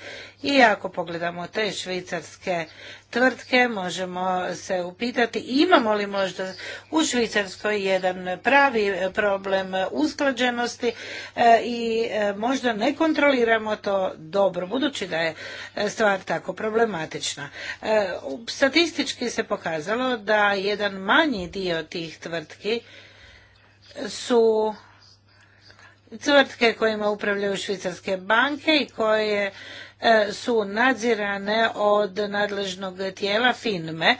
I ako pogledamo te švicarske tvrtke, možemo se upitati imamo li možda u Švicarskoj jedan pravi problem usklađenosti e, i e, možda ne kontroliramo to dobro, budući da je e, stvar tako problematična. Statistički se pokazalo da jedan manji dio tih tvrtki su tvrtke kojima upravljaju švicarske banke i koje E, su nadzirane od nadležnog tijela FINME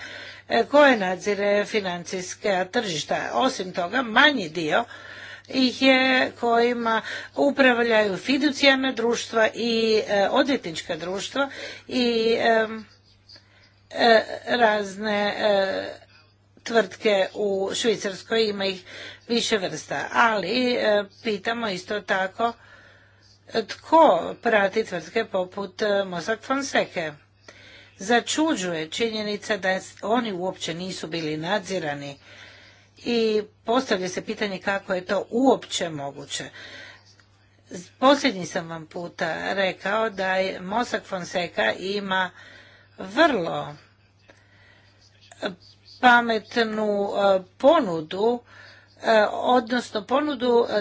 e, koje nadzire financijska tržišta. Osim toga, manji dio ih je kojima upravljaju fiducijane društva i e, odvjetnička društva i razne tvrtke u Švicarskoj, ima ih više vrsta. Ali pitamo isto tako tko prati tvrtke poput von e, Fonseke. Začuđuje činjenica da oni uopće nisu bili nadzirani i postavlja se pitanje kako je to uopće moguće. Posljednji sam vam puta rekao da je Mossack Fonseca ima vrlo pametnu e, ponudu odnosno ponudu e,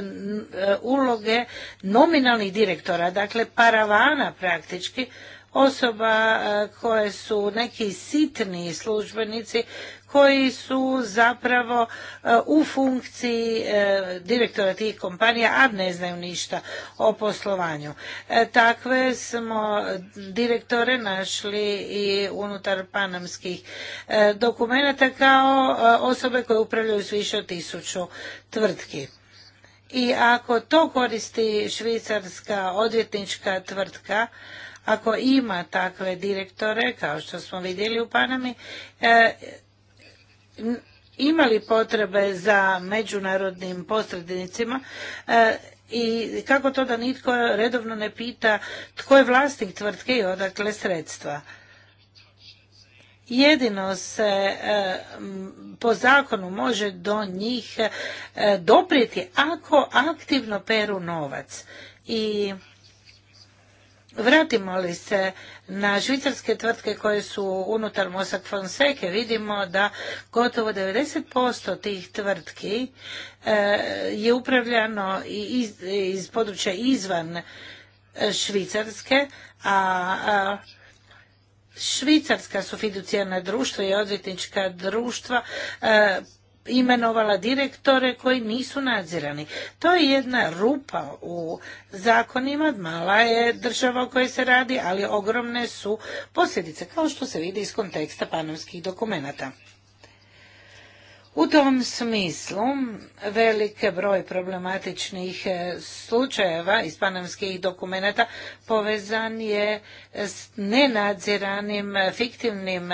e, uloge nominalnih direktora, dakle paravana praktički osoba e, koje su neki sitni službenici koji su zapravo e, u funkciji e, direktora tih kompanija, a ne znaju ništa o poslovanju. Takve smo direktore našli i unutar panamskih dokumenata kao osobe koje upravljaju s više od tisuću tvrtki. I ako to koristi švicarska odvjetnička tvrtka, ako ima takve direktore, kao što smo vidjeli u Panami, e, imali potrebe za međunarodnim posrednicima e, i kako to da nitko redovno ne pita tko je vlasnik tvrtke i odakle sredstva. Jedino se e, po zakonu može do njih doprijeti ako aktivno peru novac. I Vratimo li se na švicarske tvrtke koje su unutar Mossack Fonseke, vidimo da gotovo 90% tih tvrtki e, je upravljano iz područja izvan e, Švicarske, a Švicarska su fiducijalna društva i odvjetnička društva e, imenovala direktore koji nisu nadzirani. To je jedna rupa u zakonima, mala je država o kojoj se radi, ali ogromne su posljedice, kao što se vidi iz konteksta panovskih dokumenata. U tom smislu velike broj problematičnih e, slučajeva iz panamskih dokumenata povezan je s nenadziranim fiktivnim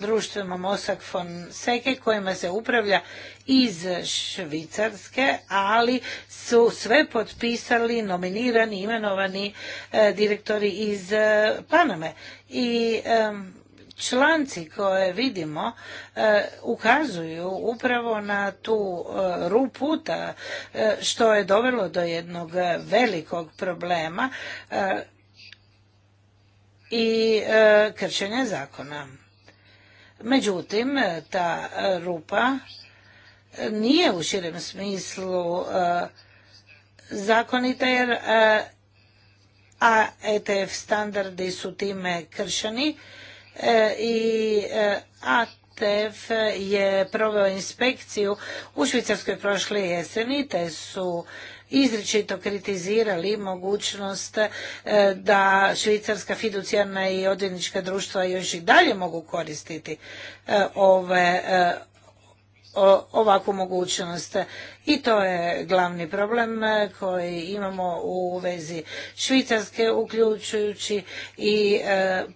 društvima Mossack Seke kojima se upravlja iz Švicarske, ali su sve potpisali nominirani, imenovani e, direktori iz e, Paname. I e, članci koje vidimo ukazuju upravo na tu rupu što je dovelo do jednog velikog problema i kršenja zakona. Međutim, ta rupa nije u širem smislu e, zakonita jer e, a ETF standardi su time kršeni e, i ATF je proveo inspekciju u Švicarskoj prošle jeseni te su izričito kritizirali mogućnost e, da švicarska fiducijarna i odvjetnička društva još i dalje mogu koristiti e, ove e, ovakvu mogućnost. I to je glavni problem koji imamo u vezi Švicarske, uključujući i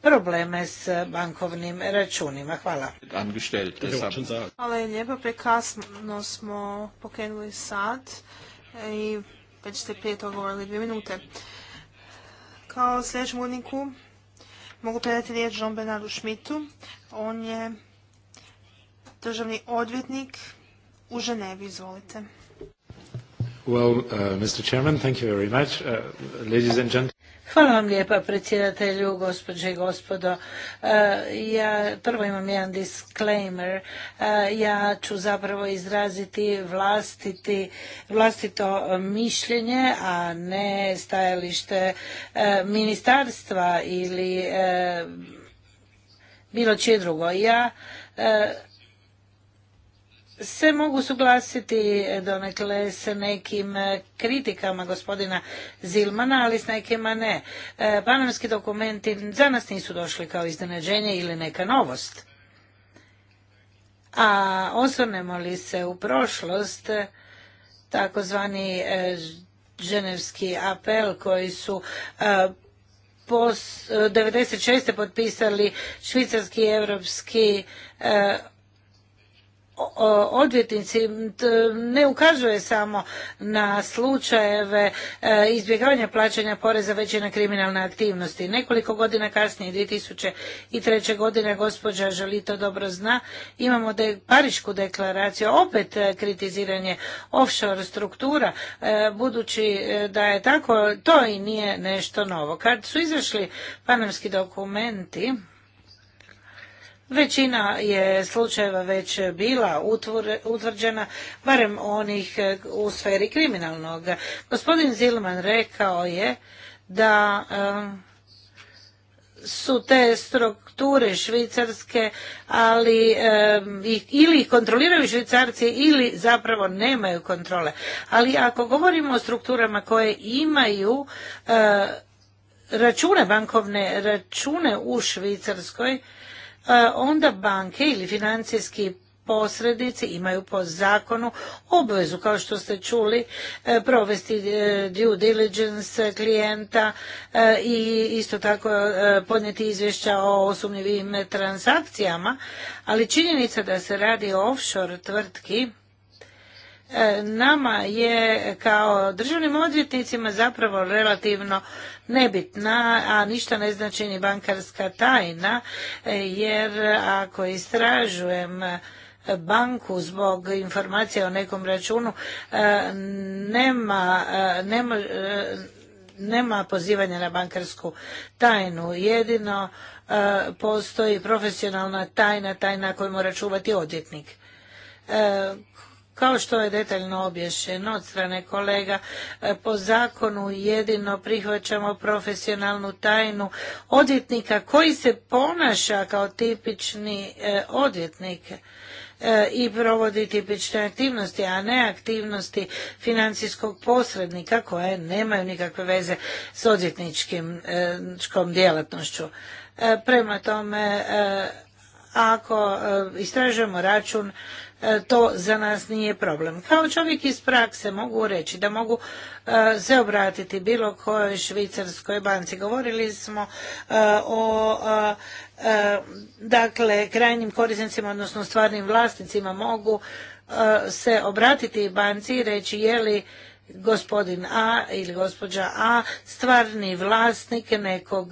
probleme s bankovnim računima. Hvala. Hvala lijepa, prekasno smo pokrenuli sad i već ste prije toga govorili dvije minute. Kao sljedećem uvodniku mogu predati riječ Jean Bernardu Schmidtu. On je državni odvjetnik u Ženevi. Izvolite. Uh, uh, Hvala vam lijepa predsjedatelju, gospođe i gospodo. Uh, ja prvo imam jedan disclaimer. Ja ću zapravo izraziti vlastito mišljenje, a ne stajalište ministarstva ili bilo čije drugo. Ja se mogu suglasiti donekle s nekim kritikama gospodina Zilmana, ali s nekima ne. E, Panamski dokumenti za nas nisu došli kao iznenađenje ili neka novost. A osvrnemo li se u prošlost, takozvani e, ženevski apel koji su e, pos, 96. potpisali švicarski i evropski odvjetnici ne ukazuje samo na slučajeve e, izbjegavanja plaćanja poreza već i na kriminalne aktivnosti. Nekoliko godina kasnije, 2003. godine, gospođa Žalito dobro zna, imamo Parišku deklaraciju, opet e, kritiziranje offshore struktura, e, budući da je tako, to i nije nešto novo. Kad su izašli panamski dokumenti, Većina je slučajeva već bila utvrđena, barem onih e, u sferi kriminalnog. Gospodin Zilman rekao je da su te strukture švicarske, ali ili ih kontroliraju švicarci ili zapravo nemaju kontrole. Ali ako govorimo o strukturama koje imaju e, račune, bankovne račune u Švicarskoj, E, onda banke ili financijski posrednici imaju po zakonu obvezu, kao što ste čuli, e, provesti e, due diligence klijenta i isto tako podnijeti izvješća o osumnjivim transakcijama, ali činjenica da se radi o offshore tvrtki E, nama je kao državnim odvjetnicima zapravo relativno nebitna, a ništa ne znači ni bankarska tajna, e, jer ako istražujem banku zbog informacija o nekom računu e, nema, nema nema pozivanja na bankarsku tajnu. Jedino postoji profesionalna tajna, tajna koju mora čuvati odvjetnik. Kao što je detaljno obješeno od strane kolega, e, po zakonu jedino prihvaćamo profesionalnu tajnu odvjetnika koji se ponaša kao tipični e, odvjetnik e, i provodi tipične aktivnosti, a ne aktivnosti financijskog posrednika koje nemaju nikakve veze s odvjetničkom djelatnošću. Prema tome, ako istražujemo račun E, to za nas nije problem. Kao čovjek iz prakse mogu reći da mogu e, se obratiti bilo kojoj švicarskoj banci. Govorili smo e, o dakle krajnjim korisnicima odnosno stvarnim vlasnicima mogu se obratiti banci i reći je li gospodin A ili gospođa A stvarni vlasnik nekog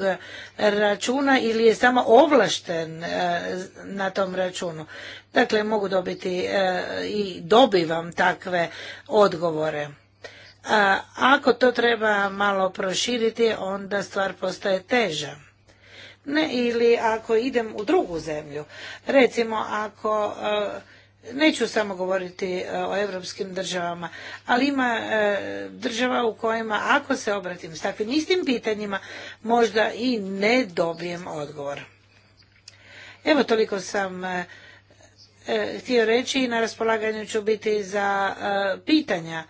računa ili je samo ovlašten e, na tom računu. Dakle, mogu dobiti e, i dobivam takve odgovore. E, ako to treba malo proširiti, onda stvar postaje teža. Ne, ili ako idem u drugu zemlju. Recimo, ako neću samo govoriti e, o europskim državama, ali ima e, država u kojima ako se obratim s takvim istim pitanjima, možda i ne dobijem odgovor. Evo toliko sam e, htio reći i na raspolaganju ću biti za pitanja.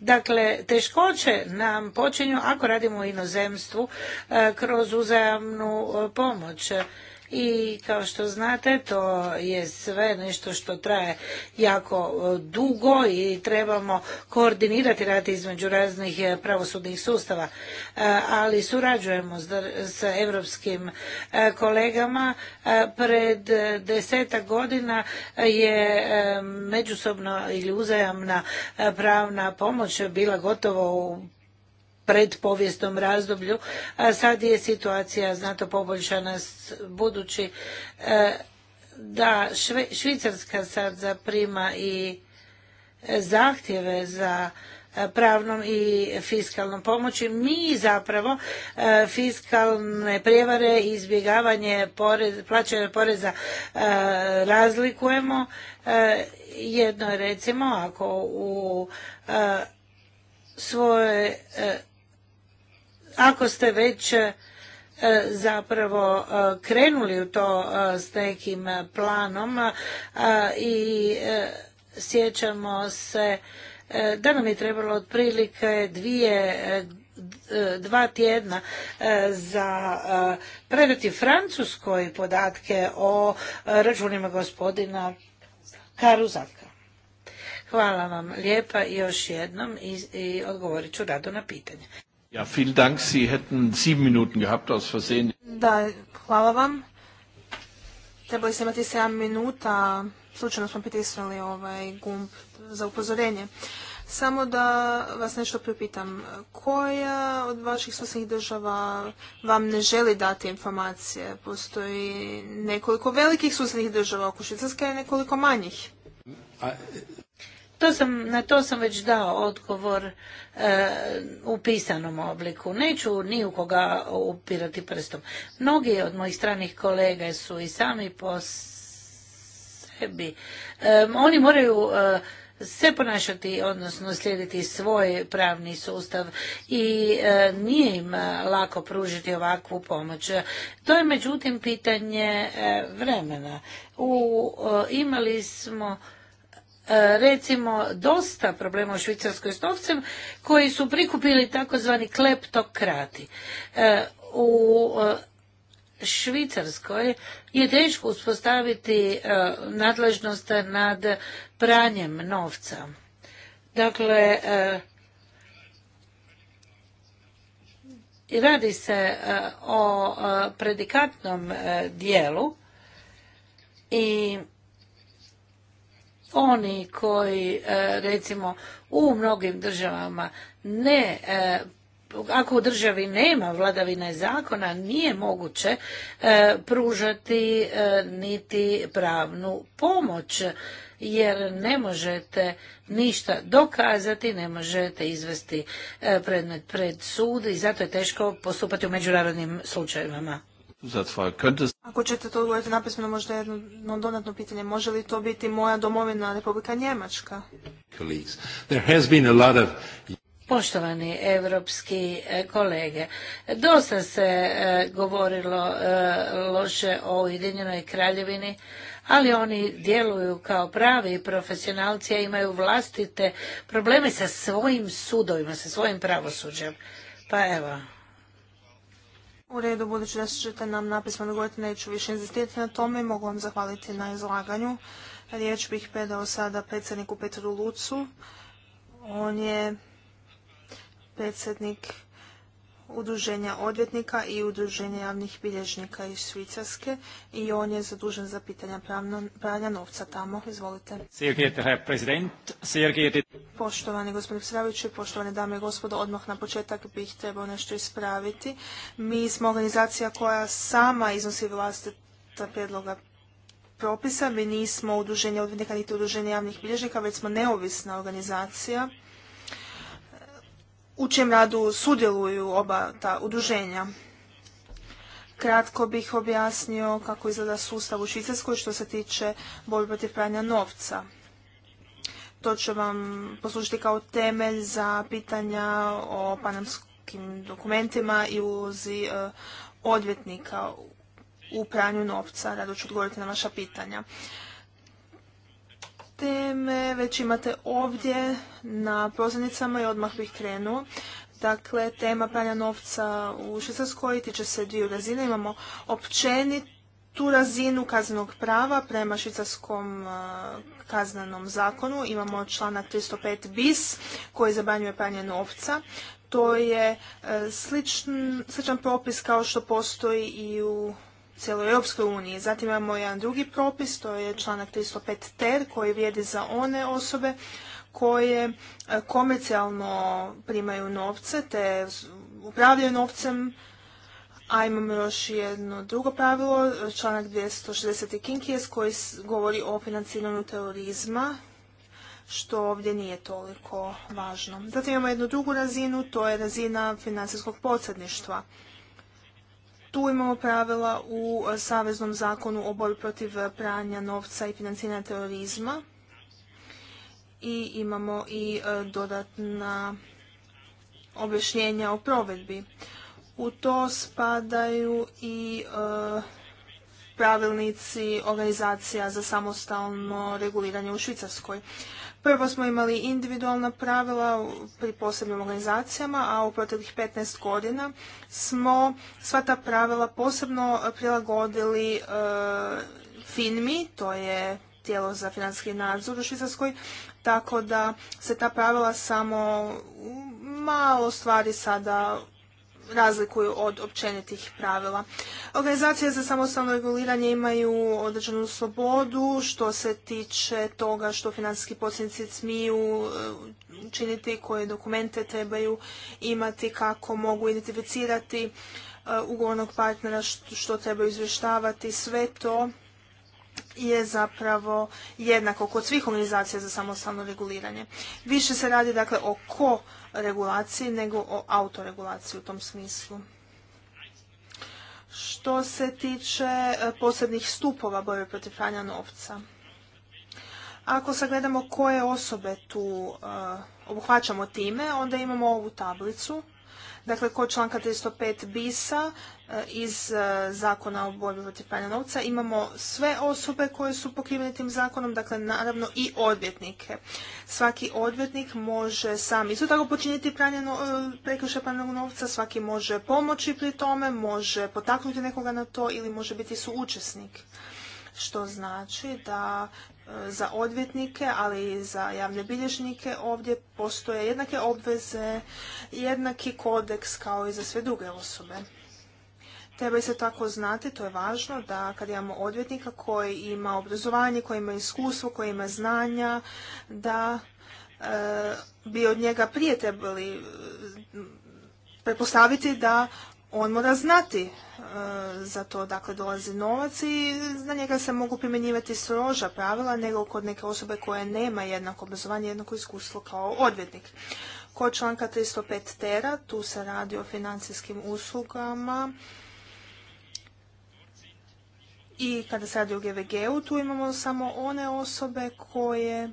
Dakle, teškoće nam počinju ako radimo u inozemstvu kroz uzajamnu pomoć i kao što znate to je sve nešto što traje jako e, dugo i trebamo koordinirati rad između raznih e, pravosudnih sustava e, ali surađujemo sa europskim kolegama pred deseta godina je međusobna ili uzajamna pravna pomoć bila gotovo u predpovijesnom razdoblju, a sad je situacija znato poboljšana budući e, da Švicarska sad zaprima i e, zahtjeve za e, pravnom i fiskalnom pomoći. Mi zapravo fiskalne prijevare i izbjegavanje plaćanja poreza razlikujemo. Jedno je recimo ako u svoje ako ste već e, e, zapravo e, krenuli u to s nekim planom i sjećamo se da nam je trebalo otprilike dvije dva tjedna za predati Francuskoj podatke o računima gospodina Karuzaka. Hvala vam lijepa još jednom i, i odgovorit ću rado na pitanje. Ja, vielen Dank. Sie hätten Minuten gehabt aus Versehen. Da, hvala vam. Trebali ste imati sedam minuta, slučajno smo pritisnuli ovaj gumb za upozorenje. Samo da vas nešto pripitam, koja od vaših susjednih država vam ne želi dati informacije? Postoji nekoliko velikih susjednih država oko Švicarske i nekoliko manjih. To sam, na to sam već dao odgovor e, u pisanom obliku. Neću ni u koga upirati prstom. Mnogi od mojih stranih kolega su i sami po sebi. E, oni moraju e, se ponašati, odnosno slijediti svoj pravni sustav i nije im lako pružiti ovakvu pomoć. To je međutim pitanje vremena. U, imali smo E, recimo dosta problema u Švicarskoj s novcem koji su prikupili takozvani kleptokrati. E, u e, Švicarskoj je teško uspostaviti nadležnost nad pranjem novca. Dakle, radi se o predikatnom dijelu i oni koji e, recimo u mnogim državama ne e, ako u državi nema vladavine zakona nije moguće e, pružati niti pravnu pomoć jer ne možete ništa dokazati, ne možete izvesti predmet pred sud i zato je teško postupati u međunarodnim slučajevima. Ako ćete to odgovoriti napisno možda jedno dodatno pitanje. Može li to biti moja domovina Republika Njemačka? Poštovani evropski e, kolege, dosta se e, govorilo e, loše o Ujedinjenoj kraljevini, ali oni djeluju kao pravi profesionalci, a imaju vlastite probleme sa svojim sudovima, sa svojim pravosuđem. Pa evo, u redu, budući da ćete nam napisno odgovoriti, neću više inzistirati na tome mogu vam zahvaliti na izlaganju. Riječ bih predao sada predsjedniku Petru Lucu. On je predsjednik udruženja odvjetnika i udruženja javnih bilježnika iz Švicarske i on je zadužen za pitanja pranja novca tamo. Izvolite. Poštovani gospodin predsjedavajući, poštovane dame i gospodo, odmah na početak bih trebao nešto ispraviti. Mi smo organizacija koja sama iznosi vlastita prijedloga propisa. Mi nismo udruženje odvjetnika niti udruženje javnih bilježnika, već smo neovisna organizacija u čijem radu sudjeluju oba ta udruženja. Kratko bih objasnio kako izgleda sustav u Švicarskoj što se tiče borbe protiv pranja novca. To će vam poslužiti kao temelj za pitanja o panamskim dokumentima i ulozi e, odvjetnika u pranju novca. Rado ću odgovoriti na vaša pitanja teme već imate ovdje na pozornicama i odmah bih krenuo. Dakle, tema pranja novca u Švicarskoj tiče se dviju razine. Imamo općenitu razinu kaznenog prava prema švicarskom kaznenom zakonu. Imamo članak 305 bis koji zabranjuje pranje novca. To je e, sličan propis kao što postoji i u cijeloj Europskoj uniji. Zatim imamo jedan drugi propis, to je članak 305 ter koji vrijedi za one osobe koje e, komercijalno primaju novce te upravljaju novcem a imamo još jedno drugo pravilo, članak 260. Kinkijes koji govori o financiranju terorizma, što ovdje nije toliko važno. Zatim imamo jednu drugu razinu, to je razina financijskog posredništva tu imamo pravila u e, Saveznom zakonu o borbi protiv e, pranja novca i financiranja terorizma i imamo i e, dodatna objašnjenja o provedbi. U to spadaju i pravilnici organizacija za samostalno reguliranje u Švicarskoj. Prvo smo imali individualna pravila pri posebnim organizacijama, a u proteklih 15 godina smo sva ta pravila posebno prilagodili e, FINMI, to je tijelo za financijski nadzor u Švicarskoj, tako da se ta pravila samo malo stvari sada razlikuju od općenitih pravila. Organizacije za samostalno reguliranje imaju određenu slobodu što se tiče toga što financijski posljednici smiju e, činiti, koje dokumente trebaju imati, kako mogu identificirati e, ugovornog partnera, što trebaju izvještavati, sve to je zapravo jednako kod svih organizacija za samostalno reguliranje. Više se radi dakle o ko regulaciji nego o autoregulaciji u tom smislu. Što se tiče e, posebnih stupova borbe protiv pranja novca, ako sagledamo koje osobe tu e, obuhvaćamo time, onda imamo ovu tablicu Dakle, kod članka 305 bisa e, iz e, zakona o borbi protiv pranja novca imamo sve osobe koje su pokrivene tim zakonom, dakle naravno i odvjetnike. Svaki odvjetnik može sam isto tako počiniti pranje no, e, prekršaj novca, svaki može pomoći pri tome, može potaknuti nekoga na to ili može biti suučesnik što znači da za odvjetnike, ali i za javne bilježnike ovdje postoje jednake obveze, jednaki kodeks kao i za sve druge osobe. Treba se tako znati, to je važno, da kad imamo odvjetnika koji ima obrazovanje, koji ima iskustvo, koji ima znanja, da e, bi od njega prije trebali prepostaviti da on mora znati e, za to dakle dolazi novac i na njega se mogu primjenjivati stroža pravila nego kod neke osobe koja nema jednako obrazovanje, jednako iskustvo kao odvjetnik. Kod članka 305 tera, tu se radi o financijskim uslugama i kada se radi o GVG-u, tu imamo samo one osobe koje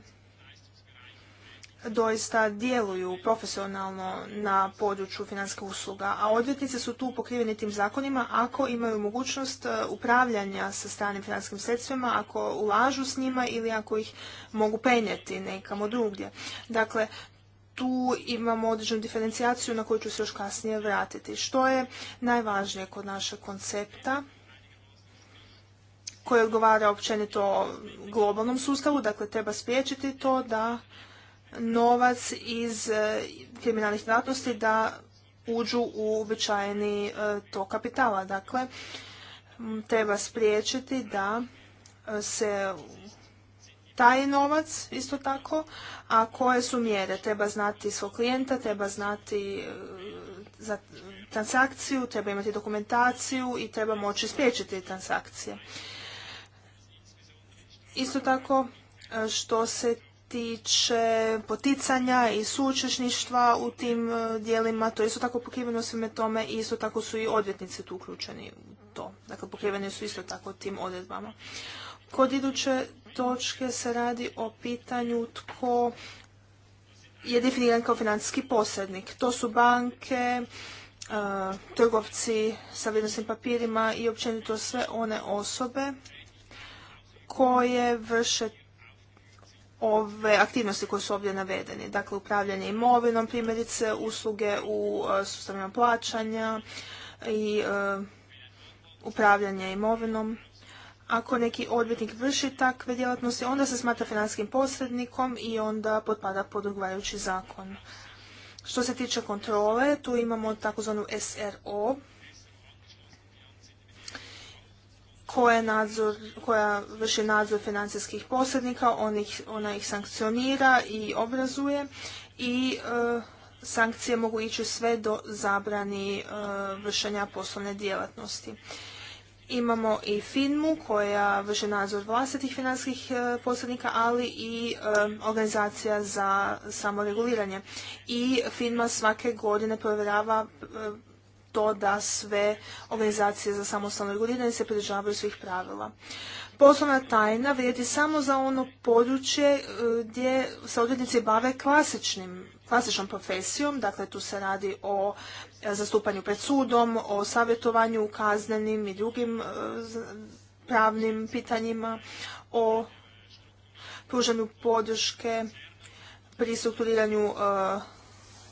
doista djeluju profesionalno na području financijskih usluga, a odvjetnici su tu pokriveni tim zakonima ako imaju mogućnost e, upravljanja sa stranim financijskim sredstvima, ako ulažu s njima ili ako ih mogu penjeti nekamo drugdje. Dakle, tu imamo određenu diferencijaciju na koju ću se još kasnije vratiti. Što je najvažnije kod našeg koncepta? koji odgovara općenito globalnom sustavu, dakle treba spriječiti to da novac iz e, kriminalnih djelatnosti da uđu u uobičajeni e, to kapitala. Dakle, treba spriječiti da e, se taj novac isto tako, a koje su mjere. Treba znati svog klijenta, treba znati za transakciju, treba imati dokumentaciju i treba moći spriječiti transakcije. Isto tako što se tiče poticanja i sučešništva u tim e, dijelima, to je isto tako pokriveno svime tome i isto tako su i odvjetnici tu uključeni u to. Dakle, pokriveni su isto tako tim odredbama. Kod iduće točke se radi o pitanju tko je definiran kao financijski posrednik. To su banke, e, trgovci sa vrijednosnim papirima i općenito sve one osobe koje vrše ove aktivnosti koje su ovdje navedene. Dakle, upravljanje imovinom, primjerice, usluge u e, sustavima plaćanja i e, upravljanje imovinom. Ako neki odvjetnik vrši takve djelatnosti, onda se smatra financijskim posrednikom i onda potpada pod zakon. Što se tiče kontrole, tu imamo takozvanu SRO, koja, koja vrši nadzor financijskih posrednika, ona ih sankcionira i obrazuje i e, sankcije mogu ići sve do zabrani e, vršenja poslovne djelatnosti. Imamo i FINMU koja vrši nadzor vlastitih financijskih e, posrednika, ali i organizacija za samoreguliranje. I FINMA svake godine provjerava to da sve organizacije za samostalno reguliranje se pridržavaju svih pravila. Poslovna tajna vrijedi samo za ono područje e, gdje se odvjetnici bave klasičnim, klasičnom profesijom, dakle tu se radi o e, zastupanju pred sudom, o savjetovanju u kaznenim i drugim e, pravnim pitanjima, o pružanju podrške pri strukturiranju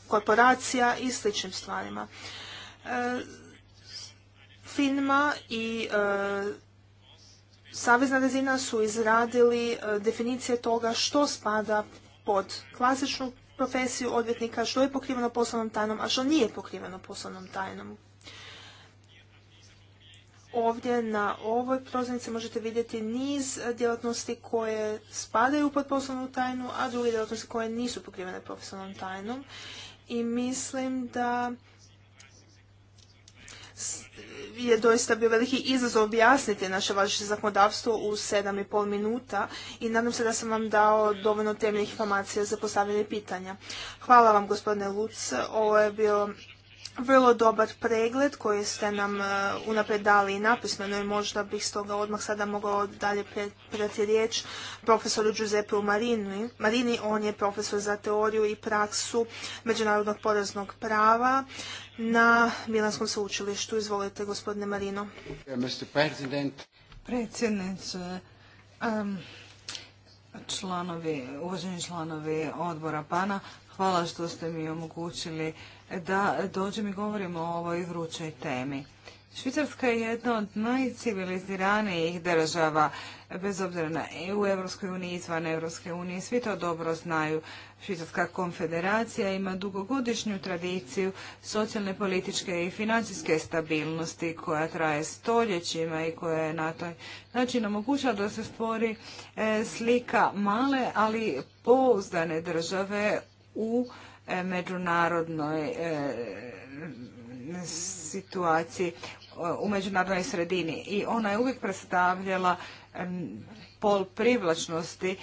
korporacija i sličnim stvarima. FINMA i e, savezna razina su izradili e, definicije toga što spada pod klasičnu profesiju odvjetnika, što je pokriveno poslovnom tajnom, a što nije pokriveno poslovnom tajnom. Ovdje na ovoj proznici možete vidjeti niz djelatnosti koje spadaju pod poslovnu tajnu, a druge djelatnosti koje nisu pokrivene poslovnom tajnom. I mislim da je doista bio veliki izazov objasniti naše vaše zakonodavstvo u 7,5 minuta i nadam se da sam vam dao dovoljno temeljnih informacija za postavljanje pitanja. Hvala vam gospodine Luc, ovo je bio vrlo dobar pregled koji ste nam e, unaprijed dali i napismeno i možda bih stoga odmah sada mogao dalje predati riječ profesoru Giuseppe Marini. Marini. On je profesor za teoriju i praksu međunarodnog poreznog prava na Milanskom sveučilištu. Izvolite, gospodine Marino. Predsjednice, članovi, uvaženi članovi odbora PANA, hvala što ste mi omogućili da dođem i govorimo o ovoj vrućoj temi. Švicarska je jedna od najciviliziranijih država, bez obzira na EU, Evropskoj uniji, izvan Evropske unije, svi to dobro znaju. Švicarska konfederacija ima dugogodišnju tradiciju socijalne, političke i financijske stabilnosti koja traje stoljećima i koja je na toj način omogućava da se stvori e, slika male, ali pouzdane države u E, međunarodnoj e, situaciji e, u međunarodnoj sredini i ona je uvijek predstavljala pol privlačnosti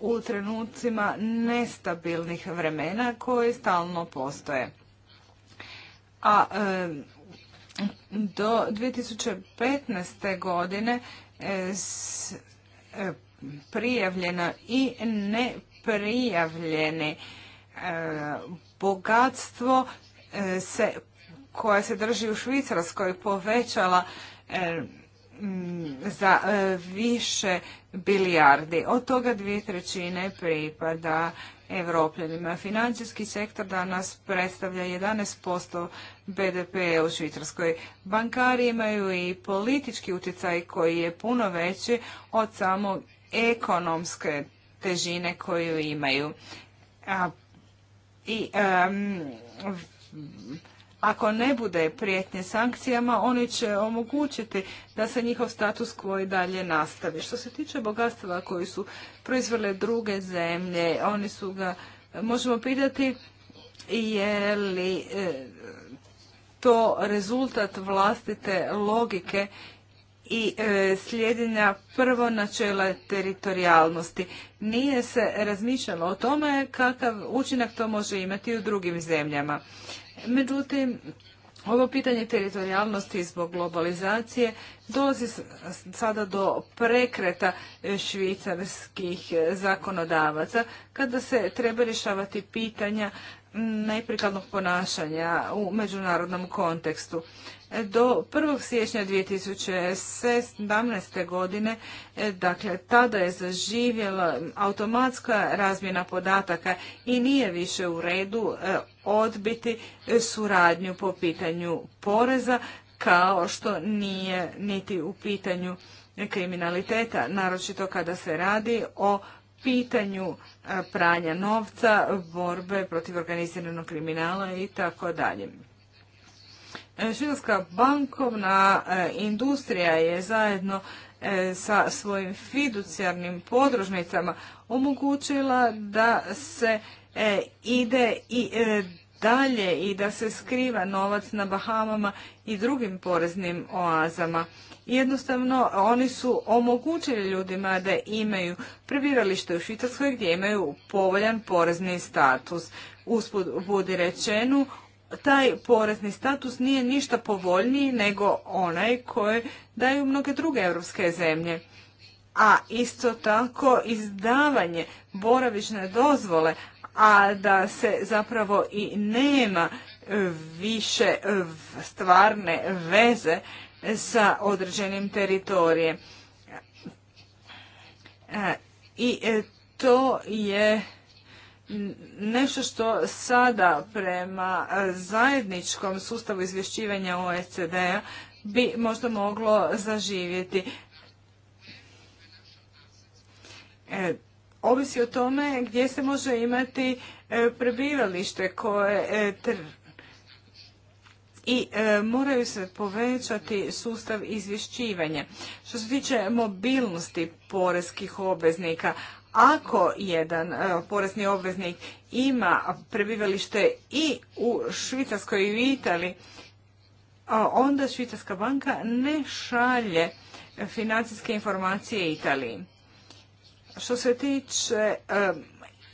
u trenucima nestabilnih vremena koje stalno postoje. A do 2015. godine prijavljena i neprijavljeni E, bogatstvo e, se, koja se drži u Švicarskoj povećala e, za više bilijardi. Od toga dvije trećine pripada Evropljanima. Financijski sektor danas predstavlja 11% BDP u Švicarskoj. Bankari imaju i politički utjecaj koji je puno veći od samo ekonomske težine koju imaju. A i ako ne bude prijetnje sankcijama, oni će omogućiti da se njihov status quo i dalje nastavi. Što se tiče bogatstva koji su proizvele druge zemlje, oni su ga, možemo pitati je li eh, to rezultat vlastite logike i e, prvo načela teritorijalnosti. Nije se razmišljalo o tome kakav učinak to može imati u drugim zemljama. Međutim, ovo pitanje teritorijalnosti zbog globalizacije dolazi sada do prekreta švicarskih zakonodavaca kada se treba rješavati pitanja neprikladnog ponašanja u međunarodnom kontekstu do 1. siječnja 2017. godine, e, dakle tada je zaživjela automatska razmjena podataka i nije više u redu e, odbiti e, suradnju po pitanju poreza kao što nije niti u pitanju kriminaliteta, naročito kada se radi o pitanju pranja novca, borbe protiv organiziranog kriminala i tako dalje. E, Švicarska bankovna e, industrija je zajedno e, sa svojim fiducijarnim podružnicama omogućila da se ide i dalje i da se skriva novac na Bahamama i drugim poreznim oazama. Jednostavno, oni su omogućili ljudima da imaju prebivalište u Švicarskoj gdje imaju povoljan porezni status. Usput budi rečeno, taj porezni status nije ništa povoljniji nego onaj koje daju mnoge druge europske zemlje. A isto tako izdavanje boravišne dozvole, a da se zapravo i nema više stvarne veze sa određenim teritorijem. E, I e, to je nešto što sada prema e, zajedničkom sustavu izvješćivanja OECD-a bi možda moglo zaživjeti. E, ovisi o tome gdje se može imati e, prebivalište koje i moraju se povećati sustav izvješćivanja. Što se tiče mobilnosti poreskih obveznika, ako jedan e, porezni obveznik ima prebivalište i u Švicarskoj i u Italiji, e, onda Švicarska banka ne šalje financijske informacije Italiji. Što se tiče e,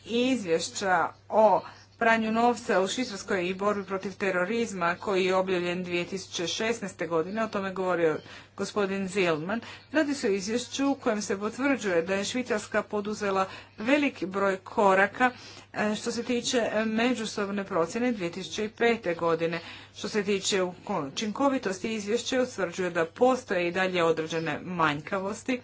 izvješća o pranju novca u Švicarskoj i borbi protiv terorizma koji je objavljen 2016. godine, o tome govorio gospodin Zilman, radi se o izvješću u kojem se potvrđuje da je Švicarska poduzela veliki broj koraka e, što se tiče međusobne procjene 2005. godine. Što se tiče učinkovitosti izvješće utvrđuje da postoje i dalje određene manjkavosti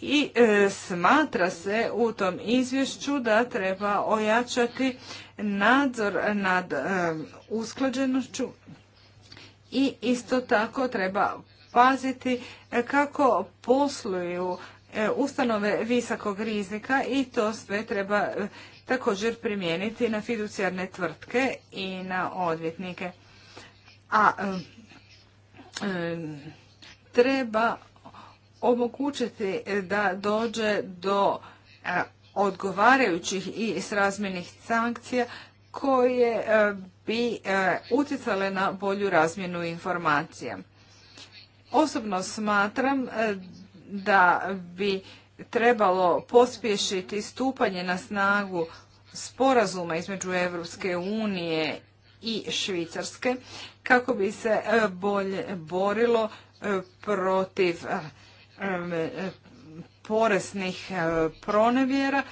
i e, smatra se u tom izvješću da treba ojačati nadzor nad e, usklađenošću i isto tako treba paziti kako posluju e, ustanove visokog rizika i to sve treba e, također primijeniti na fiducijarne tvrtke i na odvjetnike. A treba omogućiti da dođe do odgovarajućih i srazmjenih sankcija koje e, bi e, utjecale na bolju razmjenu informacija. Osobno smatram e, da bi trebalo pospješiti stupanje na snagu sporazuma između Europske unije i Švicarske kako bi se bolje borilo protiv poresnih e, pronevjera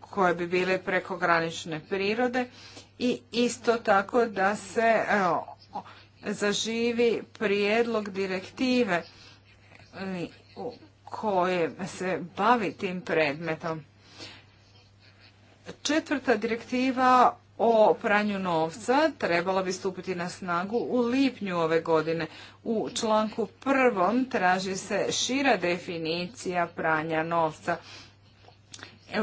koje bi bile prekogranične prirode i isto tako da se e, zaživi prijedlog direktive e, koje se bavi tim predmetom. Četvrta direktiva o pranju novca trebala bi stupiti na snagu u lipnju ove godine. U članku prvom traži se šira definicija pranja novca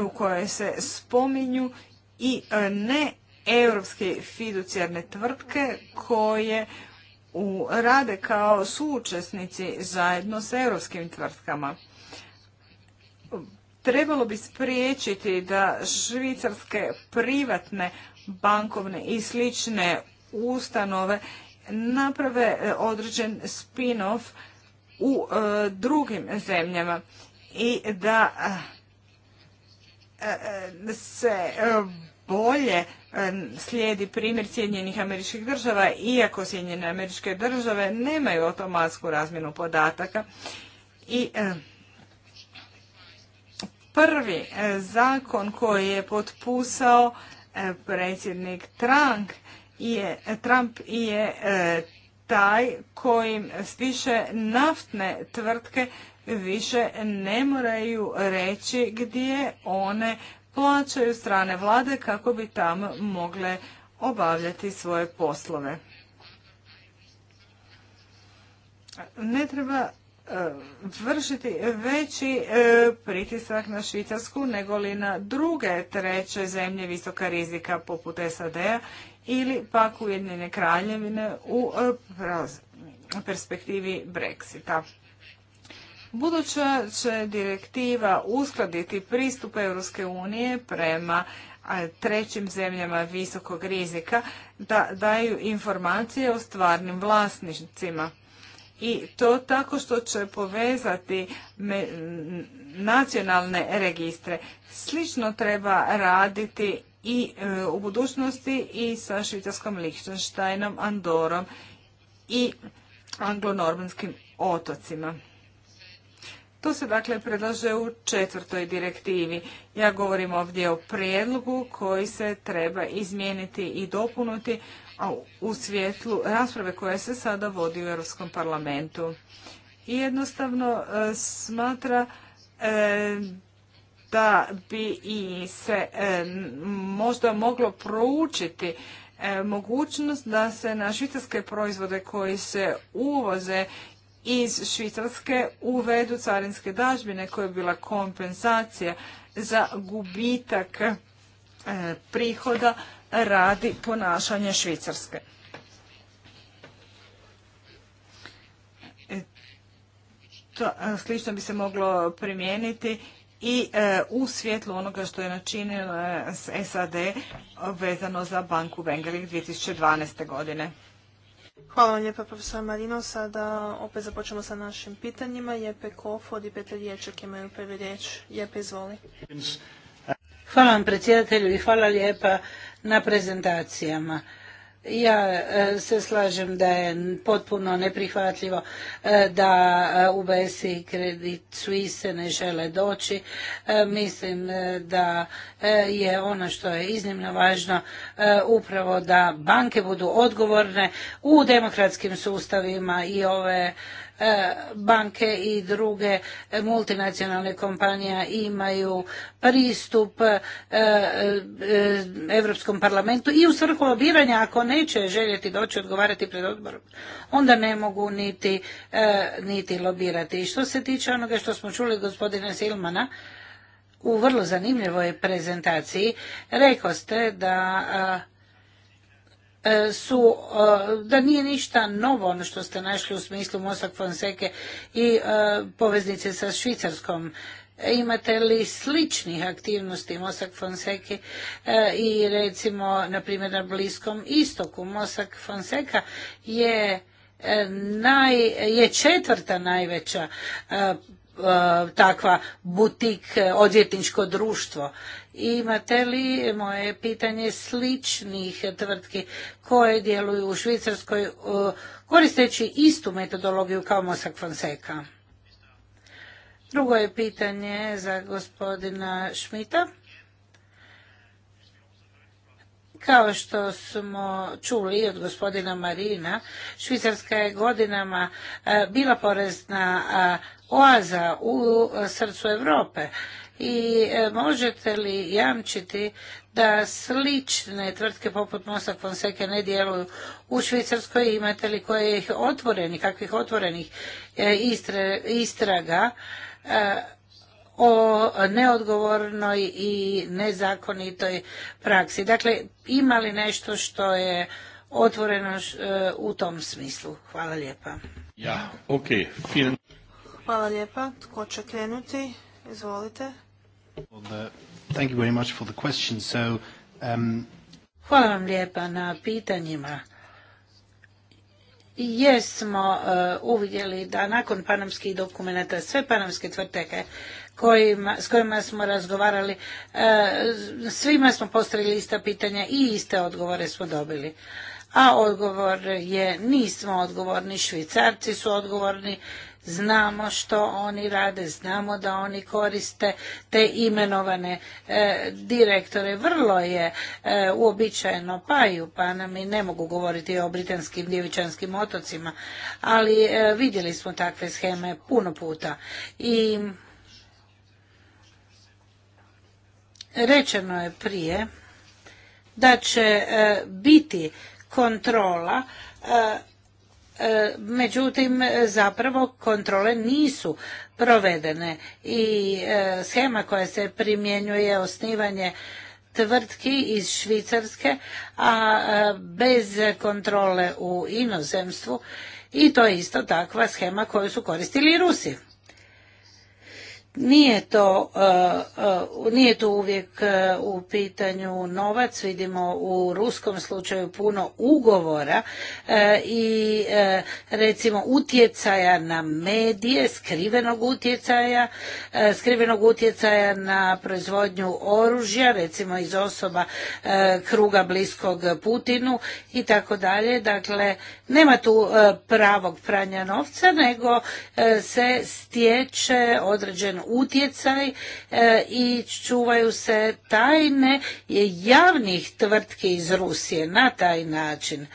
u kojoj se spominju i e, ne europske fiducijarne tvrtke koje u, rade kao suučesnici zajedno s europskim tvrtkama trebalo bi spriječiti da švicarske privatne bankovne i slične ustanove naprave e, određen spin-off u e, drugim zemljama i da e, se bolje slijedi primjer Sjedinjenih američkih država, iako Sjedinjene američke države nemaju automatsku razmjenu podataka i prvi e, zakon koji je potpisao e, predsjednik Trump je, e, Trump je taj kojim više naftne tvrtke više ne moraju reći gdje one plaćaju strane vlade kako bi tamo mogle obavljati svoje poslove. Ne treba vršiti veći e, pritisak na Švicarsku nego li na druge treće zemlje visoka rizika poput SAD-a ili pak Ujedinjene kraljevine u e, perspektivi Brexita. Buduća će direktiva uskladiti pristup Europske unije prema trećim zemljama visokog rizika da daju informacije o stvarnim vlasnicima i to tako što će povezati nacionalne registre. Slično treba raditi i e, u budućnosti i sa Švicarskom Lichtensteinom, Andorom i anglonormanskim otocima. To se dakle predlaže u četvrtoj direktivi. Ja govorim ovdje o prijedlogu koji se treba izmijeniti i dopunuti u svjetlu rasprave koja se sada vodi u Europskom parlamentu. I jednostavno e, smatra e, da bi se e, možda moglo proučiti mogućnost da se na švicarske proizvode koji se uvoze iz Švicarske uvedu carinske dažbine koja je bila kompenzacija za gubitak prihoda radi ponašanje Švicarske. E, slično bi se moglo primijeniti i e, u svjetlu onoga što je s SAD vezano za banku Bengelik 2012. godine. Hvala vam lijepa profesor Marino. Sada opet započemo sa našim pitanjima. Jepe Kofod i Petar Ječak imaju prvi riječ. Jepe, izvoli. Hvala vam predsjedatelju i hvala lijepa na prezentacijama. Ja e, se slažem da je potpuno neprihvatljivo e, da e, UBS i Credit Suisse ne žele doći. Mislim da je ono što je iznimno važno upravo da banke budu odgovorne u demokratskim sustavima i ove E, banke i druge multinacionalne kompanije imaju pristup e, e, Europskom parlamentu i u svrhu lobiranja ako neće željeti doći odgovarati pred odborom, onda ne mogu niti, niti lobirati. I što se tiče onoga što smo čuli gospodina Silmana, u vrlo zanimljivoj prezentaciji rekao ste da E, su, e, da nije ništa novo ono što ste našli u smislu Mosak Fonseke i e, poveznice sa Švicarskom. Imate li sličnih aktivnosti Mosak Fonseke i recimo, na primjer, na Bliskom istoku? Mosak Fonseka je, naj, je četvrta najveća takva butik odvjetničko društvo Imate li, moje pitanje, sličnih tvrtki koje djeluju u Švicarskoj e, koristeći istu metodologiju kao Mosak Fonseca? Drugo je pitanje za gospodina Šmita. Kao što smo čuli od gospodina Marina, Švicarska je godinama e, bila porezna e, oaza u srcu Europe i e, možete li jamčiti da slične tvrtke poput Mosta Fonseca ne djeluju u Švicarskoj, imate li kojih otvorenih, kakvih otvorenih e, istraga e, o neodgovornoj i nezakonitoj praksi. Dakle, ima li nešto što je otvoreno u tom smislu? Hvala lijepa. Ja, Hvala lijepa. Tko će krenuti? Izvolite. Um, Hvala vam lijepa na pitanjima. Jesmo uh, uvidjeli da nakon panamskih dokumenta sve panamske tvrtke s kojima smo razgovarali, uh, svima smo postavili ista pitanja i iste odgovore smo dobili. A odgovor je nismo odgovorni, švicarci su odgovorni, znamo što oni rade, znamo da oni koriste te imenovane e, direktore. Vrlo je e, uobičajeno, pa i ne mogu govoriti o britanskim djevičanskim otocima, ali e, vidjeli smo takve scheme puno puta. I rečeno je prije da će e, biti kontrola međutim zapravo kontrole nisu provedene i e, schema koja se primjenjuje osnivanje tvrtki iz Švicarske, a e, bez kontrole u inozemstvu i to je isto takva schema koju su koristili i Rusi. Nije, to, e, e, nije uvijek e, u pitanju novac, vidimo u ruskom slučaju puno ugovora i recimo utjecaja na medije, skrivenog utjecaja, skrivenog utjecaja na proizvodnju oružja, recimo iz osoba kruga bliskog Putinu i tako dalje. Dakle, nema tu pravog pranja novca, nego se stječe određen utjecaj e, i čuvaju se tajne javnih tvrtki iz Rusije na taj način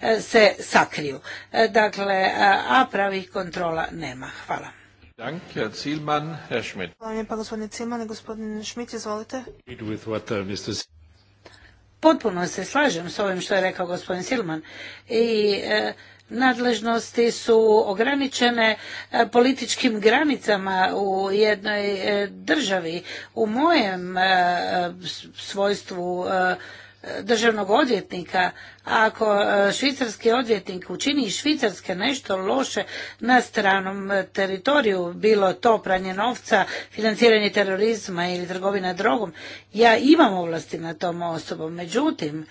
e, se sakriju. E, dakle, a pravih kontrola nema. Hvala. gospodin Schmidt, izvolite. Uh, Potpuno se slažem s ovim što je rekao gospodin Silman i nadležnosti su ograničene e, političkim granicama u jednoj e, državi. U mojem e, svojstvu državnog odvjetnika, ako švicarski odvjetnik učini iz Švicarske nešto loše na stranom teritoriju, bilo to pranje novca, financiranje terorizma ili trgovina drogom, ja imam ovlasti na tom osobom. Međutim,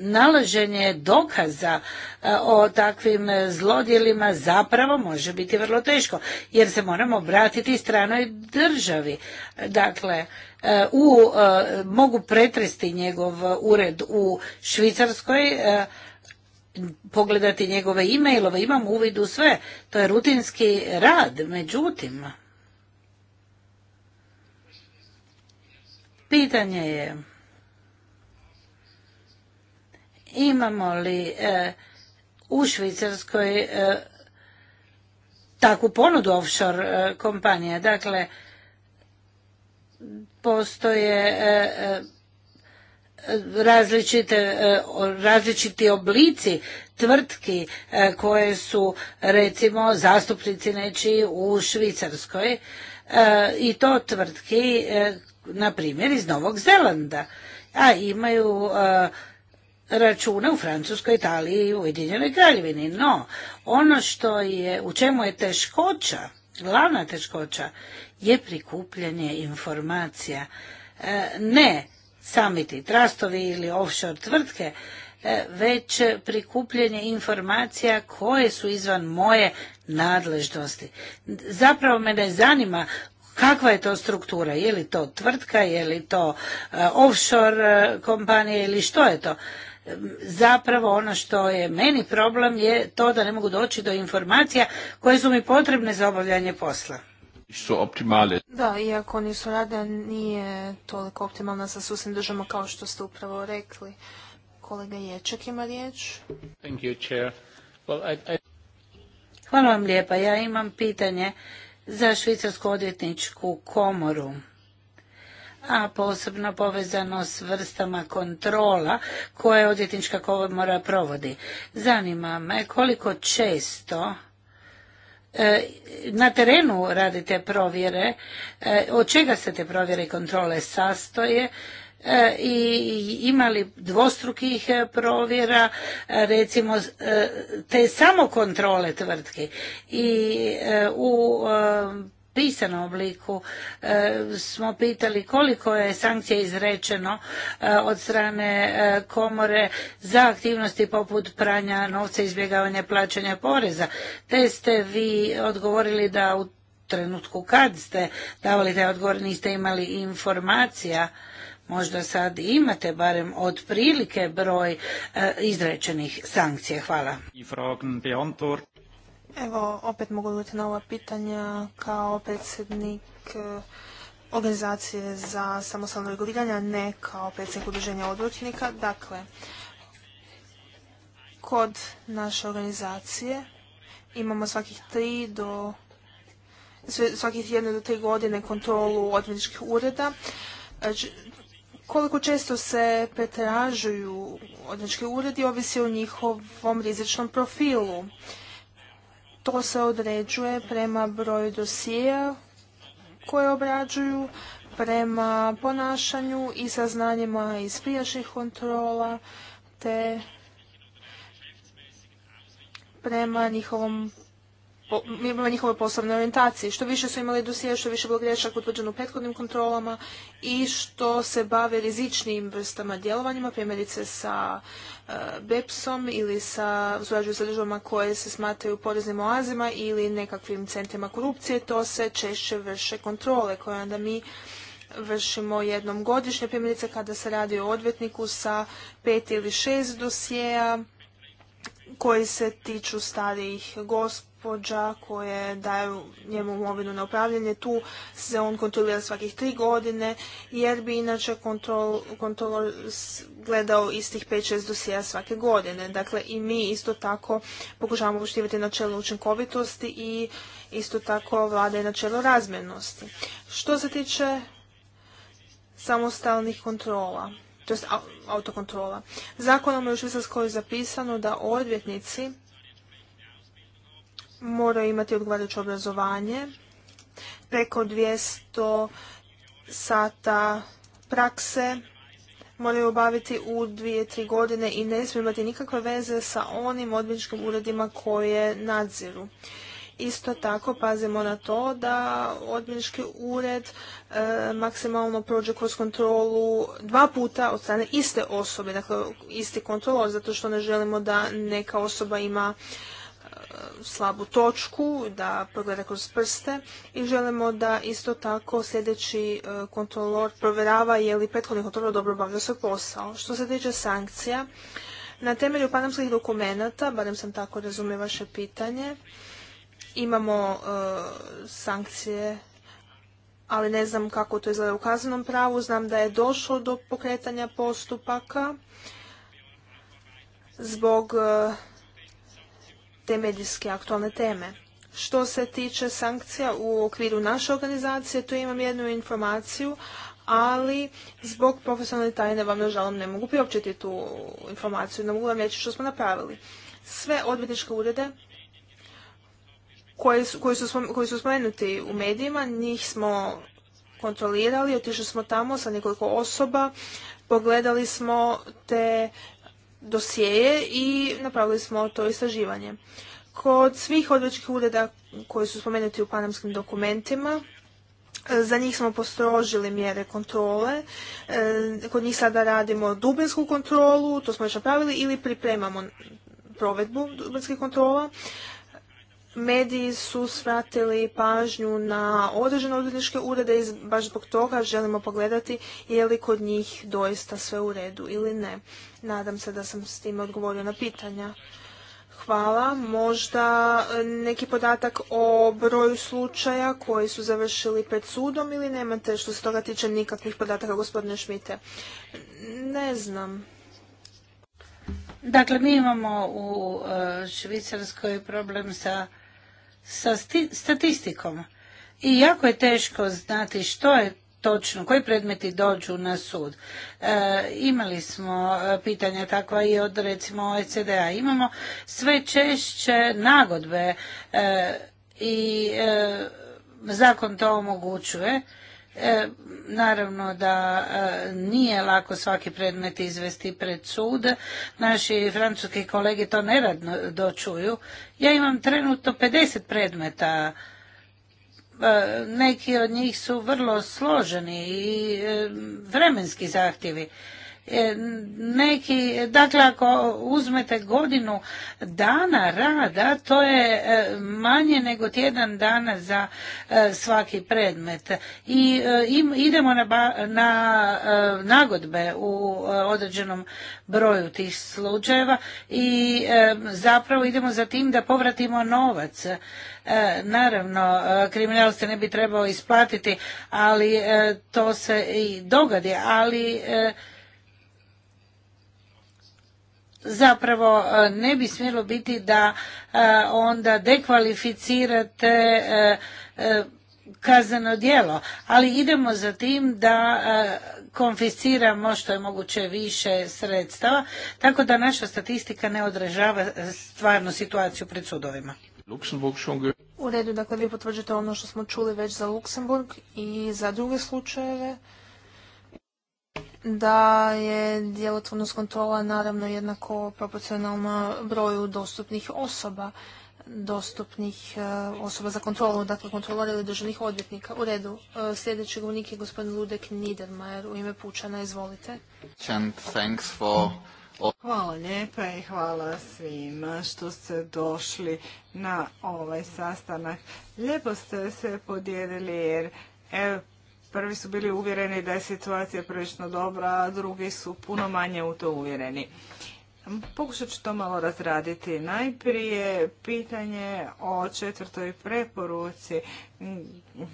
nalaženje dokaza e, o takvim zlodjelima zapravo može biti vrlo teško jer se moramo obratiti stranoj državi. Dakle, e, u, e, mogu pretresti njegov ured u Švicarskoj, pogledati njegove e-mailove, imam uvid u sve. To je rutinski rad, međutim. Pitanje je imamo li e, u Švicarskoj e, takvu ponudu offshore e, kompanija. Dakle, postoje različiti oblici tvrtki koje su recimo zastupnici nečiji u Švicarskoj i to tvrtki na primjer iz Novog Zelanda a imaju računa u Francuskoj, Italiji i Ujedinjenoj kraljevini. No, ono što je, u čemu je teškoća, glavna teškoća, je prikupljanje informacija. E, ne sami ti trastovi ili offshore tvrtke, e, već prikupljanje informacija koje su izvan moje nadležnosti. Zapravo me ne zanima kakva je to struktura, je li to tvrtka, je li to e, offshore kompanija ili što je to zapravo ono što je meni problem je to da ne mogu doći do informacija koje su mi potrebne za obavljanje posla. Su Da, iako nisu rada nije toliko optimalna sa susim državama kao što ste upravo rekli. Kolega Ječak ima riječ. Hvala vam lijepa. Ja imam pitanje za Švicarsku odvjetničku komoru a posebno povezano s vrstama kontrola koje odvjetnička komora provodi. Zanima me koliko često e, na terenu radite provjere, e, od čega se te provjere i kontrole sastoje, e, i imali dvostrukih provjera, recimo te samo kontrole tvrtke. I u pisanom obliku eh, smo pitali koliko je sankcija izrečeno eh, od strane eh, komore za aktivnosti poput pranja novca izbjegavanja plaćanja poreza te ste vi odgovorili da u trenutku kad ste davali taj odgovor niste imali informacija možda sad imate barem otprilike broj izrečenih sankcija. Hvala. Evo, opet mogu odgovoriti na ova pitanja kao predsjednik e, organizacije za samostalno reguliranje, ne kao predsjednik udruženja odvjetnika. Dakle, kod naše organizacije imamo svakih tri do svakih jedne do tri godine kontrolu odvjetničkih ureda. E, koliko često se pretražuju odvjetnički uredi ovisi o njihovom rizičnom profilu to se određuje prema broju dosijeja koje obrađuju, prema ponašanju i saznanjima iz prijašnjih kontrola, te prema njihovom njihovoj poslovnoj orijentaciji. Što više su imali dosije, što više bilo grešak utvrđeno u prethodnim kontrolama i što se bave rizičnim vrstama djelovanjima, primjerice sa beps ili sa, surađuju sa državama koje se smatraju poreznim oazima ili nekakvim centrima korupcije, to se češće vrše kontrole koje onda mi vršimo jednom godišnje, primjerice kada se radi o odvjetniku sa pet ili šest dosjeja koji se tiču starijih gospodina gospođa koje daju njemu imovinu na upravljanje. Tu se on kontrolira svakih tri godine jer bi inače kontrol, kontrol gledao istih 5-6 dosija svake godine. Dakle i mi isto tako pokušavamo poštivati načelo učinkovitosti i isto tako vlada i načelo razmjernosti. Što se tiče samostalnih kontrola, to jest autokontrola. Zakonom je u Švicarskoj zapisano da odvjetnici moraju imati odgovarajuće obrazovanje, preko 200 sata prakse moraju obaviti u dvije, tri godine i ne smiju imati nikakve veze sa onim odbjeničkim uredima koje nadziru. Isto tako pazimo na to da odbjenički ured e, maksimalno prođe kroz kontrolu dva puta od strane iste osobe, dakle isti kontrolor, zato što ne želimo da neka osoba ima slabu točku, da progleda kroz prste i želimo da isto tako sljedeći e, kontrolor provjerava je li prethodni kontrolor dobro obavljao svoj posao. Što se tiče sankcija, na temelju panamskih dokumenata, barem sam tako razumio vaše pitanje, imamo e, sankcije ali ne znam kako to izgleda u kaznenom pravu. Znam da je došlo do pokretanja postupaka zbog e, te aktualne teme. Što se tiče sankcija u okviru naše organizacije, tu imam jednu informaciju, ali zbog profesionalne tajne vam žalom, ne mogu priopćiti tu informaciju, ne mogu vam reći što smo napravili. Sve odvjetničke urede koji su, koji, koji su spomenuti u medijima, njih smo kontrolirali, otišli smo tamo sa nekoliko osoba, pogledali smo te dosjeje i napravili smo to istraživanje. Kod svih odvjetničkih ureda koji su spomenuti u panamskim dokumentima, e, za njih smo postrožili mjere kontrole. E, kod njih sada radimo dubinsku kontrolu, to smo već napravili, ili pripremamo provedbu dubinskih kontrola mediji su svratili pažnju na određene odvjetničke urede i baš zbog toga želimo pogledati je li kod njih doista sve u redu ili ne. Nadam se da sam s tim odgovorio na pitanja. Hvala. Možda e, neki podatak o broju slučaja koji su završili pred sudom ili nemate što se toga tiče nikakvih podataka, gospodine Šmite? Ne znam. Dakle, mi imamo u e, Švicarskoj problem sa sa statistikom. I jako je teško znati što je točno, koji predmeti dođu na sud. E, imali smo e, pitanja takva i od recimo OECD-a. Imamo sve češće nagodbe e, i zakon to omogućuje E, naravno da e, nije lako svaki predmet izvesti pred sud. Naši francuski kolegi to neradno dočuju. Ja imam trenutno 50 predmeta. E, neki od njih su vrlo složeni i e, vremenski zahtjevi. E, neki, dakle ako uzmete godinu dana rada, to je e, manje nego tjedan dana za e, svaki predmet. I idemo na, ba, na nagodbe u određenom broju tih slučajeva i zapravo idemo za tim da povratimo novac. Naravno, kriminal se ne bi trebao isplatiti, ali to se i dogadi, ali zapravo e, ne bi smjelo biti da e, onda dekvalificirate e, kazneno djelo, ali idemo za tim da konfisciramo što je moguće više sredstava, tako da naša statistika ne odražava stvarnu situaciju pred sudovima. U redu, dakle vi potvrđujete ono što smo čuli već za Luksemburg i za druge slučajeve da je djelotvornost kontrola naravno jednako proporcionalna broju dostupnih osoba dostupnih eh, osoba za kontrolu, dakle kontrolora ili državnih odvjetnika. U redu. Eh, sljedeći govornik je gospodin Ludek Niedermayer u ime Pučana. Izvolite. Hvala lijepa i hvala svima što ste došli na ovaj sastanak. Lijepo ste se podijelili jer Prvi su bili uvjereni da je situacija prilično dobra, a drugi su puno manje u to uvjereni. Pokušat ću to malo razraditi. Najprije pitanje o četvrtoj preporuci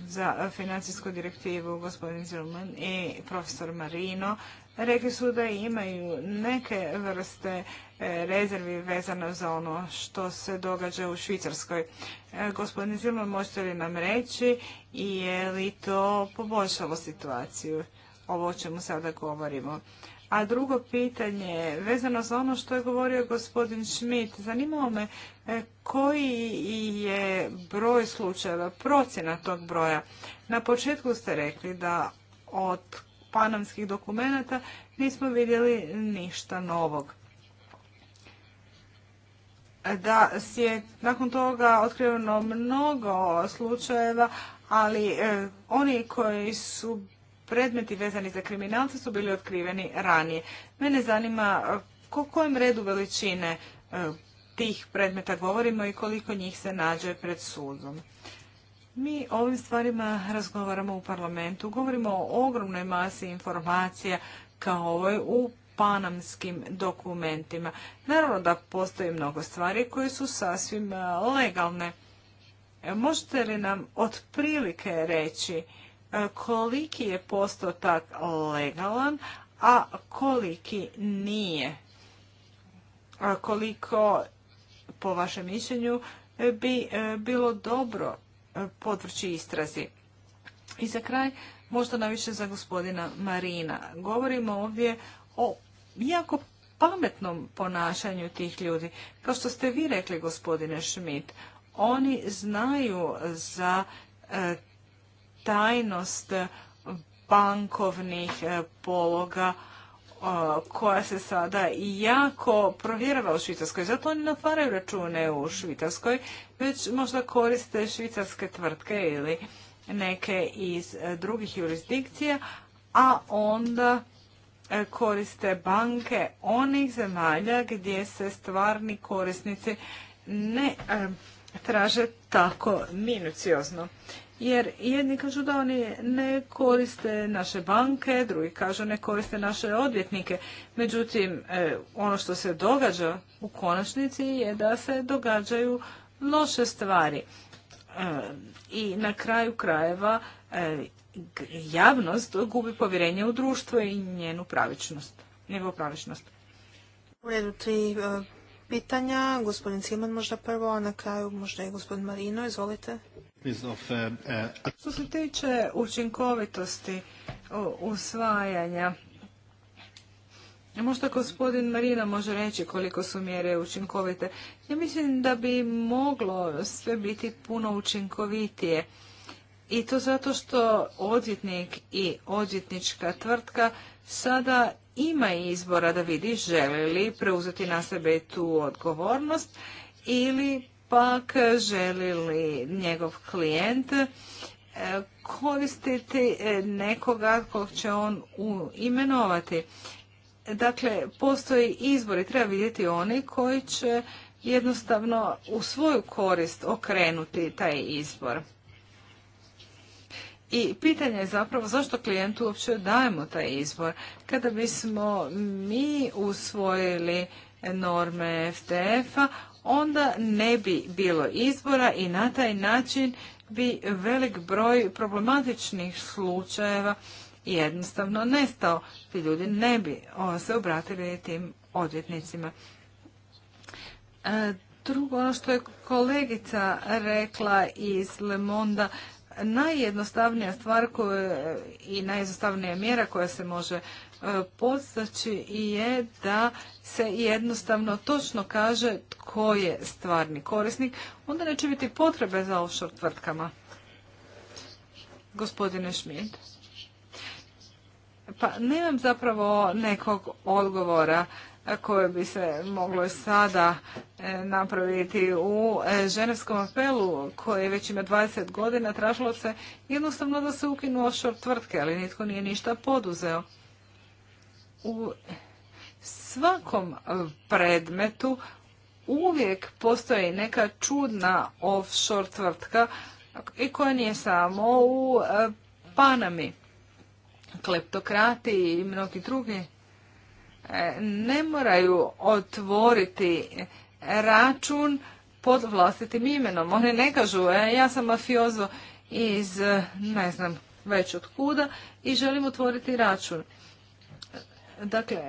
za financijsku direktivu gospodin Zilman i profesor Marino Rekli su da imaju neke vrste e, rezervi vezano za ono što se događa u Švicarskoj. E, gospodin Zilman, možete li nam reći i je li to poboljšalo situaciju, ovo o čemu sada govorimo? A drugo pitanje, vezano za ono što je govorio gospodin Schmidt, zanimao me e, koji je broj slučajeva, procjena tog broja. Na početku ste rekli da od panamskih dokumenata nismo vidjeli ništa novog. Da je nakon toga otkriveno mnogo slučajeva, ali e, oni koji su predmeti vezani za kriminalce su bili otkriveni ranije. Mene zanima ko kojem redu veličine e, tih predmeta govorimo i koliko njih se nađe pred sudom. Mi o ovim stvarima razgovaramo u parlamentu, govorimo o ogromnoj masi informacija kao ovoj u panamskim dokumentima. Naravno da postoji mnogo stvari koje su sasvim e, legalne. E, možete li nam otprilike reći e, koliki je postotak legalan, a koliki nije? koliko, po vašem mišljenju, bi bilo dobro podvrći istrazi. I za kraj, možda najviše za gospodina Marina. Govorimo ovdje o jako pametnom ponašanju tih ljudi. Kao što ste vi rekli, gospodine Schmidt, oni znaju za e, tajnost bankovnih e, pologa koja se sada jako provjerava u Švicarskoj. Zato oni ne otvaraju račune u Švicarskoj, već možda koriste švicarske tvrtke ili neke iz e, drugih jurisdikcija, a onda e, koriste banke onih zemalja gdje se stvarni korisnici ne e, traže tako minuciozno. Jer jedni kažu da oni ne koriste naše banke, drugi kažu ne koriste naše odvjetnike. Međutim, e, ono što se događa u konačnici je da se događaju loše stvari. E, I na kraju krajeva e, javnost gubi povjerenje u društvo i njenu pravičnost, njegovu pravičnost. U redu tri pitanja. Gospodin Ciman možda prvo, a na kraju možda i gospodin Marino. Izvolite. Uh, što se tiče učinkovitosti usvajanja, možda gospodin Marina može reći koliko su mjere učinkovite. Ja mislim da bi moglo sve biti puno učinkovitije. I to zato što odvjetnik i odvjetnička tvrtka sada ima izbora da vidi želi li preuzeti na sebe tu odgovornost ili pak želi li njegov klijent e, koristiti e, nekoga kog će on imenovati. Dakle, postoji izbor i treba vidjeti oni koji će jednostavno u svoju korist okrenuti taj izbor. I pitanje je zapravo zašto klijentu uopće dajemo taj izbor. Kada bismo mi usvojili norme FTF-a, onda ne bi bilo izbora i na taj način bi velik broj problematičnih slučajeva jednostavno nestao. Ti ljudi ne bi se obratili tim odvjetnicima. E, drugo, ono što je kolegica rekla iz Lemonda, najjednostavnija stvar i najjednostavnija mjera koja se može E, postaći je da se jednostavno točno kaže tko je stvarni korisnik, onda neće biti potrebe za offshore tvrtkama. Gospodine Šmid. Pa nemam zapravo nekog odgovora koje bi se moglo sada e, napraviti u e, ženevskom apelu koji već ima 20 godina tražilo se jednostavno da se ukinu offshore tvrtke, ali nitko nije ništa poduzeo u svakom e, predmetu uvijek postoji neka čudna offshore tvrtka i koja nije samo u e, Panami. Kleptokrati i mnogi drugi e, ne moraju otvoriti račun pod vlastitim imenom. Oni ne kažu, ja sam mafiozo iz, ne znam, već od kuda i želim otvoriti račun. Dakle,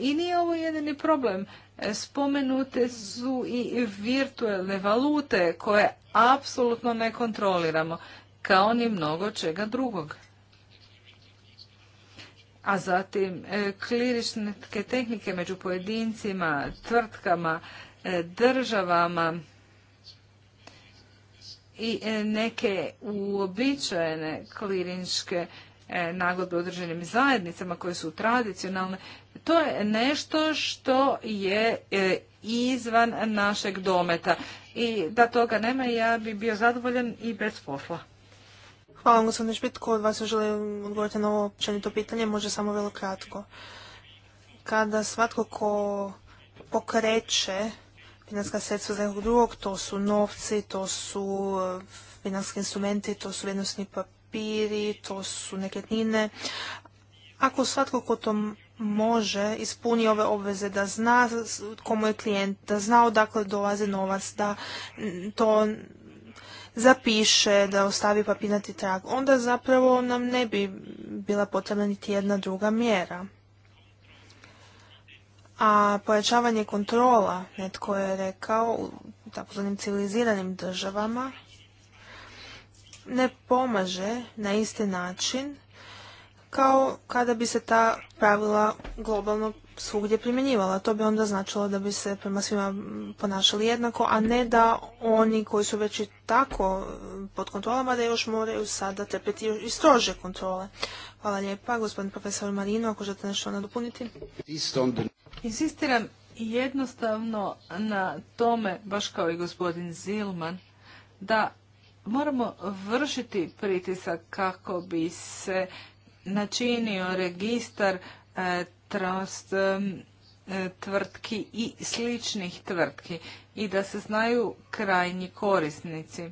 i nije ovo jedini problem. Spomenute su i virtualne valute koje apsolutno ne kontroliramo, kao ni mnogo čega drugog. A zatim, e, klirične tehnike među pojedincima, tvrtkama, e, državama i e, neke uobičajene klirinčke E, nagodbe određenim zajednicama koje su tradicionalne, to je nešto što je e, izvan našeg dometa. I da toga nema, ja bi bio zadovoljan i bez posla. Hvala vam, gospodine Špit. Ko od vas želi odgovoriti na ovo općenito pitanje, može samo vrlo kratko. Kada svatko ko pokreće finanska sredstva za nekog drugog, to su novci, to su e, finanski instrumenti, to su vrijednosni pa- papiri, to su nekretnine. Ako svatko ko to može ispuni ove obveze da zna komu je klijent, da zna odakle dolazi novac, da to zapiše, da ostavi papirnati trag, onda zapravo nam ne bi bila potrebna niti jedna druga mjera. A pojačavanje kontrola, netko je rekao, u takozvanim civiliziranim državama, ne pomaže na isti način kao kada bi se ta pravila globalno svugdje primjenjivala. To bi onda značilo da bi se prema svima ponašali jednako, a ne da oni koji su već i tako pod kontrolama, da još moraju sada trepeti i strože kontrole. Hvala lijepa, gospodin profesor Marino, ako želite nešto nadopuniti. Insistiram jednostavno na tome, baš kao i gospodin Zilman, da moramo vršiti pritisak kako bi se načinio registar e, e, e, tvrtki i sličnih tvrtki i da se znaju krajnji korisnici.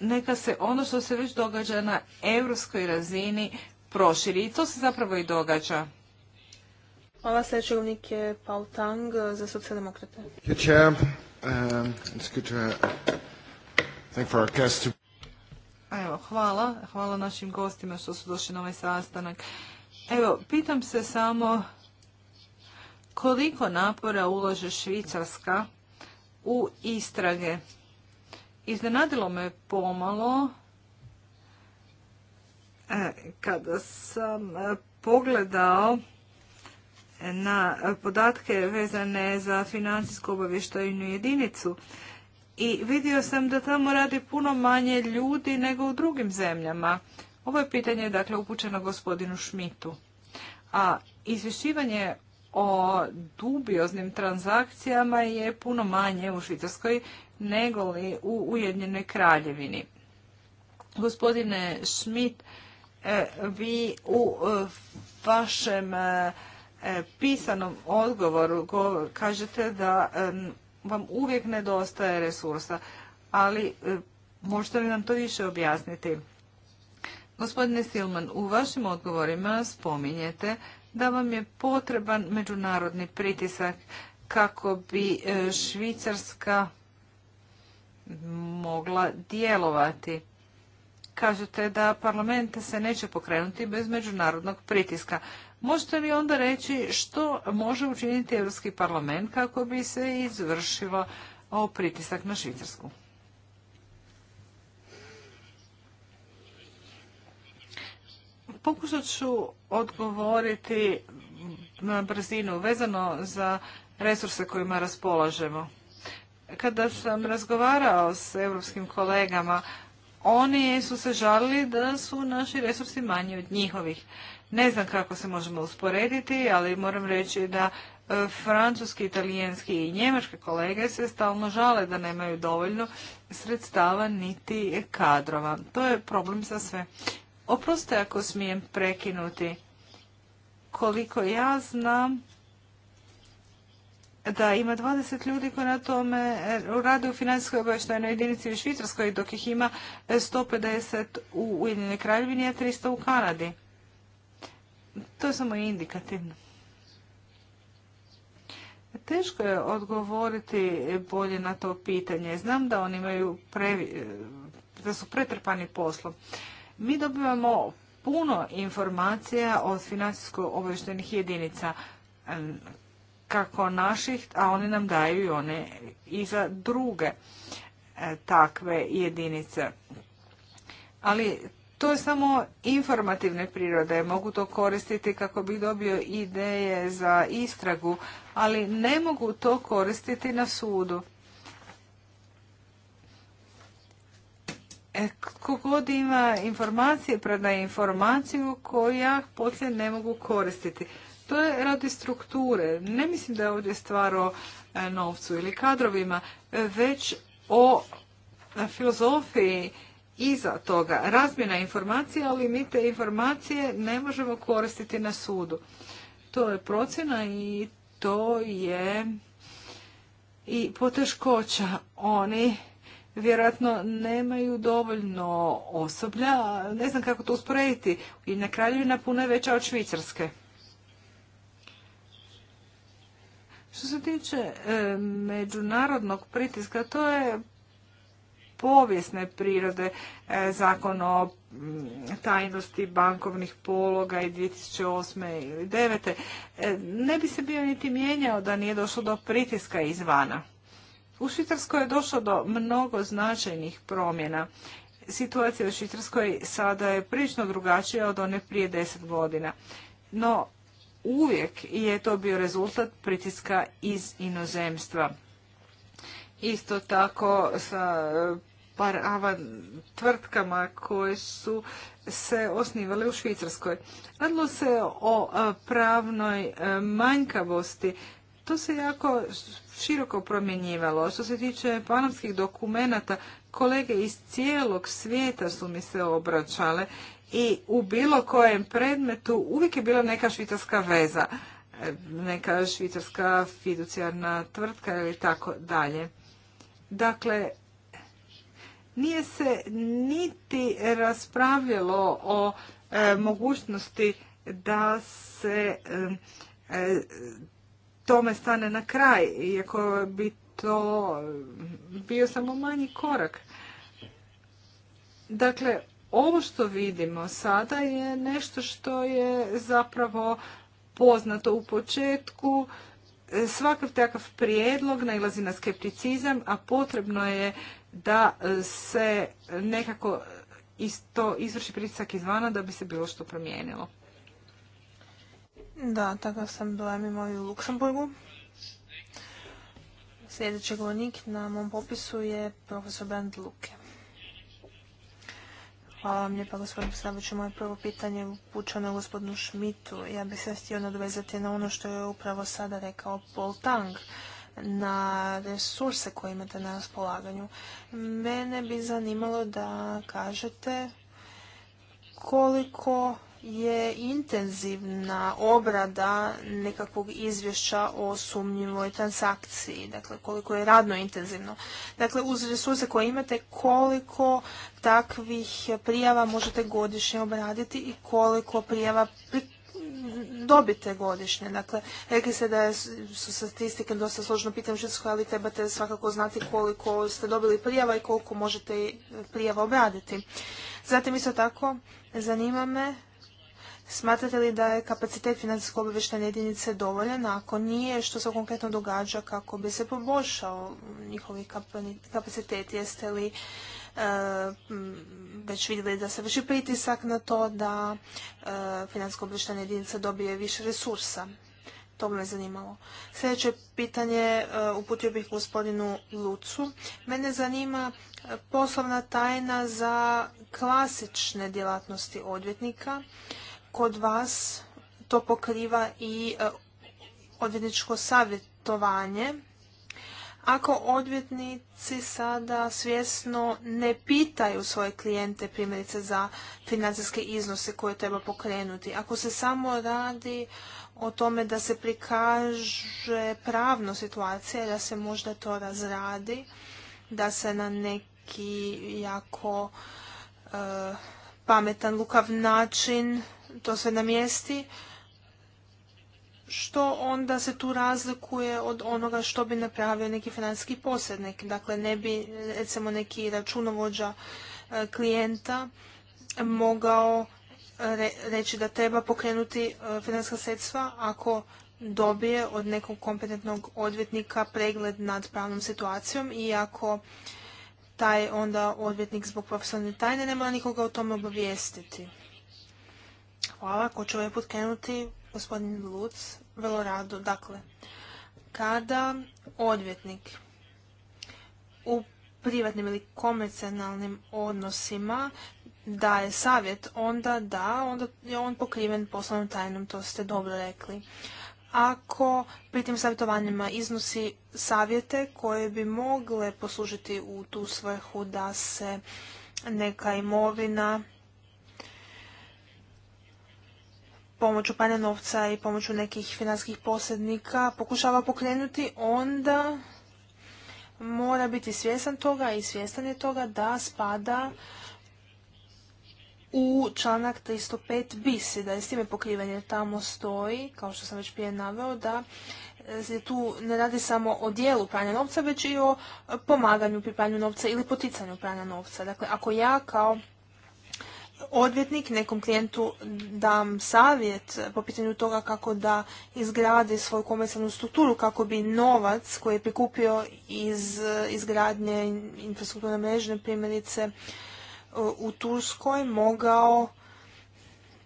Neka se ono što se već događa na europskoj razini proširi i to se zapravo i događa. Hvala, sljedeći je Paul Tang za socijaldemokrate. Evo, hvala. Hvala našim gostima što su došli na ovaj sastanak. Evo, pitam se samo koliko napora ulože Švicarska u istrage. Iznenadilo me pomalo e, kada sam e, pogledao na podatke vezane za financijsku obavještajnu jedinicu i vidio sam da tamo radi puno manje ljudi nego u drugim zemljama. Ovo je pitanje dakle upućeno gospodinu Šmitu. A izvješćivanje o dubioznim transakcijama je puno manje u Švicarskoj nego li u Ujedinjenoj kraljevini. Gospodine Schmidt, e, vi u e, vašem e, pisanom odgovoru kažete da vam uvijek nedostaje resursa, ali e, možete li nam to više objasniti? Gospodine Silman, u vašim odgovorima spominjete da vam je potreban međunarodni pritisak kako bi e, Švicarska mogla djelovati. Kažete da parlament se neće pokrenuti bez međunarodnog pritiska. Možete li onda reći što može učiniti Europski parlament kako bi se izvršilo o pritisak na Švicarsku? Pokušat ću odgovoriti na brzinu vezano za resurse kojima raspolažemo. Kada sam razgovarao s europskim kolegama oni su se žalili da su naši resursi manji od njihovih. Ne znam kako se možemo usporediti, ali moram reći da e, francuski, italijanski i njemački kolege se stalno žale da nemaju dovoljno sredstava niti kadrova. To je problem za sve. Oproste ako smijem prekinuti. Koliko ja znam, da ima 20 ljudi koji na tome eh, rade u financijskoj obavještajnoj jedinici u Švicarskoj, dok ih ima 150 eh, u Ujedinjenoj kraljevini, a 300 u Kanadi. To je samo indikativno. Teško je odgovoriti bolje na to pitanje. Znam da oni imaju eh, da su pretrpani poslom. Mi dobivamo puno informacija od financijsko obavještajnih jedinica kako naših, a oni nam daju i one i za druge e, takve jedinice. Ali to je samo informativne prirode. Mogu to koristiti kako bi dobio ideje za istragu, ali ne mogu to koristiti na sudu. Tko e, god ima informacije, predaje informaciju ja poslije ne mogu koristiti. To je radi strukture. Ne mislim da je ovdje stvar o e, novcu ili kadrovima, već o e, filozofiji iza toga. Razmjena informacija, ali mi te informacije ne možemo koristiti na sudu. To je procjena i to je i poteškoća. Oni vjerojatno nemaju dovoljno osoblja. Ne znam kako to usporediti. I na kraljevina puno je veća od Švicarske. Što se tiče e, međunarodnog pritiska, to je povijesne prirode e, zakon o mm, tajnosti bankovnih pologa i 2008. ili 2009. E, ne bi se bio niti mijenjao da nije došlo do pritiska izvana. U Švicarskoj je došlo do mnogo značajnih promjena. Situacija u Švicarskoj sada je prilično drugačija od one prije deset godina. No, uvijek je to bio rezultat pritiska iz inozemstva. Isto tako sa eh, parava tvrtkama koje su se osnivale u Švicarskoj. Radilo se o eh, pravnoj eh, manjkavosti. To se jako široko promjenjivalo. Što se tiče panamskih dokumenata, kolege iz cijelog svijeta su mi se obraćale i u bilo kojem predmetu uvijek je bila neka švicarska veza, e, neka švicarska fiducijarna tvrtka ili tako dalje. Dakle, nije se niti raspravljalo o e, mogućnosti da se e, tome stane na kraj, iako bi to bio samo manji korak. Dakle, ovo što vidimo sada je nešto što je zapravo poznato u početku. Svakav takav prijedlog nailazi na skepticizam, a potrebno je da se nekako isto izvrši pritisak izvana da bi se bilo što promijenilo. Da, takav sam bila imao i u Luksemburgu. Sljedeći govornik na mom popisu je profesor Bernd Luke. Hvala vam lijepa, gospodin Slaviću. Moje prvo pitanje upućeno gospodinu Šmitu. Ja bih se htio nadvezati na ono što je upravo sada rekao Paul Tang na resurse koje imate na raspolaganju. Mene bi zanimalo da kažete koliko je intenzivna obrada nekakvog izvješća o sumnjivoj transakciji, dakle koliko je radno intenzivno. Dakle, uz resurse koje imate, koliko takvih prijava možete godišnje obraditi i koliko prijava dobite godišnje. Dakle, rekli ste da su statistike dosta složno pitanje u ali trebate svakako znati koliko ste dobili prijava i koliko možete prijava obraditi. Zatim isto tako zanima me Smatrate li da je kapacitet financijsko obaveštene jedinice dovoljan? Ako nije, što se konkretno događa kako bi se poboljšao njihovi kapacitet? Jeste li e, već vidjeli da se vrši pritisak na to da finansko e, financijsko jedinica dobije više resursa? To me zanimalo. Sljedeće pitanje e, uputio bih gospodinu Lucu. Mene zanima poslovna tajna za klasične djelatnosti odvjetnika kod vas to pokriva i e, odvjetničko savjetovanje. Ako odvjetnici sada svjesno ne pitaju svoje klijente primjerice za financijske iznose koje treba pokrenuti, ako se samo radi o tome da se prikaže pravno situacija, da se možda to razradi, da se na neki jako e, pametan, lukav način to sve namjesti, što onda se tu razlikuje od onoga što bi napravio neki financijski posrednik. Dakle, ne bi recimo neki računovođa e, klijenta mogao reći da treba pokrenuti e, financijska sredstva ako dobije od nekog kompetentnog odvjetnika pregled nad pravnom situacijom i ako taj onda odvjetnik zbog profesionalne tajne ne mora nikoga o tome obavijestiti. Hvala. Ko će ovaj put krenuti? Gospodin Luc, vrlo rado. Dakle, kada odvjetnik u privatnim ili komercionalnim odnosima daje savjet, onda da, onda je on pokriven poslovnom tajnom, to ste dobro rekli. Ako pri tim savjetovanjima iznosi savjete koje bi mogle poslužiti u tu svrhu da se neka imovina pomoću pranja novca i pomoću nekih finanskih posrednika pokušava pokrenuti, onda mora biti svjestan toga i svjestan je toga da spada u članak 305 bis da je s time pokrivanje tamo stoji, kao što sam već prije naveo, da se tu ne radi samo o dijelu pranja novca, već i o pomaganju pri pranju novca ili poticanju pranja novca. Dakle, ako ja kao odvjetnik, nekom klijentu dam savjet po pitanju toga kako da izgradi svoju komercijalnu strukturu, kako bi novac koji je prikupio iz eh, izgradnje infrastrukturne mrežne primjerice eh, u Turskoj mogao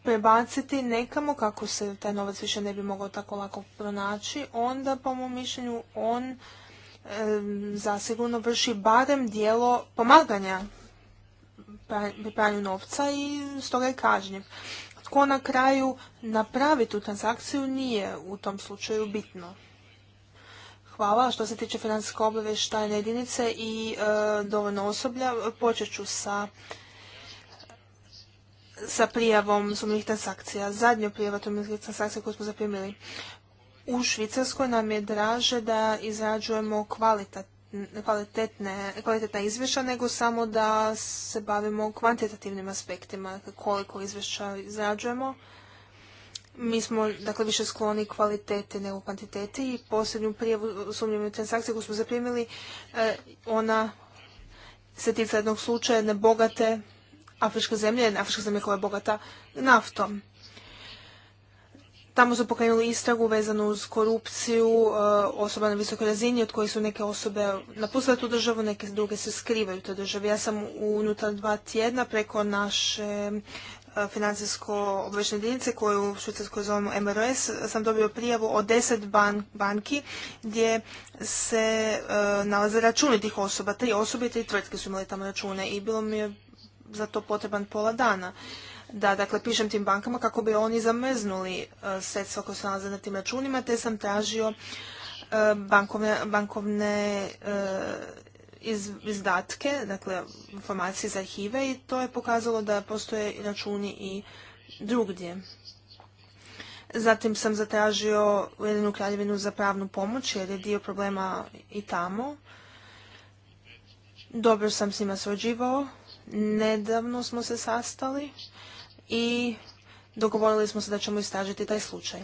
prebaciti nekamo kako se taj novac više ne bi mogao tako lako pronaći, onda po mom mišljenju on eh, zasigurno vrši barem dijelo pomaganja pranju novca i stoga je kažnjen Tko na kraju napravi tu transakciju nije u tom slučaju bitno. Hvala. Što se tiče financijske obavještajne jedinice i e, dovoljno osoblja, počet ću sa sa prijavom sumnjivih transakcija. Zadnjo prijava sumnjivih transakcija koju smo zaprimili. U Švicarskoj nam je draže da izrađujemo kvalitativno kvalitetne, kvalitetna izvješća, nego samo da se bavimo kvantitativnim aspektima, koliko izvješća izrađujemo. Mi smo dakle više skloni kvaliteti nego kvantiteti i posljednju prijavu sumnjive transakcije koju smo zaprimili, e, ona se tica jednog slučaja jedne bogate afričke zemlje, jedne afričke zemlje koja je bogata naftom. Tamo su pokrenuli istragu vezanu uz korupciju e, osoba na visokoj razini, od koje su neke osobe napustile tu državu, neke druge se skrivaju u toj državi. Ja sam unutar dva tjedna preko naše e, financijsko obvešne jedinice koju u Švicarskoj zovemo MRS, sam dobio prijavu od deset banki gdje se e, nalaze računi tih osoba. Tri osobe i tri tvrtke su imali tamo račune i bilo mi je za to potreban pola dana da dakle pišem tim bankama kako bi oni zamrznuli e, sredstva koja se nalaze na tim računima, te sam tražio e, bankovne, bankovne e, izdatke, dakle informacije iz arhive i to je pokazalo da postoje računi i drugdje. Zatim sam zatražio Ujedinu kraljevinu za pravnu pomoć jer je dio problema i tamo. Dobro sam s njima surađivao. Nedavno smo se sastali i dogovorili smo se da ćemo istražiti taj slučaj.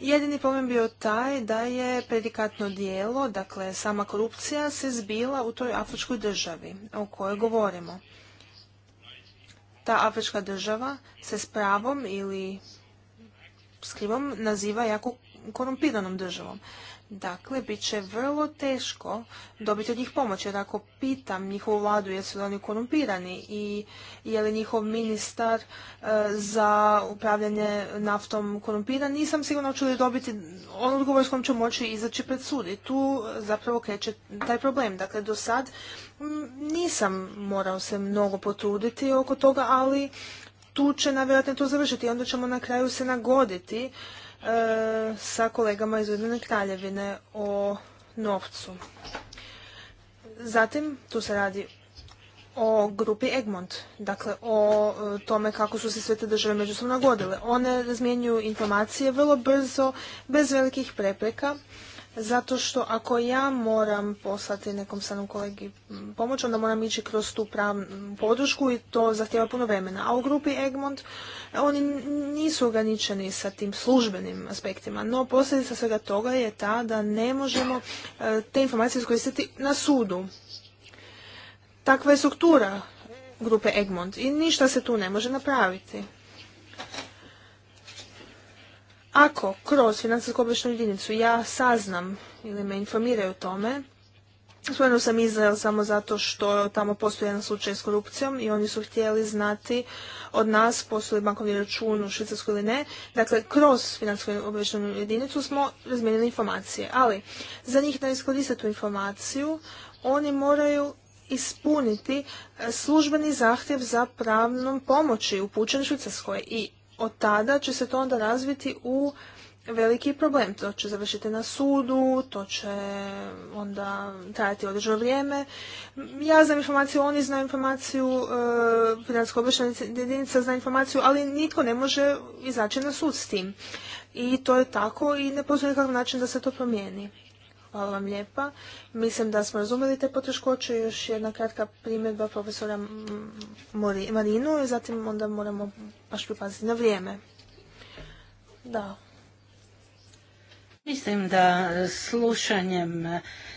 Jedini problem bio taj da je predikatno dijelo, dakle sama korupcija, se zbila u toj afričkoj državi o kojoj govorimo. Ta afrička država se s pravom ili skrivom naziva jako korumpiranom državom. Dakle, bit će vrlo teško dobiti od njih pomoć, jer ako pitam njihovu vladu jesu li oni korumpirani i je li njihov ministar e, za upravljanje naftom korumpiran, nisam sigurno ću li dobiti odgovor s kojom ću moći izaći pred sud. I tu zapravo kreće taj problem. Dakle, do sad nisam morao se mnogo potruditi oko toga, ali tu će navjerojatno to završiti i onda ćemo na kraju se nagoditi E, sa kolegama iz Ujedinjene kraljevine o novcu. Zatim, tu se radi o grupi Egmont, dakle o e, tome kako su se sve te države međusobno godile. One razmjenjuju informacije vrlo brzo, bez velikih prepreka zato što ako ja moram poslati nekom stranom kolegi mm, pomoć, onda moram ići kroz tu pravnu podršku i to zahtjeva puno vremena. A u grupi Egmont e, oni nisu ograničeni sa tim službenim aspektima, no posljedica svega toga je ta da ne možemo e, te informacije iskoristiti na sudu. Takva je struktura grupe Egmont i ništa se tu ne može napraviti. Ako kroz financijsku obličnu jedinicu ja saznam ili me informiraju o tome, Spomenuo sam Izrael samo zato što tamo postoji jedan slučaj s korupcijom i oni su htjeli znati od nas postoji bankovni račun u Švicarsku ili ne. Dakle, kroz financijsku obavještajnu jedinicu smo razmijenili informacije. Ali, za njih da iskoriste tu informaciju, oni moraju ispuniti e, službeni zahtjev za pravnom pomoći upućen Švicarskoj. I od tada će se to onda razviti u veliki problem. To će završiti na sudu, to će onda trajati određeno vrijeme. Ja znam informaciju, oni znaju informaciju, e, financijska jedinica zna informaciju, ali nitko ne može izaći na sud s tim. I to je tako i ne postoji nikakav način da se to promijeni. Hvala vam lijepa. Mislim da smo razumjeli te poteškoće. Još jedna kratka primjedba profesora Marinu i zatim onda moramo baš pripaziti na vrijeme. Da. Mislim da slušanjem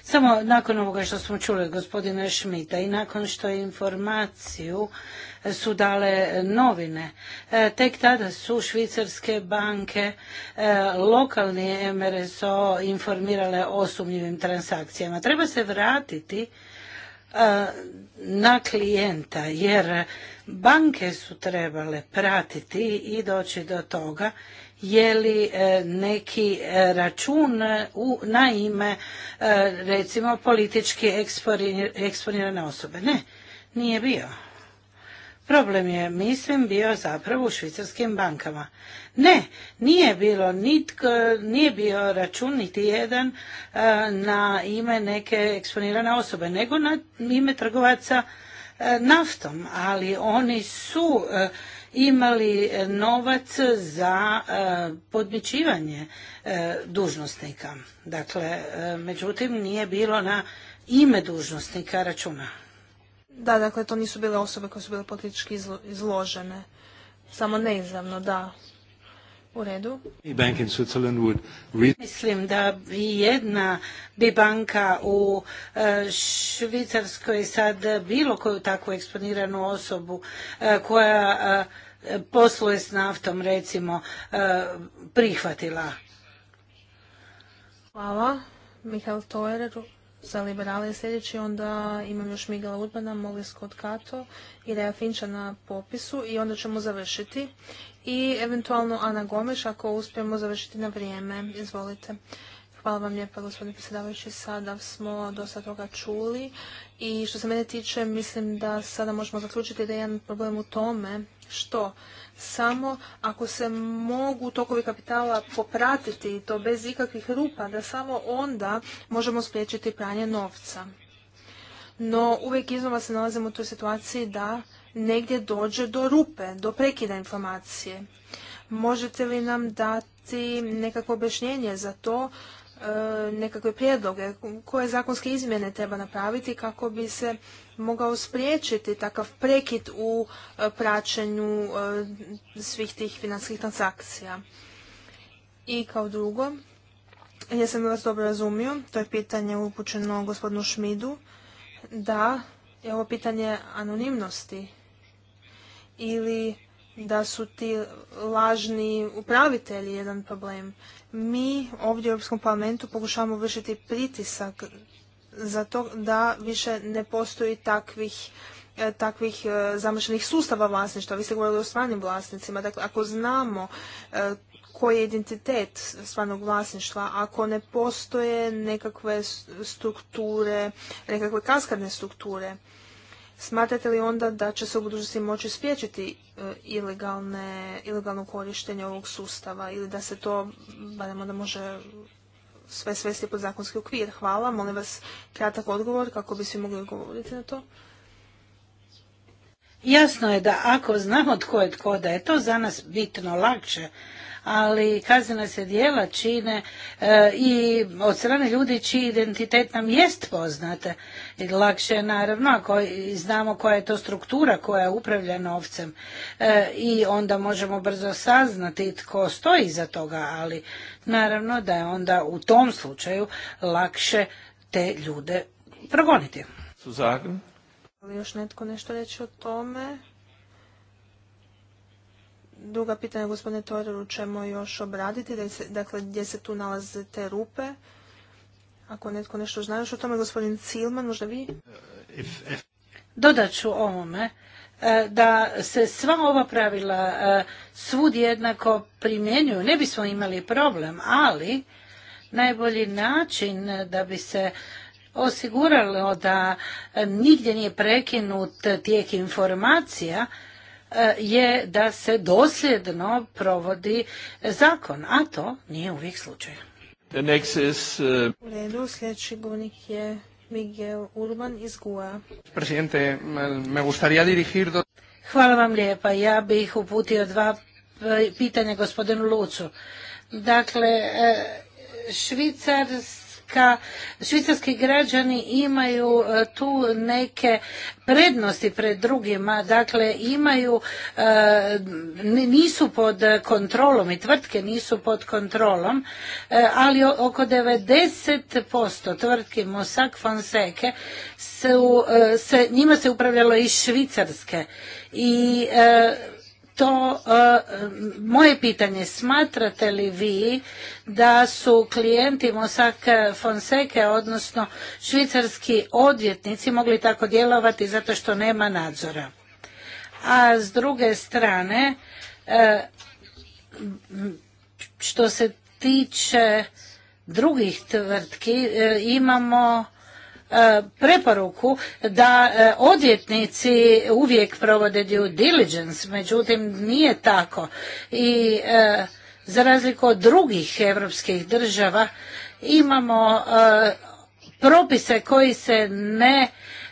samo nakon ovoga što smo čuli gospodina Šmita i nakon što je informaciju su dale novine, e, tek tada su švicarske banke e, lokalni MRSO informirale o sumnjivim transakcijama. Treba se vratiti e, na klijenta, jer banke su trebale pratiti i doći do toga je li e, neki e, račun na ime e, recimo politički eksponirane osobe. Ne, nije bio. Problem je, mislim, bio zapravo u švicarskim bankama. Ne, nije bilo nitko, nije bio račun niti jedan na ime neke eksponirane osobe, nego na ime trgovaca naftom, ali oni su imali e, novac za e, podmićivanje e, dužnosnika. Dakle, međutim, nije bilo na ime dužnosnika računa. Da, dakle, to nisu bile osobe koje su bile politički izložene. Samo neizravno, da. U redu. Mislim da bi jedna bi banka u e, Švicarskoj sad bilo koju takvu eksponiranu osobu e, koja e, posluje s naftom recimo prihvatila. Hvala. Mihael za liberale je sljedeći, onda imam još Migala Urbana, Molly Scott kato i Rea Finča na popisu i onda ćemo završiti. I eventualno Ana Gomeš ako uspijemo završiti na vrijeme. Izvolite. Hvala vam lijepa gospodine predsjedavajući. Sada smo dosta toga čuli i što se mene tiče mislim da sada možemo zaključiti da je jedan problem u tome što samo ako se mogu tokovi kapitala popratiti i to bez ikakvih rupa, da samo onda možemo spriječiti pranje novca. No uvijek iznova se nalazimo u toj situaciji da negdje dođe do rupe, do prekida informacije. Možete li nam dati nekakvo objašnjenje za to E, nekakve prijedloge, koje zakonske izmjene treba napraviti kako bi se mogao spriječiti takav prekid u e, praćenju e, svih tih financijskih transakcija. I kao drugo, jesam vas dobro razumio, to je pitanje upućeno gospodinu Šmidu, da je ovo pitanje anonimnosti ili da su ti lažni upravitelji jedan problem mi ovdje u Europskom parlamentu pokušavamo vršiti pritisak za to da više ne postoji takvih e, takvih e, zamršenih sustava vlasništva. Vi ste govorili o stvarnim vlasnicima. Dakle, ako znamo e, koji je identitet stvarnog vlasništva, ako ne postoje nekakve strukture, nekakve kaskadne strukture, Smatrate li onda da će se u budućnosti moći spriječiti e, ilegalno korištenje ovog sustava ili da se to barem onda može sve svesti pod zakonski okvir? Hvala. Molim vas kratak odgovor kako bi svi mogli odgovoriti na to. Jasno je da ako znamo tko je tko, da je to za nas bitno lakše, ali kaznena se dijela čine e, i od strane ljudi čiji identitet nam jest poznat. Lakše je naravno ako znamo koja je to struktura koja upravlja novcem e, i onda možemo brzo saznati tko stoji iza toga, ali naravno da je onda u tom slučaju lakše te ljude progoniti. Još netko nešto reći o tome? druga pitanja gospodine Toreru ćemo još obraditi, dakle gdje se tu nalaze te rupe. Ako netko nešto zna još o tome, gospodin Cilman, možda vi? Uh, Dodat ću ovome uh, da se sva ova pravila uh, svud jednako primjenjuju. Ne bismo imali problem, ali najbolji način da bi se osiguralo da nigdje nije prekinut tijek informacija Eh, je da se dosljedno provodi zakon, a to nije uvijek slučaj. The next is, uh... U redu sljedeći govornik je Miguel Urban iz Gua. Presidente, me gustaría dirigir do... Hvala vam lijepa. Ja bih uputio dva eh, pitanja gospodinu Lucu. Dakle, švicars švicarska, švicarski građani imaju e, tu neke prednosti pred drugima, dakle imaju, e, nisu pod kontrolom i tvrtke nisu pod kontrolom, e, ali oko 90% tvrtki Mossack Fonseke se, njima se upravljalo iz Švicarske i to e, moje pitanje smatrate li vi da su klijenti Mosak Fonseca, odnosno švicarski odvjetnici mogli tako djelovati zato što nema nadzora a s druge strane e, što se tiče drugih tvrtki e, imamo E, preporuku da e, odvjetnici uvijek provode due diligence, međutim nije tako. I e, za razliku od drugih europskih država imamo propise koji se ne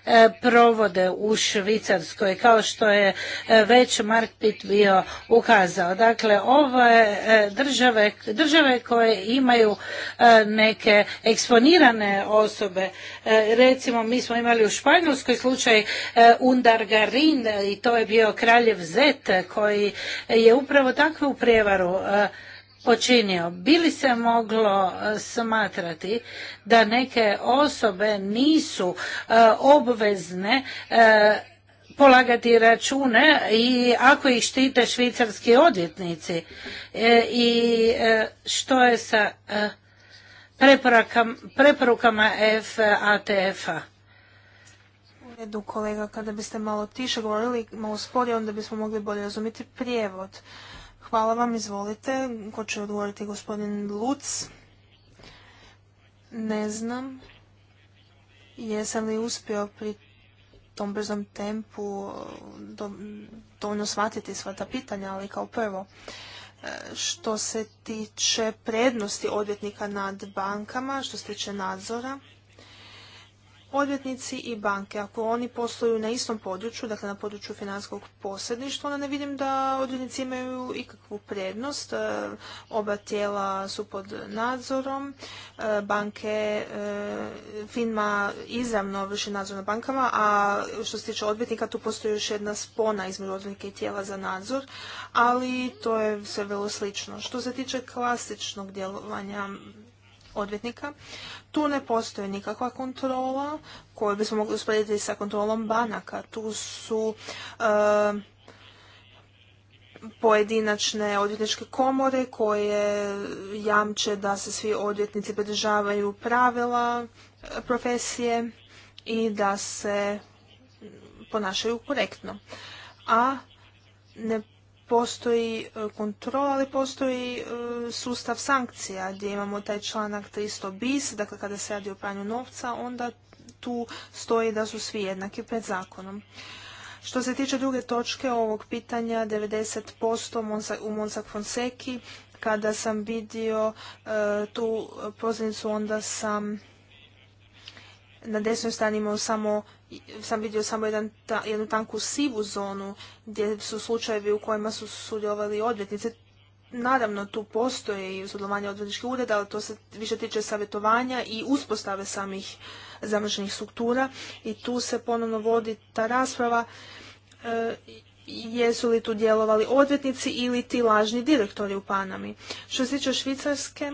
E, provode u Švicarskoj, kao što je e, već Mark Pitt bio ukazao. Dakle, ove e, države, države koje imaju neke eksponirane osobe, recimo mi smo imali u Španjolskoj slučaj Undargarin i to je bio kraljev Zet koji je upravo takvu prijevaru počinio. Bili se moglo e, smatrati da neke osobe nisu e, obvezne e, polagati račune i ako ih štite švicarski odvjetnici i što je sa preporukama FATF-a. U redu kolega, kada biste malo tiše govorili, malo sporije, onda bismo mogli bolje razumjeti prijevod. Hvala vam, izvolite. Ko će odgovoriti gospodin Luc? Ne znam. Jesam li uspio pri tom brzom tempu eh, dovoljno shvatiti sva ta pitanja, ali kao prvo, eh, što se tiče prednosti odvjetnika nad bankama, što se tiče nadzora, odvjetnici i banke, ako oni posluju na istom području, dakle na području financijskog posredništva, onda ne vidim da odvjetnici imaju ikakvu prednost. E, oba tijela su pod nadzorom, e, banke, e, FINMA izravno vrši nadzor na bankama, a što se tiče odvjetnika tu postoji još jedna spona između odvjetnika i tijela za nadzor, ali to je sve vrlo slično. Što se tiče klasičnog djelovanja odvjetnika. Tu ne postoji nikakva kontrola koju bismo mogli usporediti sa kontrolom banaka. Tu su eh, pojedinačne odvjetničke komore koje jamče da se svi odvjetnici pridržavaju pravila eh, profesije i da se ponašaju korektno. A ne postoji e, kontrola, ali postoji e, sustav sankcija gdje imamo taj članak 300 bis, dakle kada se radi o pranju novca, onda tu stoji da su svi jednaki pred zakonom. Što se tiče druge točke ovog pitanja, 90% u Monsak Fonseki, kada sam vidio e, tu proznicu, onda sam na desnoj strani imao samo, sam vidio samo jedan, ta, jednu tanku sivu zonu gdje su slučajevi u kojima su sudjelovali odvjetnice. Naravno, tu postoje i sudjelovanje odvjetničkih ureda, ali to se više tiče savjetovanja i uspostave samih zamršenih struktura i tu se ponovno vodi ta rasprava e, jesu li tu djelovali odvjetnici ili ti lažni direktori u Panami. Što se tiče Švicarske,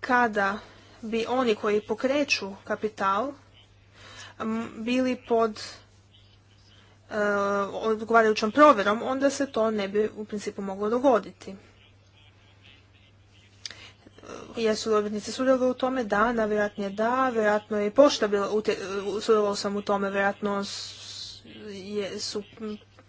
kada bi oni koji pokreću kapital bili pod e, odgovarajućom provjerom, onda se to ne bi u principu moglo dogoditi. E, jesu li odvjetnici sudjelovali u tome? Da, navjerojatnije da. Vjerojatno je i pošta bila, e, sam u tome, vjerojatno su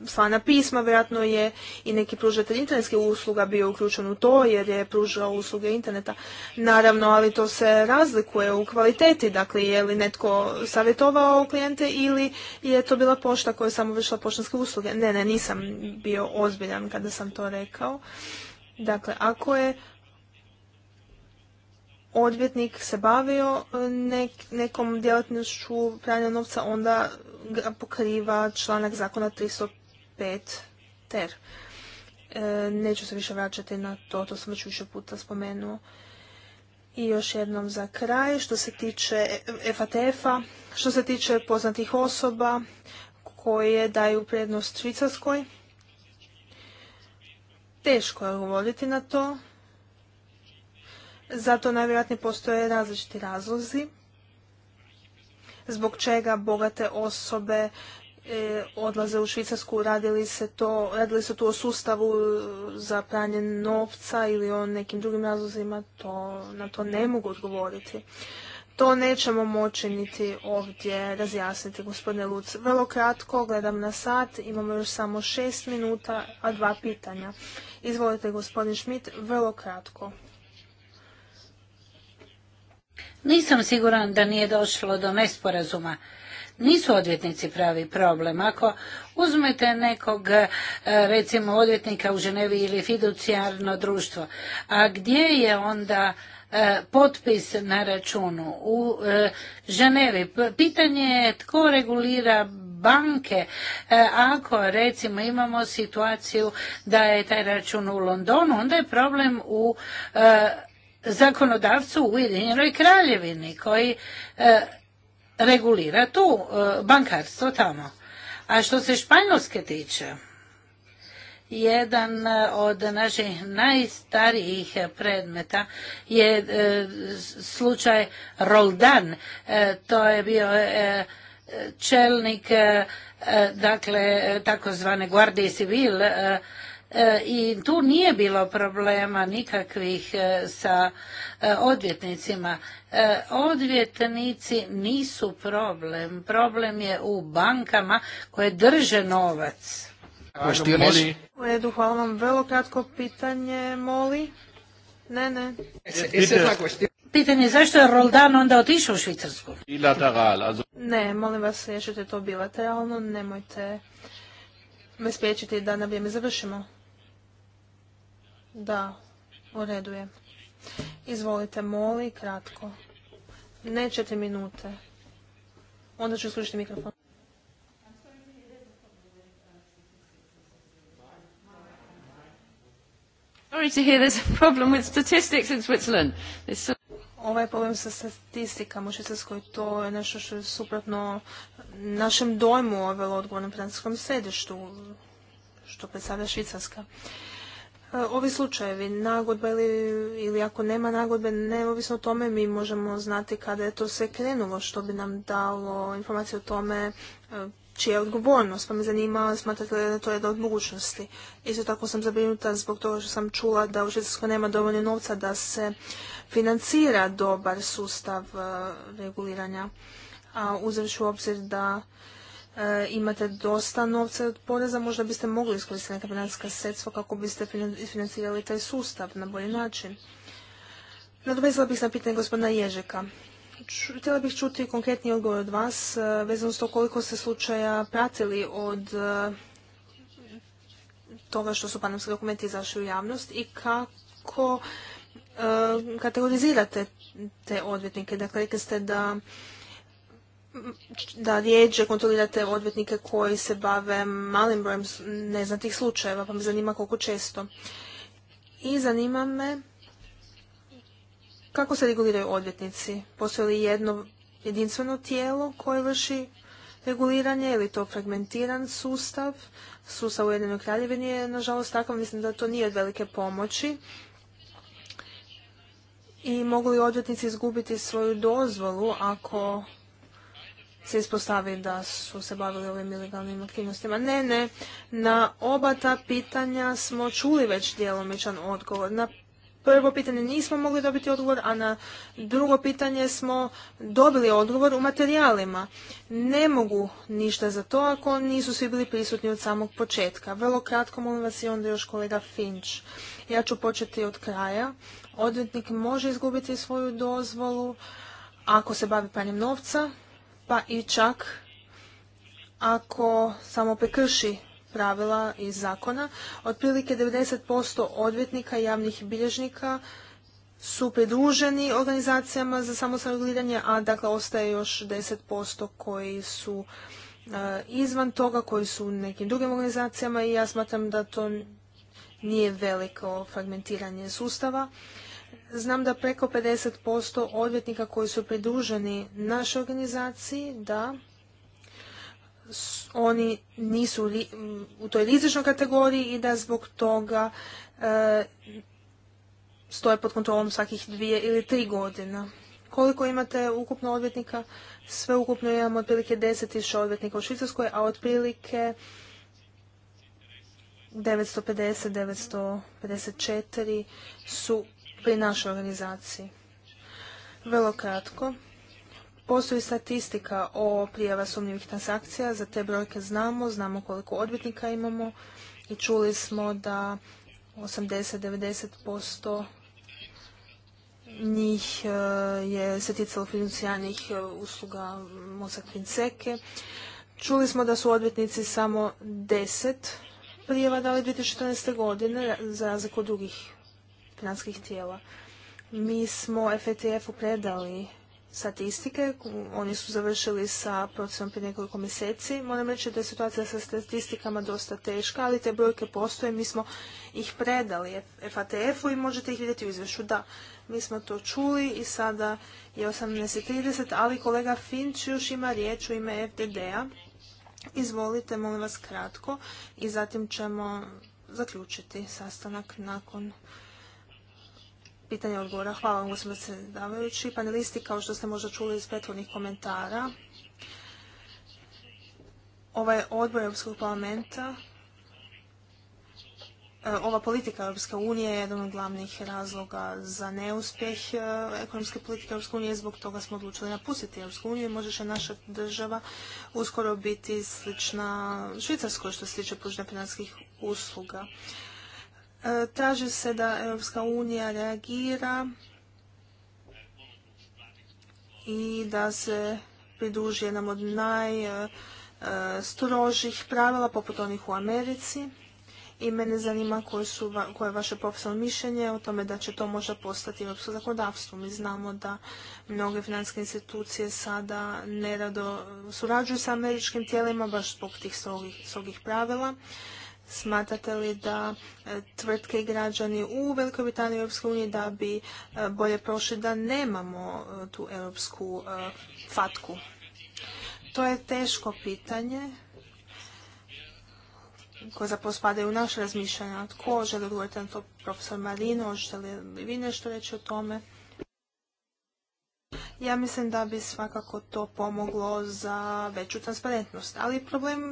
slana pisma, vjerojatno je i neki pružatelj internetske usluga bio uključen u to jer je pružao usluge interneta. Naravno, ali to se razlikuje u kvaliteti, dakle je li netko savjetovao klijente ili je to bila pošta koja je samo vršila poštanske usluge. Ne, ne, nisam bio ozbiljan kada sam to rekao. Dakle, ako je odvjetnik se bavio e, nekom djelatnošću pranja novca, onda pokriva članak zakona tristo ter. E, neću se više vraćati na to, to sam već više puta spomenuo. I još jednom za kraj, što se tiče FATF-a, što se tiče poznatih osoba koje daju prednost Švicarskoj, teško je govoriti na to. Zato najvjerojatnije postoje različiti razlozi zbog čega bogate osobe E, odlaze u Švicarsku, radili se to, se tu o sustavu za pranje novca ili o nekim drugim razlozima, to, na to ne mogu odgovoriti. To nećemo moći niti ovdje razjasniti, gospodine Luc. Vrlo kratko, gledam na sat, imamo još samo šest minuta, a dva pitanja. Izvolite, gospodin Šmit, vrlo kratko. Nisam siguran da nije došlo do nesporazuma nisu odvjetnici pravi problem. Ako uzmete nekog e, recimo odvjetnika u Ženevi ili fiducijarno društvo, a gdje je onda e, potpis na računu u e, Ženevi. Pitanje je tko regulira banke ako recimo imamo situaciju da je taj račun u Londonu, onda je problem u zakonodavcu u Ujedinjenoj kraljevini koji regulira tu e, bankarstvo tamo. A što se Španjolske tiče, jedan e, od naših najstarijih predmeta je e, slučaj Roldan. To je bio čelnik dakle takozvane Guardia Civil E, i tu nije bilo problema nikakvih e, sa e, odvjetnicima. Odvjetnici nisu problem, problem je u bankama koje drže novac. U redu, hvala vam. Vrlo kratko pitanje, Moli. Ne, ne. Pitanje je zašto je Roldan onda otišao u Švicarsku? Ne, molim vas, riješite to bilateralno, nemojte me spriječiti da na vrijeme završimo. Da, u redu je. Izvolite, moli, kratko. Ne četiri minute. Onda ću isključiti mikrofon. Ovaj problem sa statistikama u Švicarskoj to je nešto što je suprotno našem dojmu o velo odgovornom financijskom središtu što predstavlja Švicarska. E, ovi slučajevi, nagodba ili, ako nema nagodbe, neovisno o tome mi možemo znati kada je to sve krenulo, što bi nam dalo informacije o tome e, čija je odgovornost, pa me zanima smatrate li da to je jedna od mogućnosti. Isto tako sam zabrinuta zbog toga što sam čula da u Švicarskoj nema dovoljno novca da se financira dobar sustav e, reguliranja, a uzevši u obzir da E, imate dosta novca od poreza, možda biste mogli iskoristiti neka financijska sredstva kako biste financirali taj sustav na bolji način. Nadovezala bih se na pitanje gospodina Ježeka. Htjela bih čuti konkretni odgovor od vas e, vezano s to koliko ste slučaja pratili od e, toga što su panovski dokumenti izašli u javnost i kako kategorizirate te odvjetnike. Dakle, rekli ste da da rijeđe kontrolirate odvjetnike koji se bave malim brojem neznatih slučajeva, pa me zanima koliko često. I zanima me kako se reguliraju odvjetnici. Postoji li jedno jedinstveno tijelo koje vrši reguliranje ili to fragmentiran sustav. Sustav Ujedinjenoj kraljevini je nažalost tako mislim da to nije od velike pomoći. I mogu li odvjetnici izgubiti svoju dozvolu ako se ispostavi da su se bavili ovim ilegalnim aktivnostima. Ne, ne, na oba ta pitanja smo čuli već djelomičan odgovor. Na prvo pitanje nismo mogli dobiti odgovor, a na drugo pitanje smo dobili odgovor u materijalima. Ne mogu ništa za to ako nisu svi bili prisutni od samog početka. Vrlo kratko molim vas i onda još kolega Finch. Ja ću početi od kraja. Odvjetnik može izgubiti svoju dozvolu ako se bavi pranjem novca, pa i čak ako samo prekrši pravila iz zakona. Otprilike 90% odvjetnika i javnih bilježnika su pridruženi organizacijama za gledanje, a dakle ostaje još 10% koji su e, izvan toga, koji su u nekim drugim organizacijama i ja smatram da to nije veliko fragmentiranje sustava Znam da preko 50% odvjetnika koji su pridruženi našoj organizaciji, da oni nisu u toj rizičnoj kategoriji i da zbog toga e, stoje pod kontrolom svakih dvije ili tri godina. Koliko imate ukupno odvjetnika? Sve ukupno imamo otprilike 10.000 odvjetnika u Švicarskoj, a otprilike 950-954 su pri našoj organizaciji. Vrlo kratko. Postoji statistika o prijava sumnjivih transakcija, za te brojke znamo, znamo koliko odvjetnika imamo i čuli smo da 80-90% njih e, je se ticalo financijanih e, usluga mosak Finseke. Čuli smo da su odvjetnici samo 10 prijava dali 2014. godine, za razliku drugih finanskih tijela. Mi smo FETF-u predali statistike, oni su završili sa procesom prije nekoliko mjeseci. Moram reći da je situacija sa statistikama dosta teška, ali te brojke postoje, mi smo ih predali FATF-u i možete ih vidjeti u izvješću. Da, mi smo to čuli i sada je 18.30, ali kolega Finč još ima riječ u ime FDD-a. Izvolite, molim vas kratko i zatim ćemo zaključiti sastanak nakon pitanja odgovora. Hvala vam, gospodine predsjedavajući. Panelisti, kao što ste možda čuli iz prethodnih komentara, ovaj odbor Europskog parlamenta eh, ova politika Europske unije je jedan od glavnih razloga za neuspjeh eh, ekonomske politike Europske unije. Zbog toga smo odlučili napustiti Europsku uniju i može naša država uskoro biti slična Švicarskoj što se tiče pružanja financijskih usluga. Traže se da Europska unija reagira i da se pridruži jednom od najstrožih pravila poput onih u Americi. I mene zanima koje, su, koje je vaše profesionalno mišljenje o tome da će to možda postati europsko zakonodavstvo. Mi znamo da mnoge financijske institucije sada nerado surađuju sa američkim tijelima baš zbog tih strogih, pravila. Smatrate li da e, tvrtke i građani u Velikoj Britaniji i Europskoj uniji da bi e, bolje prošli da nemamo e, tu europsku fatku? To je teško pitanje koje zapravo spadaju u naše razmišljanja. Tko želi odgovoriti na to? Profesor Marino, želi li vi nešto reći o tome? ja mislim da bi svakako to pomoglo za veću transparentnost. Ali problem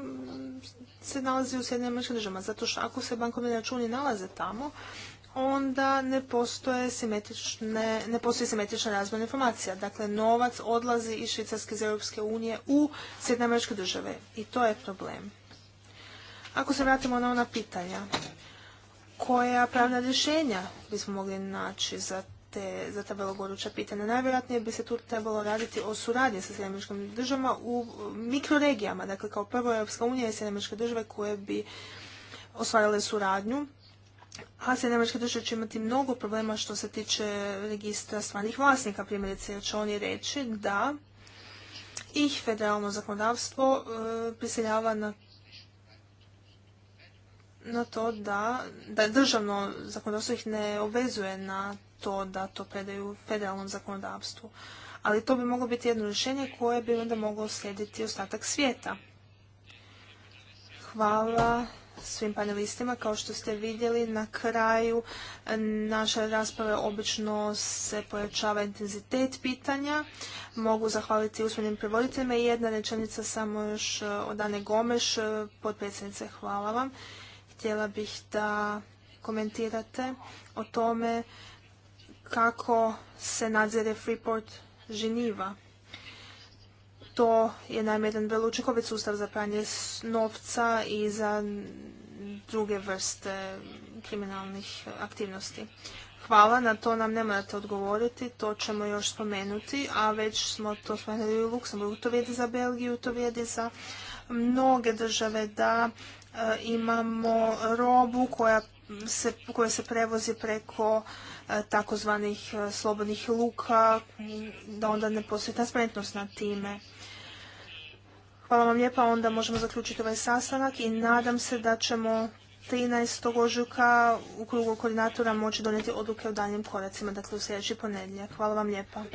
se nalazi u Sjedinim američkim državama, zato što ako se bankovni računi nalaze tamo, onda ne postoje simetrične, ne postoji simetrična razmjena informacija. Dakle, novac odlazi iz Švicarske iz Europske unije u Sjedne američke države. I to je problem. Ako se vratimo na ona pitanja, koja pravna rješenja bismo mogli naći za te, za ta vrlo goruća pitanja. Najvjerojatnije bi se tu trebalo raditi o suradnji sa srednjemečkim državama u mikroregijama. Dakle, kao prvo Europska unija i srednjemečke države koje bi ostvarile suradnju a Sjedinjene države će imati mnogo problema što se tiče registra stvarnih vlasnika, primjerice, će oni reći da ih federalno zakonodavstvo e, prisiljava na, na to da, da državno zakonodavstvo ih ne obvezuje na to da to predaju federalnom zakonodavstvu. Ali to bi moglo biti jedno rješenje koje bi onda moglo slijediti ostatak svijeta. Hvala svim panelistima. Kao što ste vidjeli, na kraju e, naše rasprave obično se pojačava intenzitet pitanja. Mogu zahvaliti usmenim prevoditeljima i jedna rečenica samo još e, od Ane Gomeš, e, potpredsjednice, hvala vam. Htjela bih da komentirate o tome kako se nadzire Freeport Ženiva. To je naime jedan vrlo učinkovit sustav za pranje novca i za druge vrste kriminalnih aktivnosti. Hvala, na to nam ne morate odgovoriti, to ćemo još spomenuti, a već smo to spomenuli u Luksemburgu. To vrijedi za Belgiju, to vrijedi za mnoge države da e, imamo robu koja se, koja se prevozi preko takozvanih e, slobodnih luka, da onda ne postoji transparentnost nad time. Hvala vam lijepa, onda možemo zaključiti ovaj sastanak i nadam se da ćemo 13. ožujka u krugu koordinatora moći donijeti odluke o daljnjim koracima, dakle u sljedeći ponedjeljak. Hvala vam lijepa.